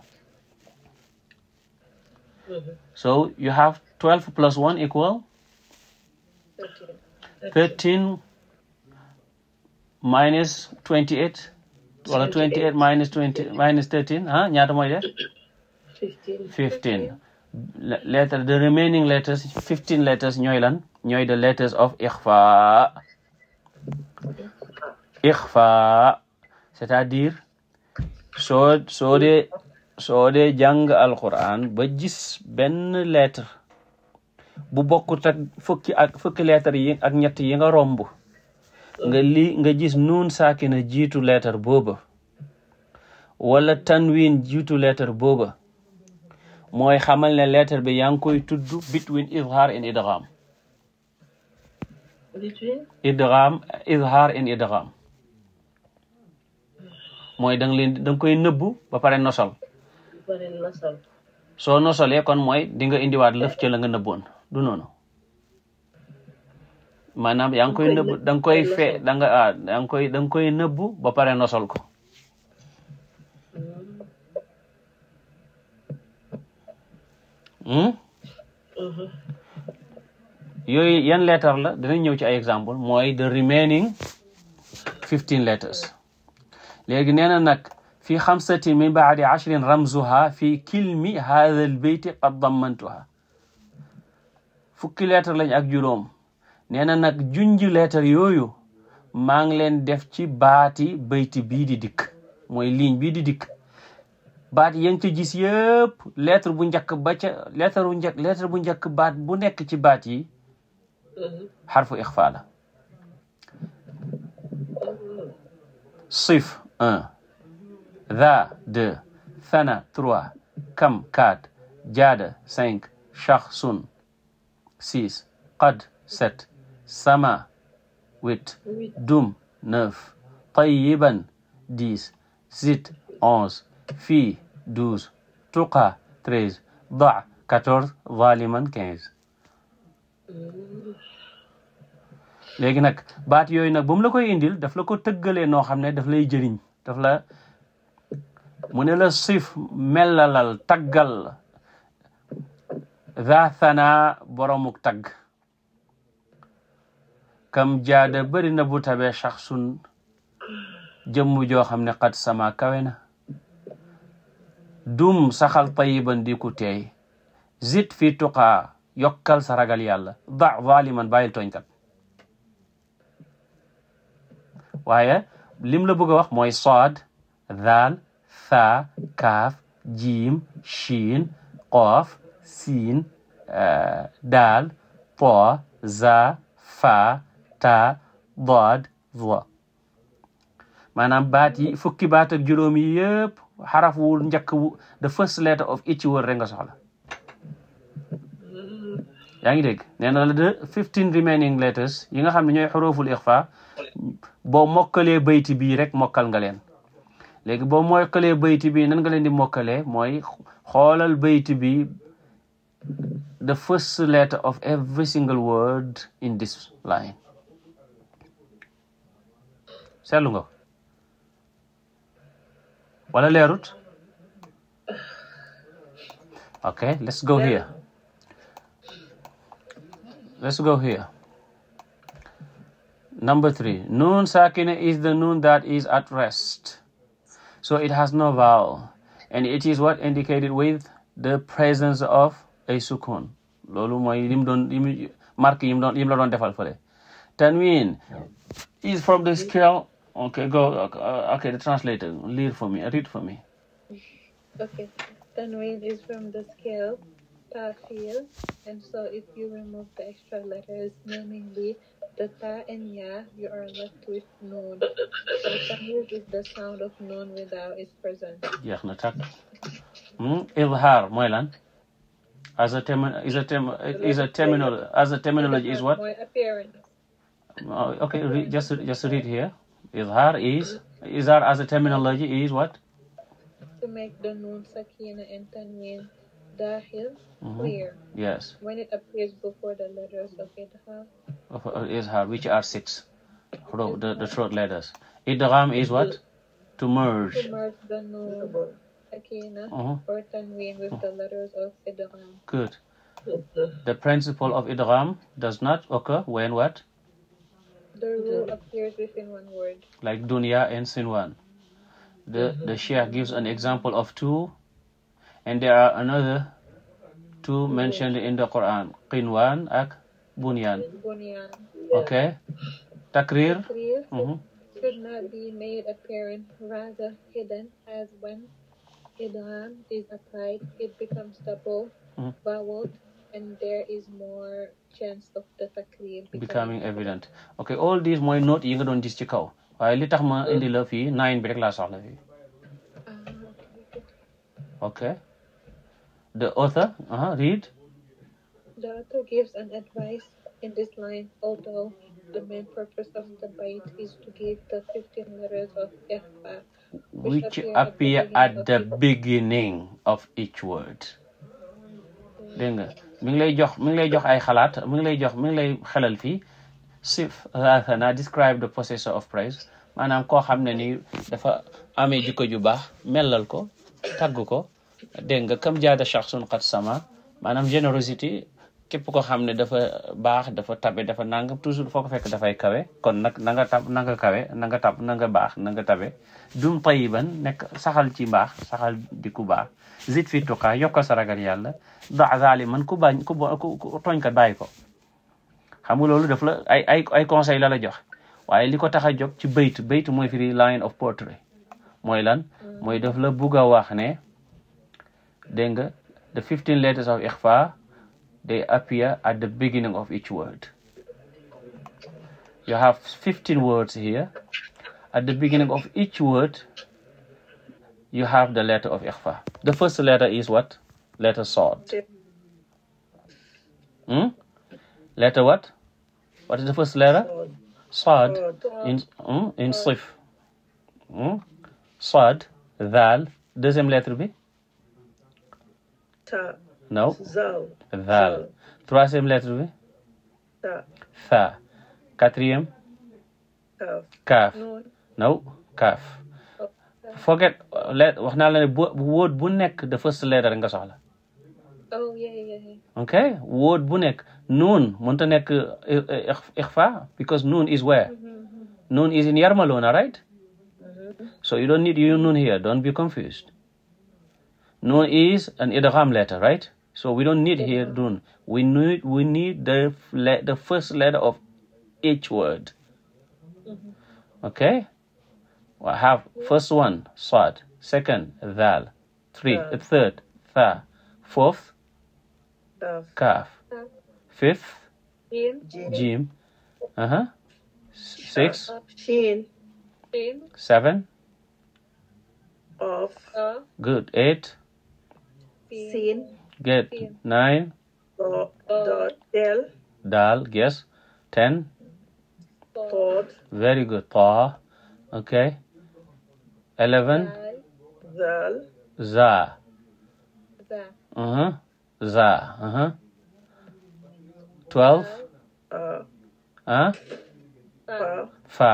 so you have 12 plus 1 equal 13, minus 28 wala 28 minus minus 13 ah ñaata mooy letter the remaining letters fifteen letters ñooy lan ñooy the letters of ixfa ixfa c'est-à-dire soo soo soo dee jàng alquran ba gis benn lettre bu bokkut ak fukki ak yi ak ñett yi nga romb nga li nga gis nuun saakina jiitu lettre booba wala tanwin jiitu lettre booba mooy xamal ne lettre bi yaa ngi koy tudd between izhar and idgham idgham izhar and idgham mooy da nga leen da koy nëbbu ba pare nosal soo nosalee kon mooy di nga indiwaat lëf ci la nga nëbboon du noonu maanaam yaa ngi koy nëbbu da koy fe da nga koy da koy nëbbu ba pare nosol ko Hmm? yooyu yan lettre la dinañ ñëw ci ay exemple mooy the remaining fifteen letters léegi nee na nag fi xamsati min baadi ashrin ramzuha fi kilmi haada al beyti qad dammantuha fukki lettre lañ ak juróom nee na nag junj lettre yooyu maa ngi leen def ci baati bayti bii di dikk mooy liiñ bii di dikk baat yéen ci gis yëpp lettre bu njëkk ba ca bu njëkk baat bu nekk ci baat yi xarfu ixfa la sif un dha deux thana trois kam quatre jaada cinq shaxsun six qad sept sama huit dum neuf tayiban dix zit onze fii 12 tuqa 13 da 14 zaliman 15 léegi nag baat yooyu nag ba la koy indil daf la ko tëggalee noo xam ne daf lay jëriñ daf la mu ne la sif mellalal taggal za sana boromuk tagg kam jaada bari na bu tabee shaxsun jëmm joo xam ne xat sama kawe na dum saxal tayiban di ku teey zit fi tuqaa yokkal sa ragal yàlla da zaliman bàyyil tooñkat waaye lim la bëgg wax mooy saad daal thaa kaaf jiim shiin qoof siin eh, daal too za faa taa daad za baat yi fukki baat ak juróom yi xaraf wu njëkk wu the first letter of each word rek nga soxla yaa ngi dégg nee na la de fifteen remaining letters yi nga xam ne ñooy xuruful ixfa boo mokkalee bayti bii rek mokkal nga leen léegi boo mokkalee bayti bii nan nga leen di mokkalee mooy xoolal bayti bi the first letter of every single word in this line seetlu nga wala leerut okay let's go here let's go here number three noon sakina is the noon that is at rest so it has no vowel and it is what indicated with the presence of a sukun loolu mooy lim doon marque yim doon yim la doon defal fële tanwin is from the scale Okay, go. Uh, okay, the translator, read for me. Read for me. Okay. is from the scale ta and so if you remove the extra letters, the ta and ya, you are left with noon. is the sound of noon without its presence. Jeex na hmm? As a terminology, is what? Mooy appearance. Oh, read here. Izhar is izhar as a terminology is what? To make the noon sakina and tanween dahil mm-hmm. clear. Yes. When it appears before the letters of idgham. Of izhar, which are six. Huruf, the, the throat letters. Idgham is what? To merge. To merge the noon sakina mm-hmm. or tanween with the letters of idgham. Good. The principle of idgham does not occur when what? Their rule appears within one word. Like dunya ends in one. The, mm-hmm. the Shia gives an example of two, and there are another two mentioned in the Quran. Qinwan ak bunyan. Bunyan. Okay. Takrir. Takrir mm-hmm. should not be made apparent, rather hidden, as when idgham is applied, it becomes double mm-hmm. voweled and there is more chance of the taqrir becoming evident ok all these mooy note yi nga doon gis ci kaw waaye li tax ma indi la fii nine bi rek laa soxla fii ah, ok the author uh-huh, read the author gives an advice in this line although the main purpose of the bait is to give the 15 letters of ikhfa which, which appear at the beginning of each word dégg nga mi lay jox mi ngi lay jox ay xalaat mi lay jox mi ngi lay xelal fii sif rathana describe the possessor of praise maanaam koo xam ne ni dafa amee jikko ju baax mellal ko tagg ko dégg nga kam jaada shakhsun kat sama maanaam générosité képp ko xam ne dafa baax dafa tabe dafa nangam toujours foo ko fekk dafay kawe kon nag na nga tab na nga kawe na nga tab baax nanga nga tabe dum tayiban nekk saxal ci mbaax saxal di ku baax zit fi tuqaa yokkal sa ragal yàlla da man ku bañ ku tooñ ko bàyyi ko xam nga loolu daf la ay ay ay conseil la la jox waaye li ko tax a ci bayt bayt mooy firi line of poetry mooy lan mooy daf la bugg wax ne dégg nga the fifteen letters of ikhfa they appear at the beginning of each word. You have 15 words here. At the beginning of each word, you have the letter of ikhfa. The first letter is what? Letter sod. Hmm? Letter what? What is the first letter? Sad. Hmm? In, sif. Mm? Sad, dal. Deuxième lettre Ta. No. daal troisième lettre bu nekk the first letter nga soxla oh, ok wóot bu nekk nuun mënta nekk eh, eh, ixfa because nuun is where mm-hmm, mm-hmm. nuun is in Yarmalona right mm-hmm. so you don't need you nuun here don't be confused nuun is an idgham letter So we don't need here dun. We need the first letter of each word. Mm-hmm. Okay? I have first one sad, second dal, three third tha, fourth kaf, fifth jim, uh-huh. six seven good eight get nine dal dal yes ten Pod. very good ta okay eleven zal uh-huh. za uh-huh twelve ah fa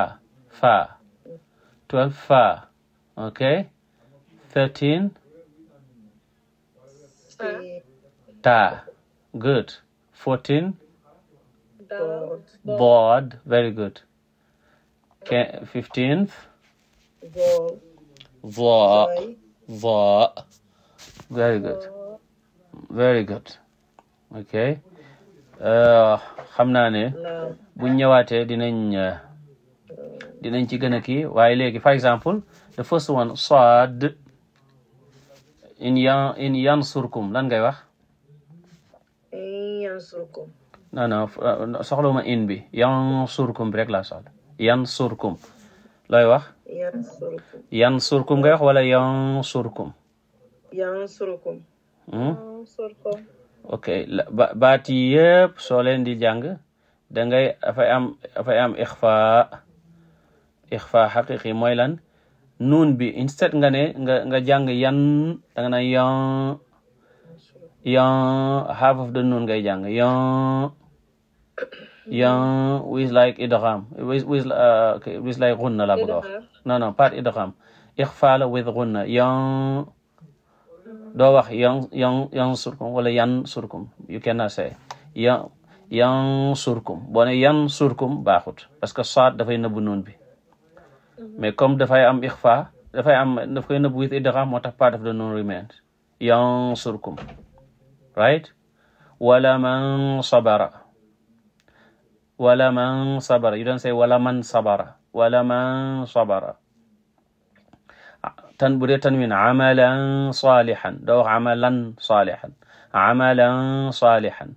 fa twelve fa okay thirteen ta good fourteen bored bored very good fifteenth vlog vlog very good very good okay uh, xam naa ne buñ ñëwaatee dinañ dinañ ci gën a kii waaye léegi for example the first one sad in yan in lan ngay wax in yansurkum non non uh, soxla ma in bi yansurkum bi rek laa soxla yansurkum looy wax yansurkum yansurkum ngay wax wala yansurkum yansurkum hmm? yansurkum ok baat di jàng da ngay dafay am dafay ixfa ixfa xaqiqi mooy lan nuun bi instead nga ne nga nga jàng yan yan yan half of the nuun ngay jàng yan yan with like idgham with with uh, okay, with like ghunna la bëgg a wax non idgham ikhfa with ghunna yan doo wax yan yan yan surkum wala yan surkum you cannot say yan yan surkum boo yan surkum baaxut parce que soit dafay nëbbu nuun bi Mhm. mais comme dafay am ixfa dafay am daf koy nëbb with idgham moo tax part of the noon remains yansurkum right wala man sabara wala man sabara you don't say wala man sabara wala man sabara tan bu dee tanwin amalan salihan doo wax amalan salihan amalan salihan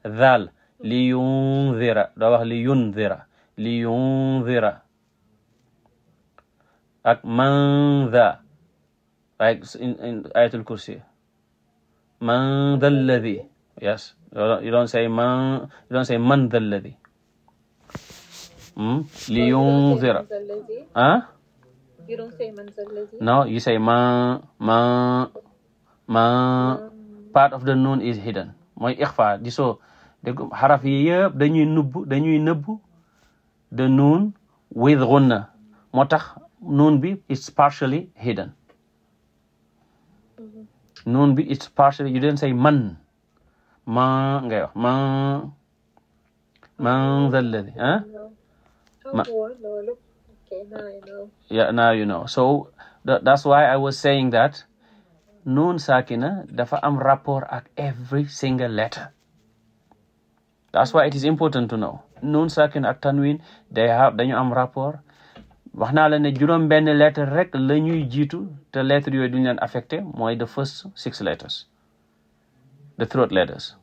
dhal li yundhira doo wax li yundhira liyundira ak mandha ay ayatul kursi man dha alladi yes you don't say man you don't say man hmm? dha no you say man part of the noon is hidden mooy ixfa di so dégg xaraf yi yëpp dañuy nubb dañuy the noon with ghunna moo tax noon bi it's partially hidden noon bi it's partially you say man ma ngay wax ma man zalladi ah yeah now you know so that's why I was saying that noon sakina dafa am rapport ak every single letter that's why it is important to know nun sakin ak tanwin day have dañu am rapport wax naa la ne juróom benn lettre rek la ñuy jiitu te lettre yooyu duñu leen affecté mooy the first six letters the throat letters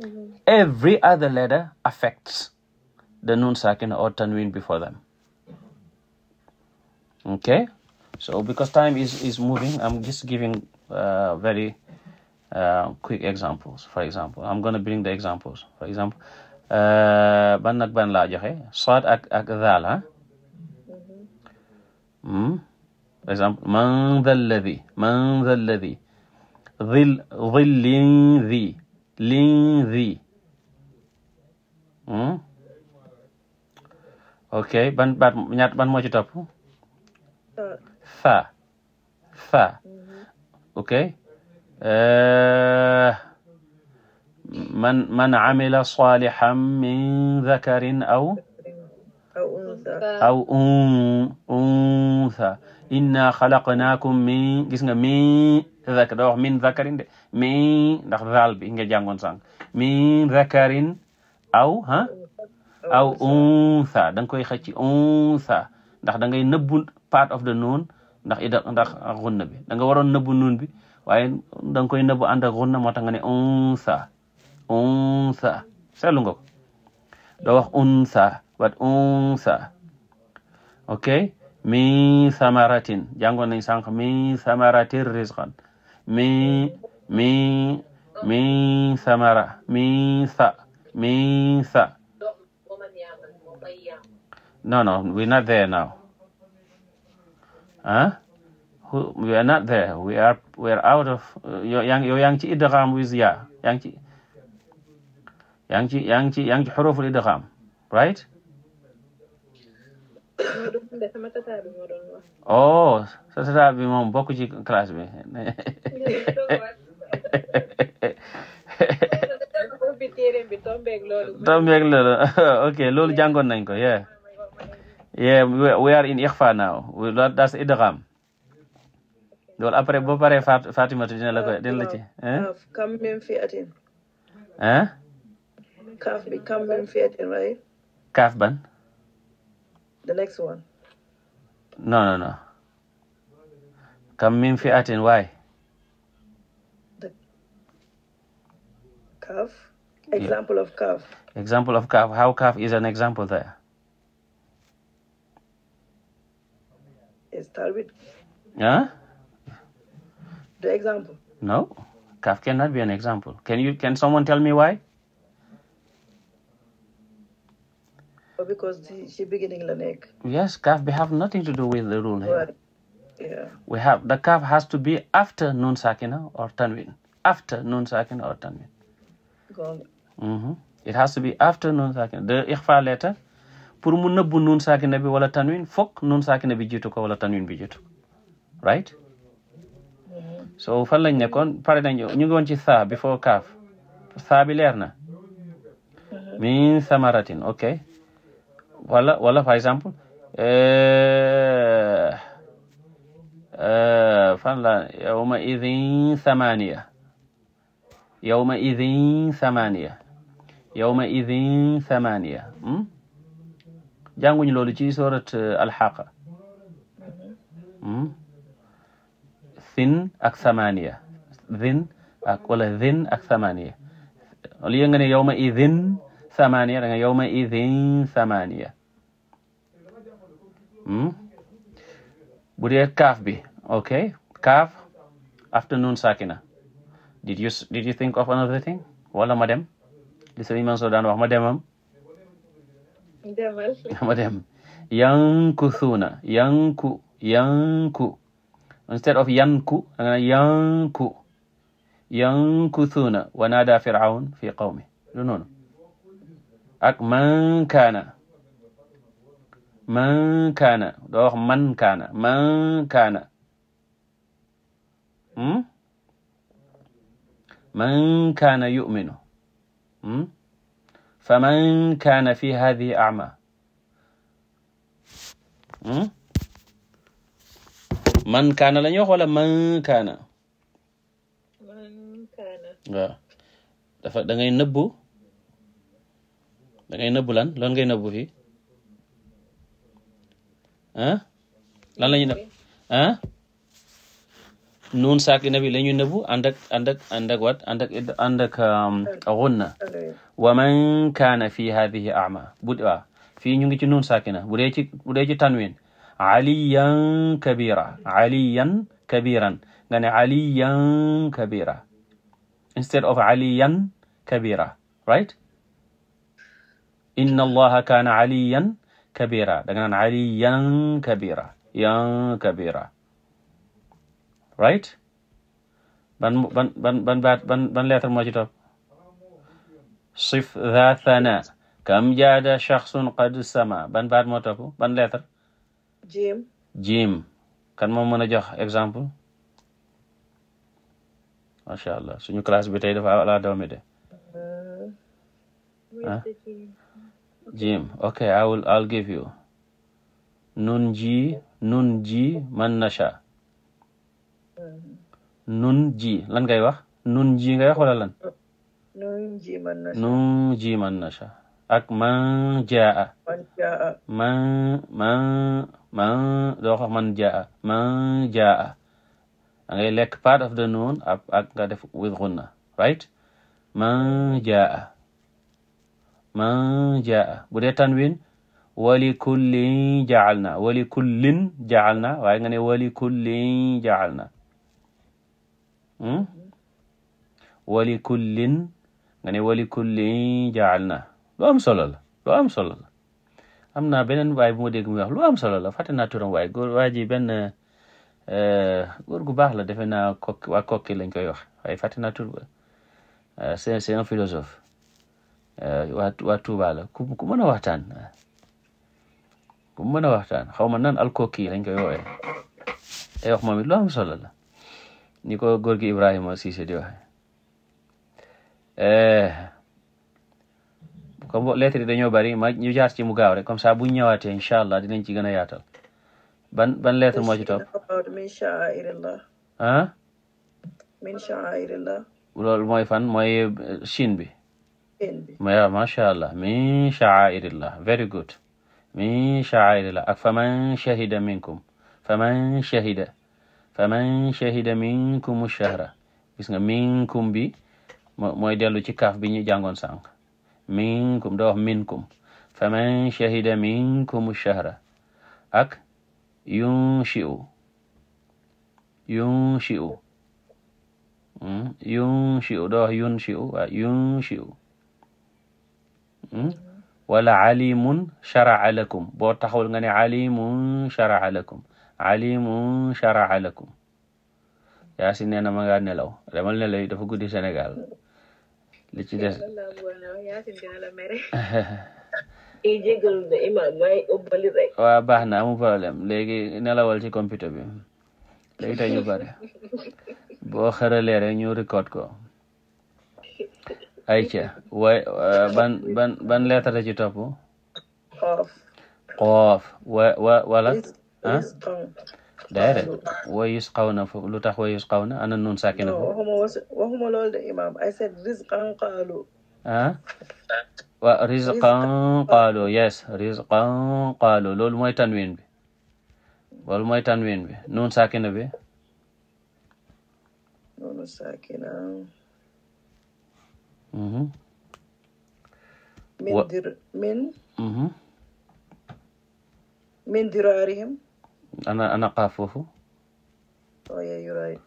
mm-hmm. every other letter affects the nun sakin or tanwin before them okay so because time is is moving I'm just giving uh, very uh, quick examples for example I'm going to bring the examples for example uh, ban nag ban laa joxe soit ak ak daal hmm? ah man dha alladi man dha alladi dhil dhil lin dhi hmm? ok ban baat ñaat fa fa mhm. ok Eh, man man amila salihan min dhakarin aw aw untha inna xalaqnaakum min gis nga min dhakar da wax min dhakarin de min ndax daal bi nga jàngoon sànq min dhakarin aw ha aw untha da nga koy xëcc untha ndax da ngay nëbbu part of the noon ndax ida ndax xunna bi da nga waroon nëbbu noon bi waaye da nga koy nëbb ànd xunna moo tax nga ne unsa unsa seetlu nga ko doo wax unsa wat unsa ok min samaratin jàngoon nañ sànq min samaratin rizqan min min min samara min sa min sa no no we're not there now ah we are not there we are out of uh, yow yaa ci idgham with ya yaa ngi ci yaa ngi ci yaa ci yaa ci xuruful idgham right oh sa tata bi moom bokk ci classe bi tombeeg loolu ok loolu jàngoon nañ ko yeah yeah we are in ikhfa now that's idgham loolu après boo paree Fat Fatimatu dina la koy dina la ci. kam min fi'atin. kaaf bi kam kaaf ban. no no kam min fi'atin why. the kaaf. kaaf. example of kaaf how kaaf is an example there. it the example. No, calf cannot be an example. Can you? Can someone tell me why? Or oh, because the, she beginning la nekk. Yes, calf we have nothing to do with the rule here. Right. Yeah. We have the calf has to be after nun sakina or tanwin. After nun sakina or tanwin. Gone. Mm-hmm. It has to be after nun sakina. The ikhfa letter pour mu nëbbu nun sakina bi wala tanwin fokk nun sakina bi jiitu ko wala tanwin bi jiitu. Right? so fan lañ nekkoon pare nañ ñu ngi ci saa bi foo kaaf saa bi leer na uh-huh. min samaratin ok wala wala par exemple eh, eh, fan la yawma idin samaniya yawma idin samaniya yawma idin samaniya hmm? loolu ci sorat eh, alxaqa uh-huh. hmm? thin ak samaniya thin ak wala thin ak samaniya au yawma idhin samaniya da yawma idhin samaniya hmm? bu dee kaaf bi ok kaaf afternoon sakina did you think of another thing wala ma dem li sëriñ Mansour daan wax ma demam ma dem yanku yanku instead of yanku da nga naan yanku yankuthuuna wa naada firaun fi qawmi lu noonu ak man kaana man kaana doo wax man kaana man kaana hmm? man kaana yuminu hmm? faman kaana fi hadihi ama hmm? man kaana la ñuy wax wala man kaana waaw dafa da ngay nëbbu da ngay nëbbu lan loolu ngay nëbbu fii ah lan la ñuy nëbbu ah nuun saak ina bi la ñuy nëbbu ànd ak ànd ak ànd ak wat ànd ak ànd ak um, gunna wa man kaana fi hadihi ama bu waaw fii ñu ngi ci nuun saakina bu dee ci bu dee ci tanwin aliyan kabira aliyan kabiran nga ne aliyan kabira instead of aliyan kabira right inna allaha kaana aliyan kabira da nga naan aliyan kabira yan kabira right ban ban ban ban ban ban lettre moo ci topp sif dha thana kam jaada shakhsun qad sama ban baat moo topp ban lettre jiim jiim kan moom mën a jox exemple macha allah suñu classe bi tey dafa ala doomi de uh, jiim ok I will give you nun ji nun ji man nasha uh-huh. nun ji lan ngay wax nun ji ngay wax wala lan nun ji man nasha ak man jaa man man man doo man jaa man jaa da ngay lekk part of the noon ak nga def with gunna right man jaa man jaa bu dee tanwin wali na wali kullin jaal waaye nga ne wali kullin jaal na hmm? wali kullin nga ne wali kullin jaal na am solo la am solo la am naa beneen waay bu ma dégg muy wax lu am solo la fàtte naa turam waaye góor waa ji benn euh, góor gu baax la defe naa kokki waa lañ koy wax waaye fàtte naa tur ba euh, c'est c'est euh, waa waa Tuuba la mën a waxtaan ku mën a waxtaan xaw ma nan al kokki lañ koy woowee ay wax moom it lu am solo la ni ko góor gi Ibrahima siise di waxee ko lettre yi dañoo bari ma ñu jaar ci mu gaaw rek comme ça bu ñëwaatee incha allah dinañ ci gën a yaatal ban ban lettre moo ci topp ah min sha'airillah loolu mooy fan mooy eh, Chine bi waaw macha allah min sha'airillah very min sha'airillah ak faman shahida minkum faman shahida faman shahida minkum gis nga minkum bi mooy dellu ci kaaf bi ñu jàngoon sànq minkum da wax minkum faman shahida minkum shahra ak yunshi'u yunshi'u hmm? yunshi'u da wax yunshi'u waa yunshi'u hmm? wala alimun shara'a lakum boo taxawul nga ne alimun shara'a lakum alimun shara'a lakum yaa si nee na ma ngaa nelaw demal nelaw yi dafa guddi Sénégal li ci des waaw baax naa mu problème léegi nelawal ci computer bi léegi tey ñu pare boo xëralee rek ñu record ko ayca way ban ban ban lettre ci topp xoof wa wa wala ah déedéet wayus xaw na foofu lu tax wayus xaw na ana nun sàkki na foofu waxuma loolu de imaam ay seet rizqan qaalu ah waaw yes rizqan qaalu loolu mooy tanwin bi bi nun sàkki bi nun mm-hmm. sàkki mm-hmm. min diraarihim ana ana qaaf foofu. oh yeah you're right.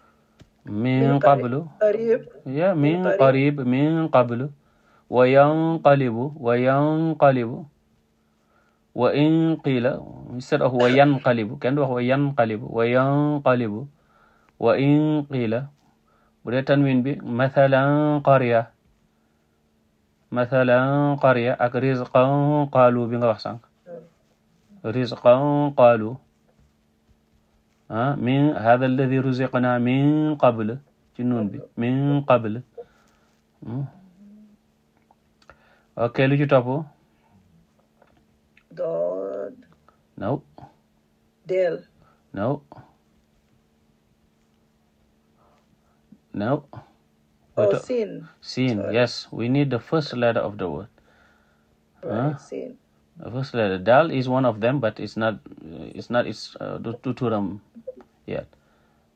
min qablu ya min qarib min qablu. wa yanqalibu wa yanqalibu. wa in qiila instead of wa yanqalibu kenn du wax wa yanqalibu wa yanqalibu wa in qiila bu dee tanwin bi mathalan qarya mathalan qarya ak rizqan qaalu bi nga wax sànq rizqan qaalu ah min hada alladi ruziqna min qable ci nuun hmm. ok lu ci topp dood naw del naw oh, yes we need the first letter of the word ah. first uh, dal is one of them but it's not uh, it's not turam uh,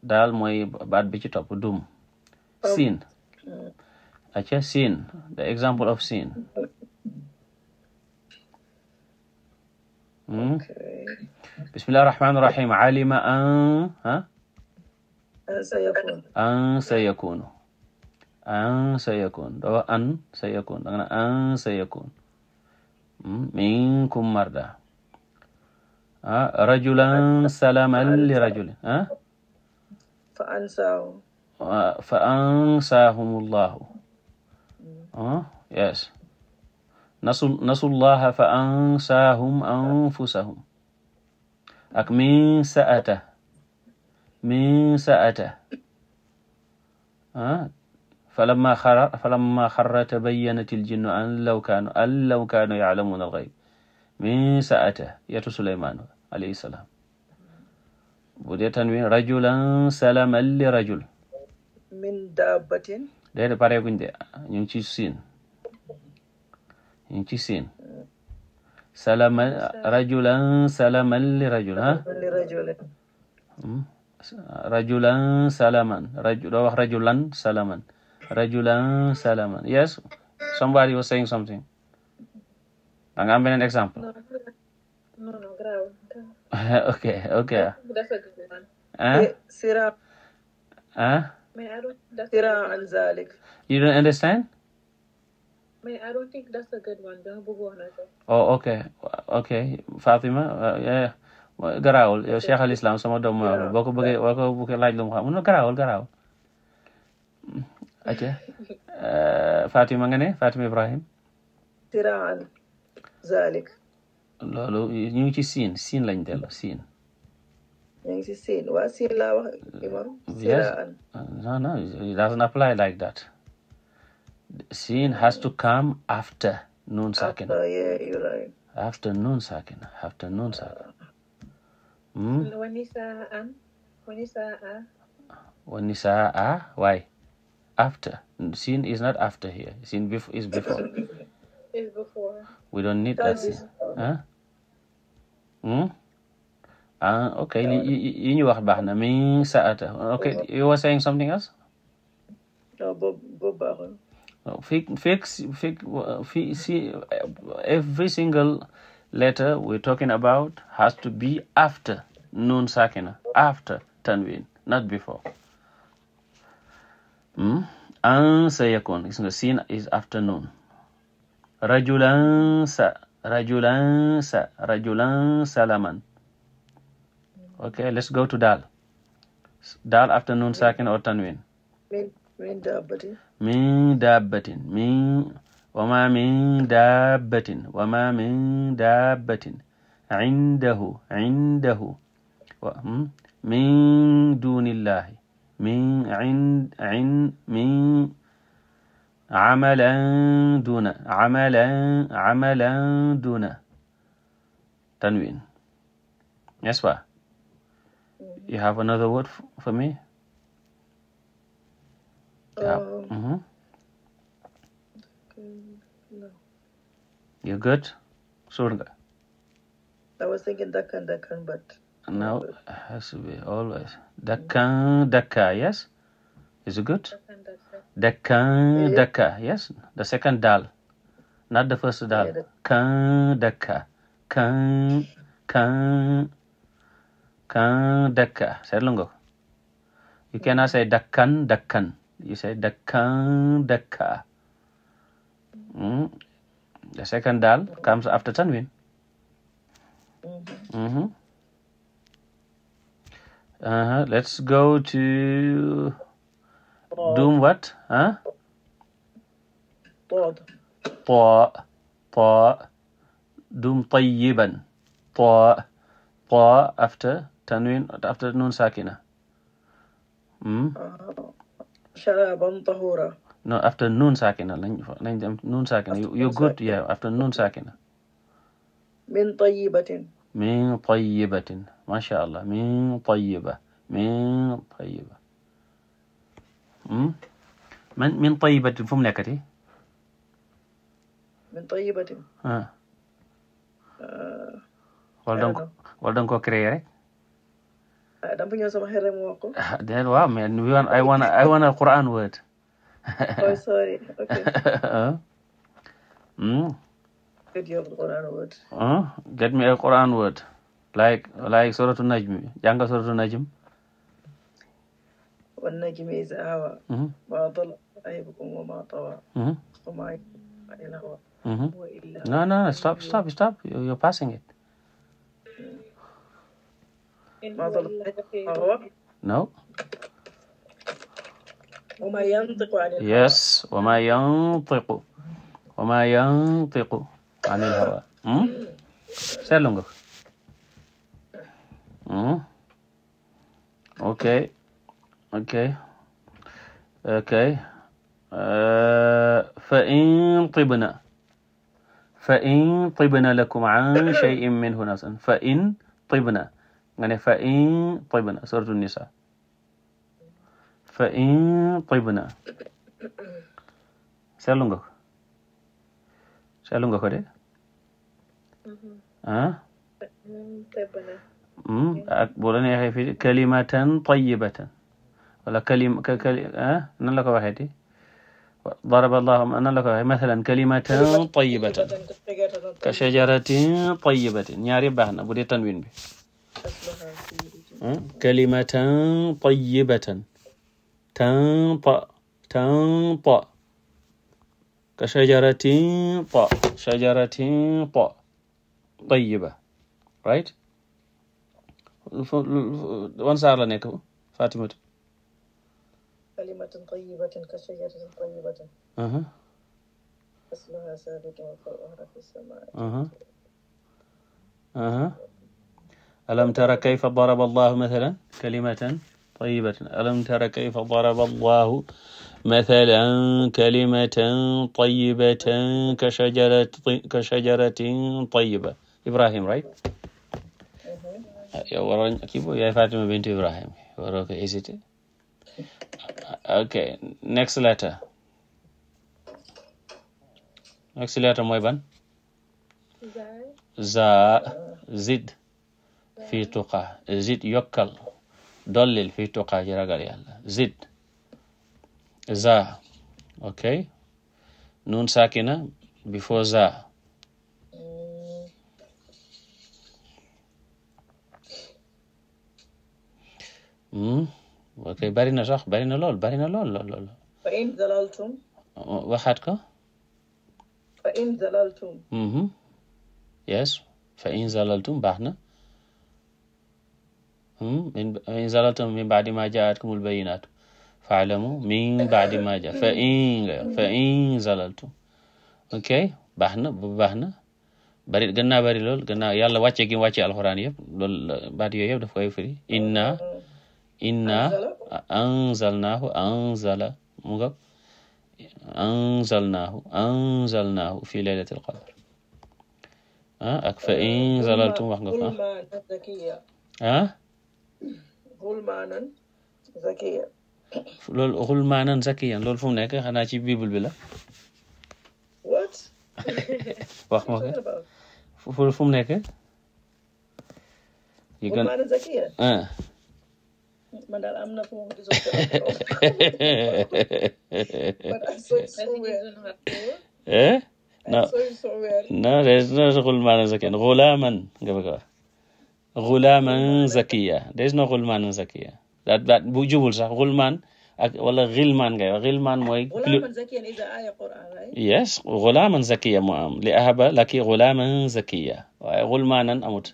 dal mooy baat bi ci topp dum oh. sin aca sin the example of sin hmm? bismillahi rahmaani rahim alima an an sayakunu an sayakun doo an sayakun danga na minkum marda ah, rajulan salaman li rajulin ah fa ansaahum fa ansaahum allahu ah, yes nasu nasu llaha fa ansaahum anfusahum ak min saata min saata ah falamma xara falamma xarra tabayyanat iljinnu an law kaanu an law min saata yatu suleymaan alayhi salaam rajulan salaman li rajul min daabatin déedéet pareeguñ ngi ci siin ñu ngi ci siin salama rajulan salaman li rajul ah rajulan salaman rajulan salaman rajulan salaman yes somebody was saying something da nga am beneen exemple ok ok ah, eh, ah? you don't understand oh ok ok Fatima uh, garaawul yow Cheikh al Islam sama doom moo boo ko bëggee laaj lu xam mun na garaawul garaawul acca Fatima nga ne Fatima Ibrahim tiraan zalik loolu ngi ci siin siin lañ dellu siin ñu ngi ci siin waa siin laa wax imam no no it doesn't apply like that siin has to come after noon sakin after noon sakin after noon uh, sakin a hmm? wanisaa after. Sin is not after here. Sin bef is before. Is before. We don't need that sin. ah. Hmm? ah ok yi ñu wax baax na min saata ok you were saying something else. ah boobu baaxul. fi fi fi si every single letter we're talking about has to be after nun sakina after tanwin not before. Hmm? an sa yakun gis nga siin is after noon rajulan let's go to dal dal after sakin or tanwin min dabbatin min dabbatin min wama min dabbatin wama min dabbatin indahu indahu hmm? min dunillahi من عند عن من عملا دون عملا عملا دون تنوين Yes, sir. You have another word for me? Yeah. Um, mm-hmm. No. You good? Sorry. I was thinking dakan dakan, but Now has to be always. Dakan, Daka, yes? Is it good? Dakan, Daka, yes? The second dal, not the first dal. Kan, Daka. Kan, Kan, Serlungo. You cannot say Dakan, Dakan. You say Dakan, Daka. Hmm? The second dal comes after tanwin. Mm-hmm. mm-hmm. Uh-huh. Let's go to Doom what? Huh? طاد طاء طاء دوم طيبا طاء طاء after تنوين after نون ساكنة mm? شرابا طهورا no after نون ساكنة نون ساكنة you, you good yeah after نون ساكنة من طيبة min tayibatin macha allah min tayiba min tayiba hmm? man min tayibatin fu mu nekkati min tayibatin uh, ah wala donc wala donc koo créé rek dama ñëw ko déet waaw mais we a Quran word oh sorry okay hmm? Get your Quran word. Uh, get me a Quran word. Like like Suratul Najm. Jànga Suratul Najm. Wan najmi iza hawa. Ma dalla sahibukum wa ma tawa. Wa ma mm-hmm. ila hawa. No, no, no, stop, stop, stop. You're passing it. ما ضل هو No. وما ينطق عن الهوى. Yes. وما ينطق. وما ينطق anil hawa hmm? seetlu nga hmm? ok ok ok uh, fa in tibna fa in tibna lakum an cheyin minhu nasan fa in tibna nga ne fa in tibna suratu nisa fa in tibna seetlu nga ko seetlu nga ko de ah ak bu la neexee fi kalimatan tayyibatan wala kalim ka kali ah nan la ko waxeeti daraba allahu nan la ko waxee mathalan kalimatan tayyibatan ka shajaratin tayyibatin ñaari baax na bu dee tanwin bi hmm? kalimatan tayyibatan tan ta tan ta ka shajaratin ta shajaratin ta tayyiba right wan saar la nekk fatimatu kalimatun tayyibatun ka shajaratin tayyibatin asluha sabitun wa far'uha fi samaa'i alam tara kayfa daraba allahu mathalan kalimatan tayyibatan alam tara kayfa daraba allahu مثلا كلمة طيبة كشجرة كشجرة طيبة Ibrahim, right? Mm-hmm. Ah, yow waroon kii boobu yaay Fatima bintu Ibrahim waroo ko hésité ah, next letter next letter mooy ban za zid fi tuqa zid yokkal dollil fi tuqa ci ragal zid za nun sakina before za Hmm? bari na sax bari na lool bari na lool lool lool. fa in dalaltum. waxaat ko. in dalaltum. Mhm. yes baax na. Hmm? in zalaltum min baadi ma jaatkumul bayinaat faalamu min fa in zalaltum ok baax na baax na bari gën naa bari lool gën naa yàlla wàcce gi wàcce alxuraan yëpp loolu baat yooyu yëpp daf inna inna anzalnaahu anzala mu nga anzalnaahu anzalnaahu fi laylatil qadr ah ak fa in zalaltum wax nga fa ah, ah? loolu xulmaanan zakiyan loolu fu mu nekk xanaa ci bible bi la wax ma ko fu mu nekk yi gën man daal am na fu ma ko disoo eh no no no gulmanan zakiya gulaman nga bëgg a wax gulaman zakiya there is no gulmanan zakiya that that bu jubul sax gulman ak wala gilman ngay wax gilman mooy yes gulaman zakiya moo am li ahaba laki gulaman zakiya waaye gulmanan amut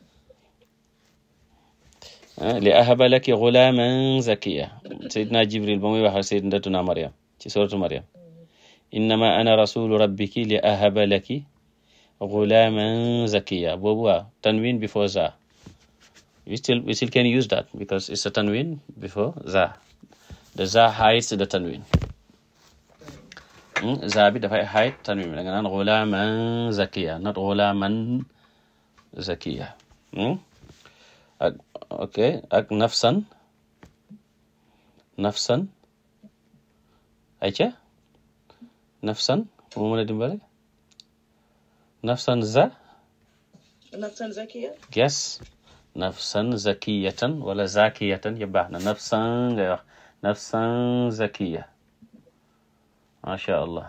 Eh, li ahaba laki gulaaman zakiya sayidna jibril ba muy wax ak sayyidatuna mariam ci suratu mariam innama ana rasulu rabbiki li ahaba laki gulaaman zakiya boobu tanwin before za we still can use that because it's a tanwin before za the za hides the tanwin hmm, za bi dafay hide zakiya not gulaaman zakiya hmm? ok ak nafsan nafsan ayca nafsan moo mën a dimbale nafsan za nafsan zakiya yes nafsan zakiyatan wala zakiyatan yëpp baax na nafsan ngay wax nafsan zakiya macha allah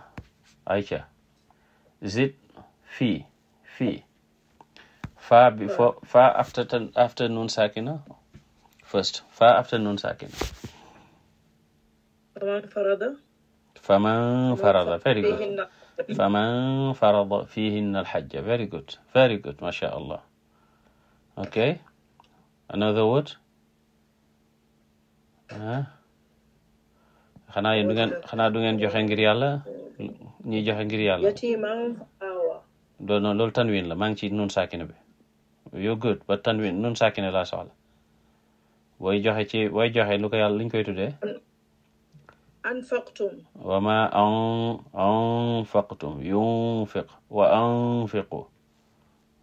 zid fii fii fa before fa after after noon sakina first fa after noon sakina faman farada faman farada very good faman farada fihinna alhajja very Allah okay another word ah xanaa yéen du joxe ngir yàlla ñiy joxe ngir yàlla doo noonu loolu tanwin la maa ngi ci nun saakina bi you're good ba tanwin nun saakine laa soxla booy joxe ci booy joxe lu ko yàlla luñ koy tuddee anfaqtum wa ma anfaqtum yunfiq wa anfiqu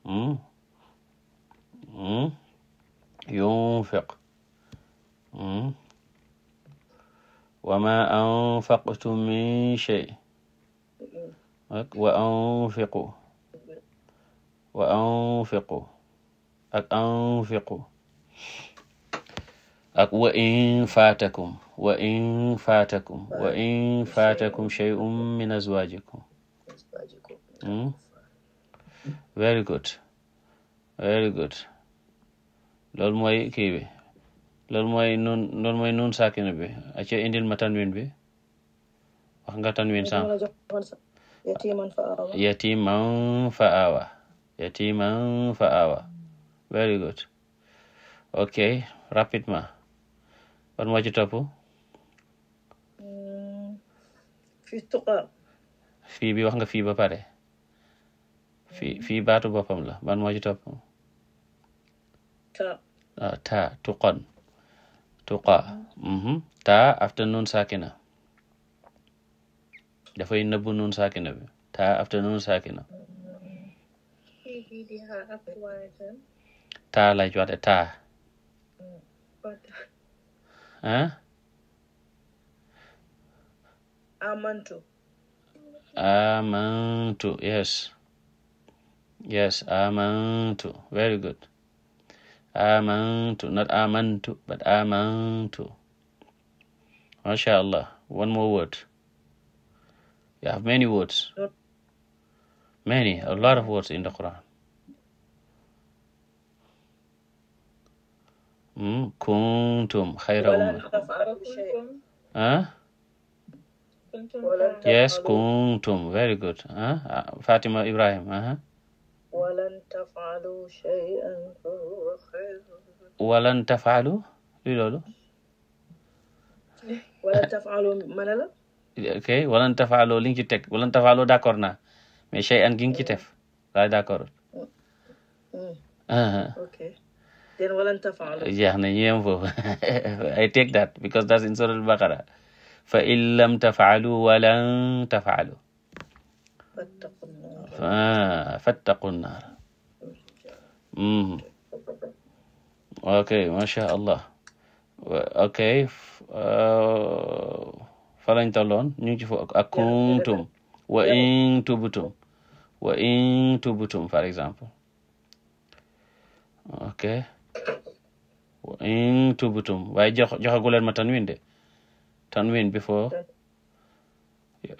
hmm? hmm? yunfiq hmm? wa ma anfaqtum min shay wa anfiqu wa anfiqu ak anfiqu ak wa in faatakum wa in faatakum wa in min azwajikum hmm? very good very good loolu mooy kii bi nun loolu bi aca indil ma tanwin bi wax nga tanwin sànq yatiman fa yatiman fa very good ok rapidement ban moo ci topp mm, fii bi wax nga fii ba pare fii mm. fii baatu boppam la ban moo ci topp ta ah, ta tuqan tuqa mm -hmm. ta after nun sakina dafay nëbbu nun sakina bi ta after sakina mm. ta lai juat eta ha amantu amantu yes yes amantu very good amantu not amantu but amantu mashallah one more word you have many words many a lot of words in the Quran kuntum xayra umma ah kuntum Fatima Ibrahim walan tafaalu shay'an walan tafaalu luy walan tafaalu mana walan tafaalu li nga ci teg walan tafaalu d'accord naa mais ci tef laa then walan tafaalu eh, jeex na ñu yem foofu I take that because that's in Surah Al-Baqarah fa in lam tafaalu walan tafaalu fattaqu nnaar mm-hmm. ok masha Allah ok uh, fa lañ tolloon ñu ngi ci foofu ak kuntum wa in tubtum wa in tubtum for example okay wa in tubtum waaye jox joxagu leen ma tanwin de tanwin before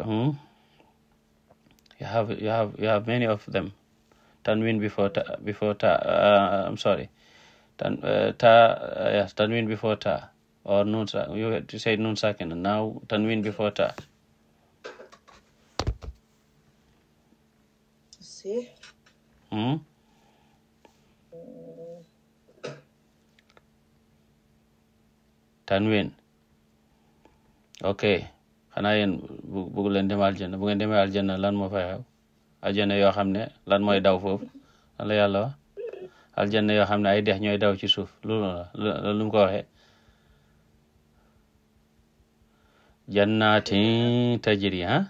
hmm? you have many of them tanwin before ta before ta uh, tan uh, uh before ta or nun sa you had to say nun sakin and before ta see hmm? tanwin ok xanaa yéen bu bugg leen demee aljanna bu ngeen demee aljanna lan moo fay xew aljanna yoo xam ne lan mooy daw foofu lan yoo xam ne ay dex ñooy daw ci suuf loolu la lu mu ko waxee jannaatin tajri ah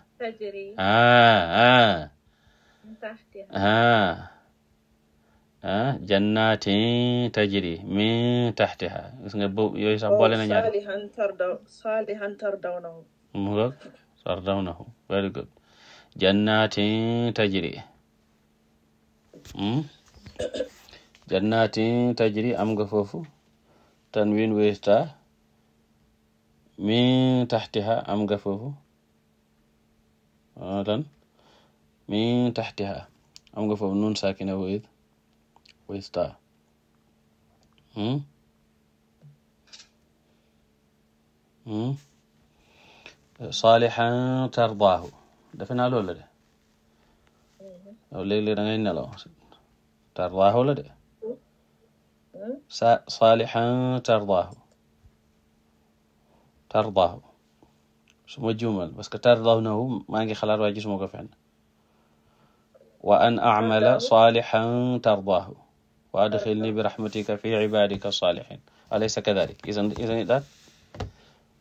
ah ah ah jannatin tajri min tahtiha gis nga bo yooyu sax boole na ñaar oh, salihan tardawnahu jannatin tajri hmm? jannatin tajri am nga foofu tanwin westa min tahtiha am nga foofu ah, tan min tahtiha am nga foofu nun sakina wayid Pues está. ¿Mm? ¿Mm? saalixan tardaahu defe naa loolu de mm-hmm. yow léeg-léeg da ngay nelaw tardaahu la de mm-hmm. su ma juumal parce que tardaahu nahu maa ngi xalaat waaye gisuma ko fenn wa an acmala saalixan tardaahu wa adxilni bi rahmatika fi ibadika salihin alaysa kadalik isan isan idan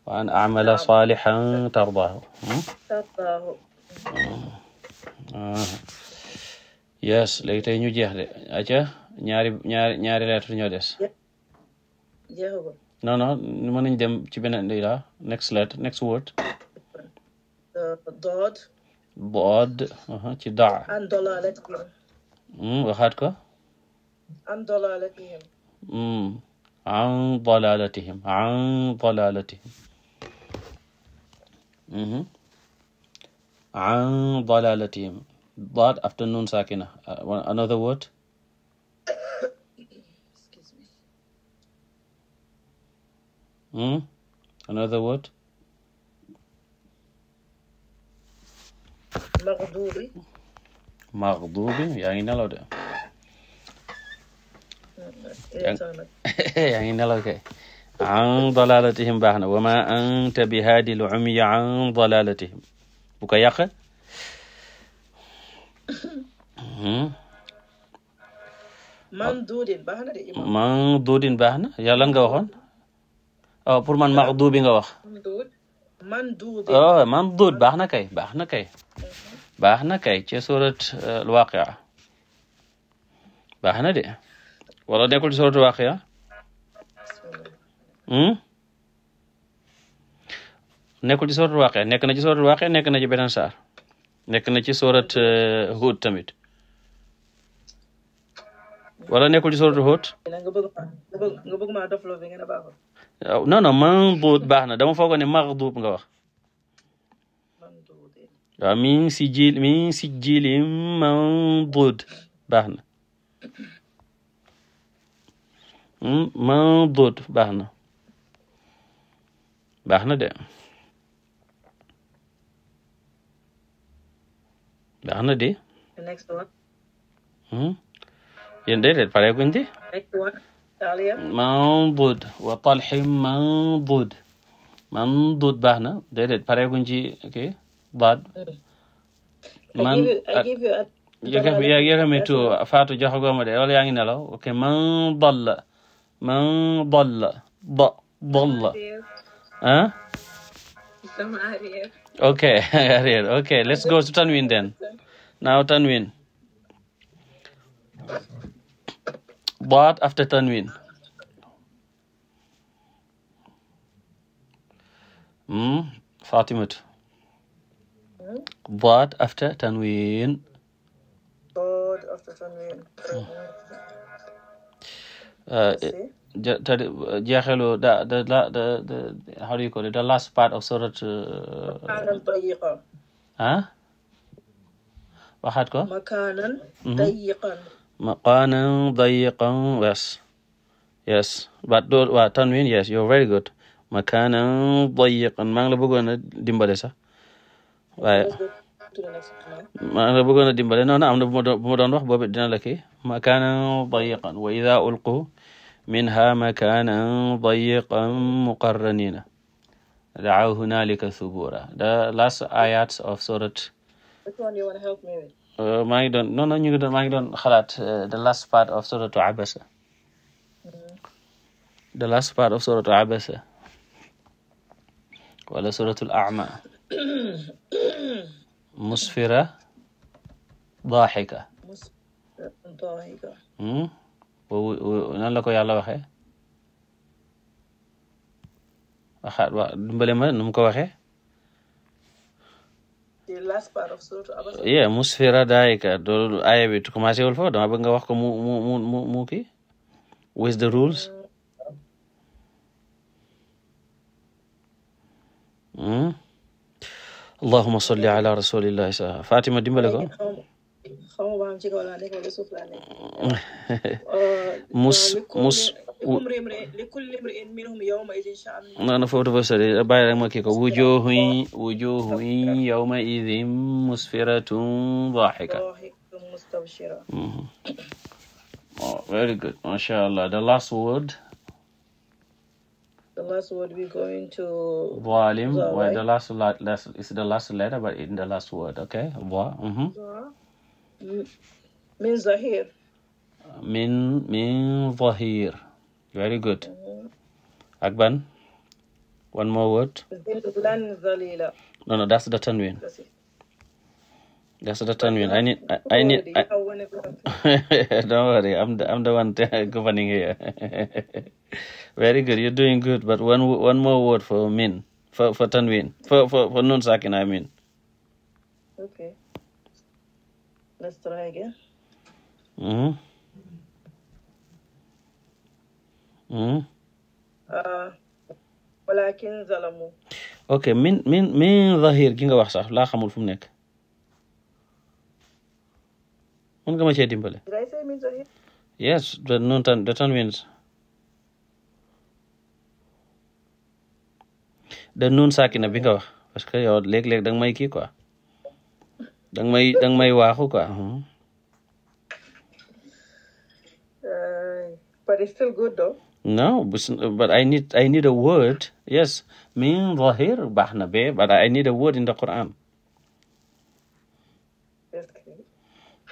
wa an amala salihan tardahu yes léegi tey ñu jeex de aca ñaari ñaari ñaari lettre ñoo des non non mën nañ dem ci beneen di la next letter next word dood bood ci daa waxaat ko an dalalatihim hmm. an dalalatihim an dalalatihim mm-hmm. an dalalatihim that after noon sakina uh, another word excuse me mm? another word maghdubi maghdubi yaa ngi nelaw de yaa ngi nelaw kay an dalalatihim baax na wa ma anta bi haadil umya an dalalatihim bu ko yàq hmm? manduudin baax na de imam manduudin baax na yàlla nga waxoon oh pour man maxduubi nga wax oh manduud baax na kay baax na kay mhm. baax na kay ci surat eh, al waaqia baax na de wala nekkul ci suratu Waaqia nekkul ci suratu Waaqia nekk na ci suratu Waaqia nekk na ci beneen saar nekk na ci surat euh, Hud tamit wala nekkul ci suratu Hud non non manduut baax na dama foog ne magduub nga wax waaw min si jiil min si jiilim baax na man dóot baax na baax na de baax na di yéen déedéet pare guñ di man dóot wa talxi man dóot man baax na déedéet pare guñ ci kii baat man yëkkati yëkkati ma de wala yaa ngi nelaw ok man man dalla da dalla ah okay let's go to tanwin then now tanwin daad after tanwin mm fatimat after tanwin Uh, jeexelu da the the the how do you call it the last part of surat ah waxaat ko makaanan dayiqan mm-hmm. makaanan dayiqan yes yes but do waaw tanwin yes you're very good makaanan dayiqan maa ngi la bëggoon a dimbale sax waaye maa ngi la bëggoon a dimbale noonu am na bu ma doon wax boobu dina la kii makaanan dayiqan wa idaa ulqu minha makanan dayiqan muqarranina da'aw hunalika subura the last ayat of surat maa ngi doon non non ñu ngi doon maa ngi doon xalaat the last part of suratu abasa the last part of suratu abasa wala suratul a'ma musfira daahika nan la ko yàlla waxee waxaat dimbale ma nu mu ko waxee ye musfira daayika do aaya bi commencé wul foofu dama bëgg nga wax ko mu mu mu mu mu kii with the rules hmm? allahuma salli ala rasulillahi fatima dimbale ko xaw ma am ci kaw laa nekk wala suuf laa nekk. Euh, mus euh, mus naan foofu dafa sori bàyyi rek ma kii ko wujuhun wujuhun yawma idin musfiratun daahika mm-hmm. oh very good masha Allah the last word the last word we're going to zalim well, the last, last is the last letter but in the last word okay mm-hmm. min zahir. min min zahir. very good. ak one more word. that's the tanwin. That's the tanwin. I need. worry. I'm the, one governing here. Very good. You're doing good. But one more word for min for for tanwin for for for I mean. Leicester og Mm. Mm. Ah. ok min min min zahir gi nga wax sax laa xamul fu mu nekk. mun nga ma cee dimbale. did I say min zahir? tan the tanwins. nun sakina bi nga wax parce que yow léeg-léeg danga may kii quoi. danga may danga may waaxu uh-huh. quoi. but it's still good though. no but I need I need a word yes min zahir baax na be but I need a word in the Quran.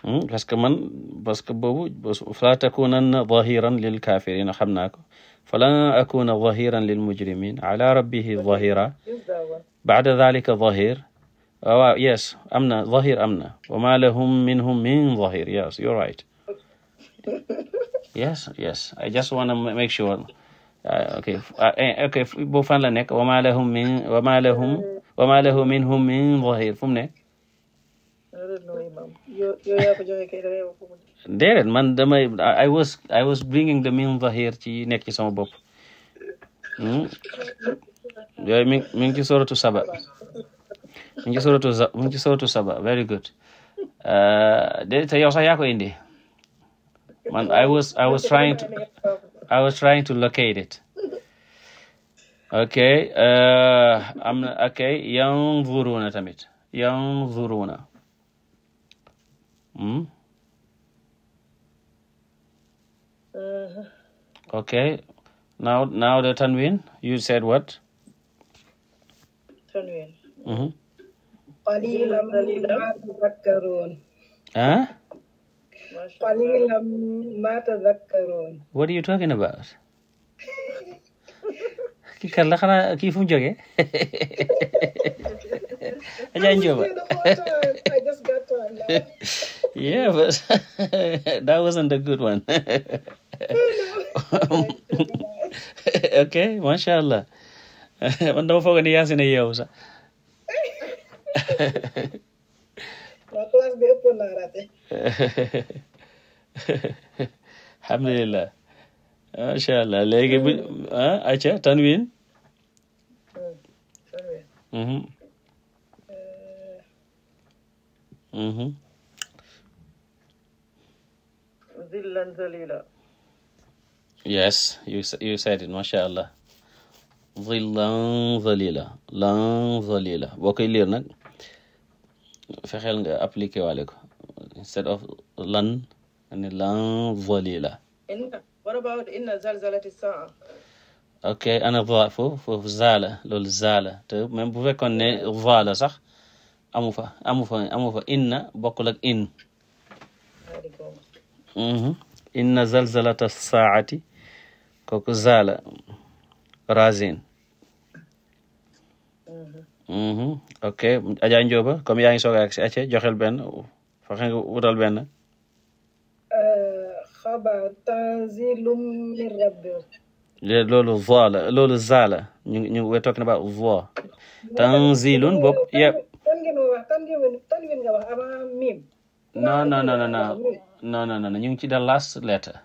Mm, parce que man parce que boobu falaa takunanna zahiran lil kafirina xam naa ko falan akuna zahiran lil mujrimin ala rabbihi zahira ba'da dhalika zahir Oh, waaw waaw yes am na zahir am na wa ma lahum minhum min zahir yes you're right yes yes I just want to make sure uh, ok uh, eh, ok bu fan la nekk wa ma lahum min wa ma lahum wa ma lahu minhum min zahir fu mu nekk déedéet man damay I was I was bringing the min zahir ci nekk ci sama bopp hmm? yooyu mi mi ngi ci soratu saba mu ngi ci suratu mu ngi ci suratu saba very good déedéet yow sax indi I was trying to locate it ok am uh, na ok yanzuruna tamit hmm? ok now now the tanwin you said what tanwin mm mm-hmm. قليلا ما تذكرون Huh? قليلا kii fu Ajaa Njoba. Yeah, that wasn't a good one. Okay, masha Allah. Man dama foog ni yaa si waaw classe bi ëppoon naa raté. léegi bu ah acca tanwin. Mm-hmm. Mm-hmm. zalila. yes you you said it allah. zillan zalila lan zalila boo koy liir fexeel nga appliqué waale ko instead of lan ne lan zalila ok ana va foofu foofu zaala loolu zaala te même bu fekkoon ne vaala sax amu fa amu fa amu fa inna bokkul ak in mhm. inna zalzalata saati kooku zaala razin Mm-hmm. ok Adja Ndioba comme yaa ngi soog a si acce joxel benn fexe nga wutal benn euh, xabar tanzilum min rabbi loolu voi la loolu za la ñu ñu we toog na ba voi tanzilun bopp yëpp non non non non non non non non ñu ngi ci the last letter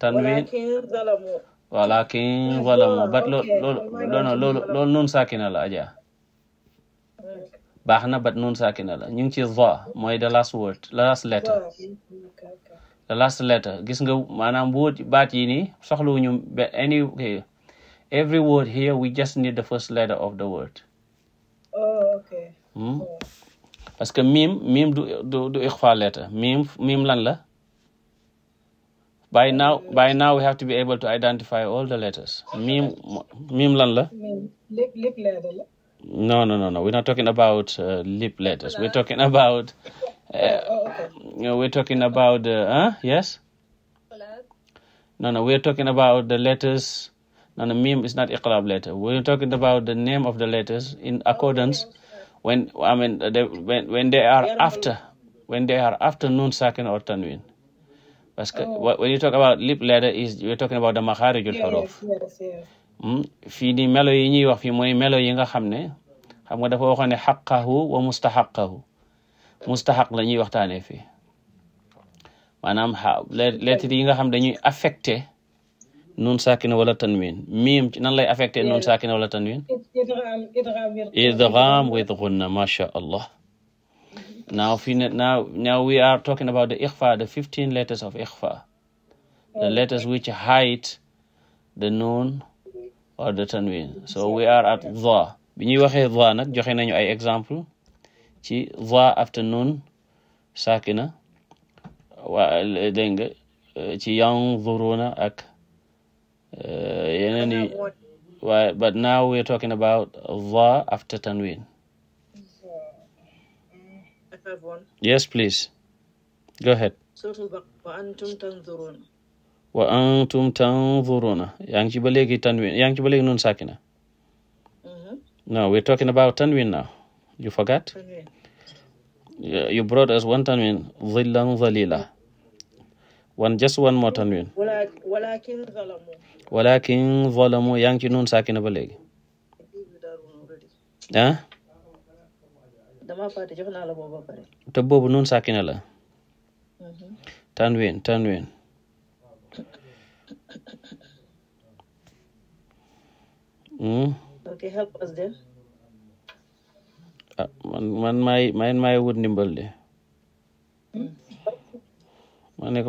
tanwin walakin zalamu bat loolu loolu loolu nun saakina la aja baax na bat nun saakina la ñu ngi ci za mooy the last word the last letter gis nga maanaam wóot baat yi nii soxlawuñu any every word here we just need the first letter of the word oh, hmm? oh. parce que miim miim du du letter miim lan la by now by now we have to be able to identify all the letters mim mim lan la lip lip letter la no no no no we're not talking about uh, lip letters we're talking about uh, oh, okay. we're talking about uh, huh? yes no no we're talking about the letters no no mim is not iqlab letter we're talking about the name of the letters in oh, accordance when I mean they, when when they are after when they are after noon sakin or tanwin Parce que oh. when you talk about lip ladder is we're talking about hmm? fii nii melo yi ñuy wax fii mooy melo yi nga xam ne xam nga dafa waxoon ne xaqahu wa mustaxaqahu mustaxaq la ñuy waxtaanee fii maanaam lettre yi nga xam dañuy affecté nun saakina wala tanwin miim ci nan lay affecté nun saakina wala tanwin idgham with gunna ma sha Allah now fi ne now now we are talking about the ikhfa the 15 letters of ikhfa the oh. letters which hide the noon or the tanwin so we are at dha bi ñuy waxee dha nag joxe nañu ay exemple ci dha after noon sakina wa nga ci yanzuruna ak eh, yeneen yi waaye but now we are talking about dha tanwin have one? Yes, please. Go antum tanzuruna. Yaa ngi ci ba léegi tanwin, yaa ngi ci ba léegi nun sakina. Mhm. No, we're talking about tanwin now. You forgot? Okay. You brought us one tanwin, just one more tanwin. Walakin zalamu. Walakin zalamu, yaa nun sakina ba léegi. Huh? damaa fàtte jox naa la boobu ba pare. te boobu noonu saakina la. Mhm. tanwin tanwin. Hmm? ok help us then. ah man man wut ndimbal de. Hmm?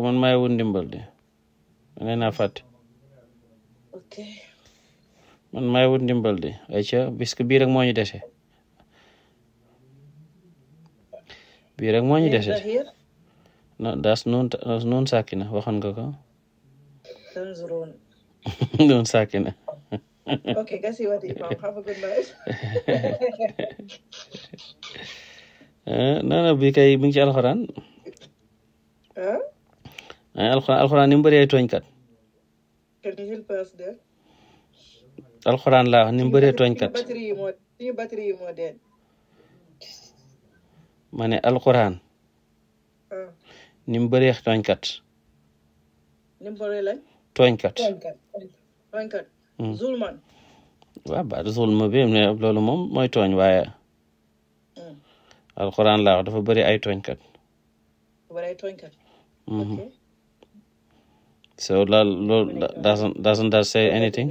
man maay wut ndimbal de man maay wut ndimbal de ayca bisk bii rek moo ñu dese. bii rek moo ñu dese no das nun das nun nga ko nun sakina okay guess eh, kay mi ci alxuraan eh? Eh, alxuraan alxuraan ni mu bëree alxuraan laa wax ni mu bëree ma ne alxuraan ah. ni mu bëree tooñkat. ni mu bëree lañ. tooñkat tooñkat hmm. zulma bi ne loolu moom mooy tooñ waaye. Hmm. alxuraan laa dafa bëri ay tooñkat. dafa bëri hmm. so loolu loolu doesn't doesn't say anything.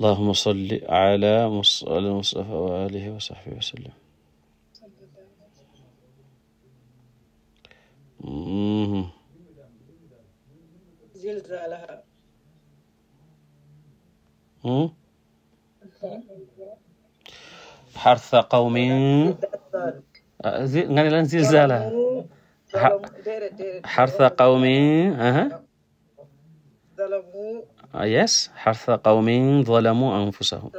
allahuma salli ala mustafa wa alihi wa sahbihi wa sallam xarsa mm-hmm. hmm? qawmin nga ne lan zilzala xarsa qawmin Ah, yes xarfa qawmin zalamu anfusahum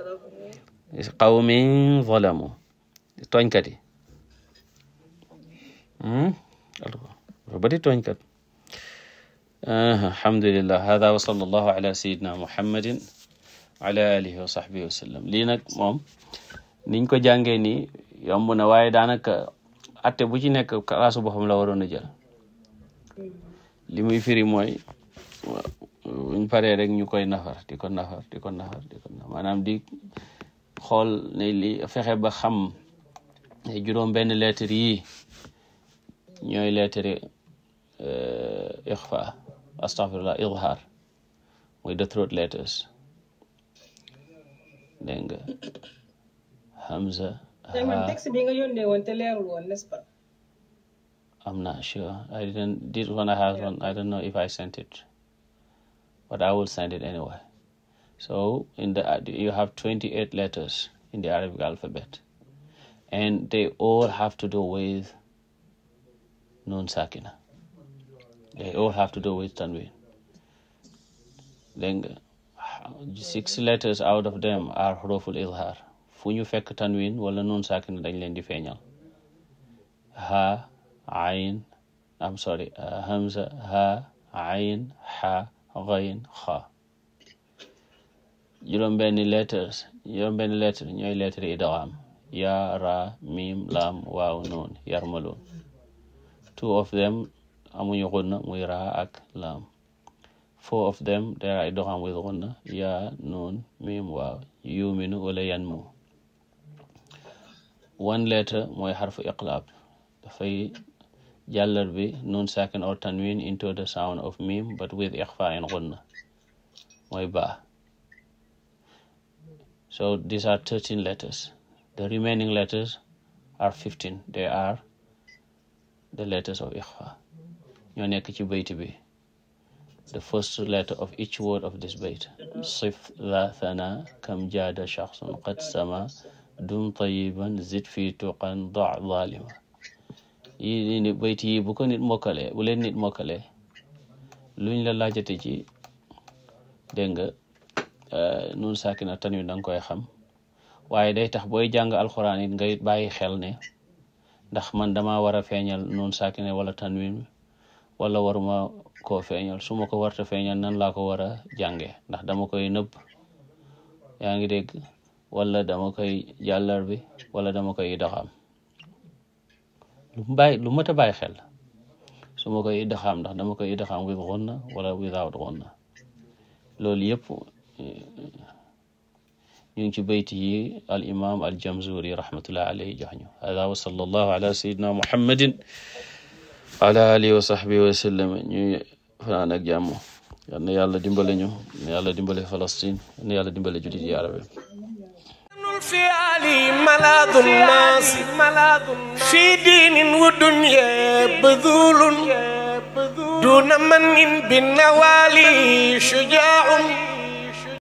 qawmin zalamu tooñkat yi hmm? bari tooñkat uh-huh. alhamdulillah hada wa sallallahu ala sayidina muhammadin wa ala alihi wa sahbihi wa sallam lii nag moom niñ ko jàngee nii yomb na waaye daanaka atte bu ci nekk kalaasu boppam la waroon a jël mm-hmm. li muy firi mooy buñ paree rek ñu koy nafar di ko nafar di ko nafar di di xool fexe ba xam ne juróom benn lettre yi ñooy lettre euh, ixfa astaghfirullah izhar mooy the throat letters dégg nga hamza man texte bi sure I did one I have I don't know if I sent it but I will send it anyway. the uh, you have letters in the Arabic alphabet, and they all have to do with nun sakina. They all have to do with tanween. Then uh, six letters out of them are huruful izhar. fu ñu fekk tanwin wala nun sakina dañ leen di feeñal ha ayn uh, hamza ha ayn ha ghayn xa juróom-benni lettres juróom-benni lettres ñooy lettres idgham ya ra mim lam waaw noon yarmalun two of them amuñu gunna muy ra ak lam four of them they are with gunna ya noon mim waaw yuminu wala yanmu one letter mooy harfu iqlab jàllar bi nun sakin or tanwin into the sound of mim but with ikhfa and ghunna mooy ba so these are 13 letters the remaining letters are the letters of ikhfa ñoo nekk ci bayt bi the first letter of each word of this bayt sif la thana kam jaada shakhsun qad sama dum tayiban zid fi tuqan da zalima yi bu ko nit mokkale bu leen nit mokkale luñ la laajate ci dégg nga euh, nun saakina tan wi danga koy xam waaye day tax booy jàng alxuraan it ngay bàyyi xel ne ndax man dama war a feeñal nun saakina wala tan wi wala waruma ko feeñal suma ko warta feeñal nan laa ko war a jànge ndax dama koy nëbb yaa ngi dégg wala dama koy jàllar bi wala dama koy doxam lu bàyyi lu mat a bàyyi xel su ma koy idgaam ndax dama koy idgaam with gunna wala without gunna loolu yëpp eh, ñu ngi ci bayt yi al imam al jamzuri rahmatullah alayhi jox ñu hada wa sallallahu alihi wa yàlla dimbale ñu yàlla dimbale Palestine yal na yàlla dimbale julit yi لي ملاذ الناس في دين ودنيا بذول دون من بالنوالي شجاع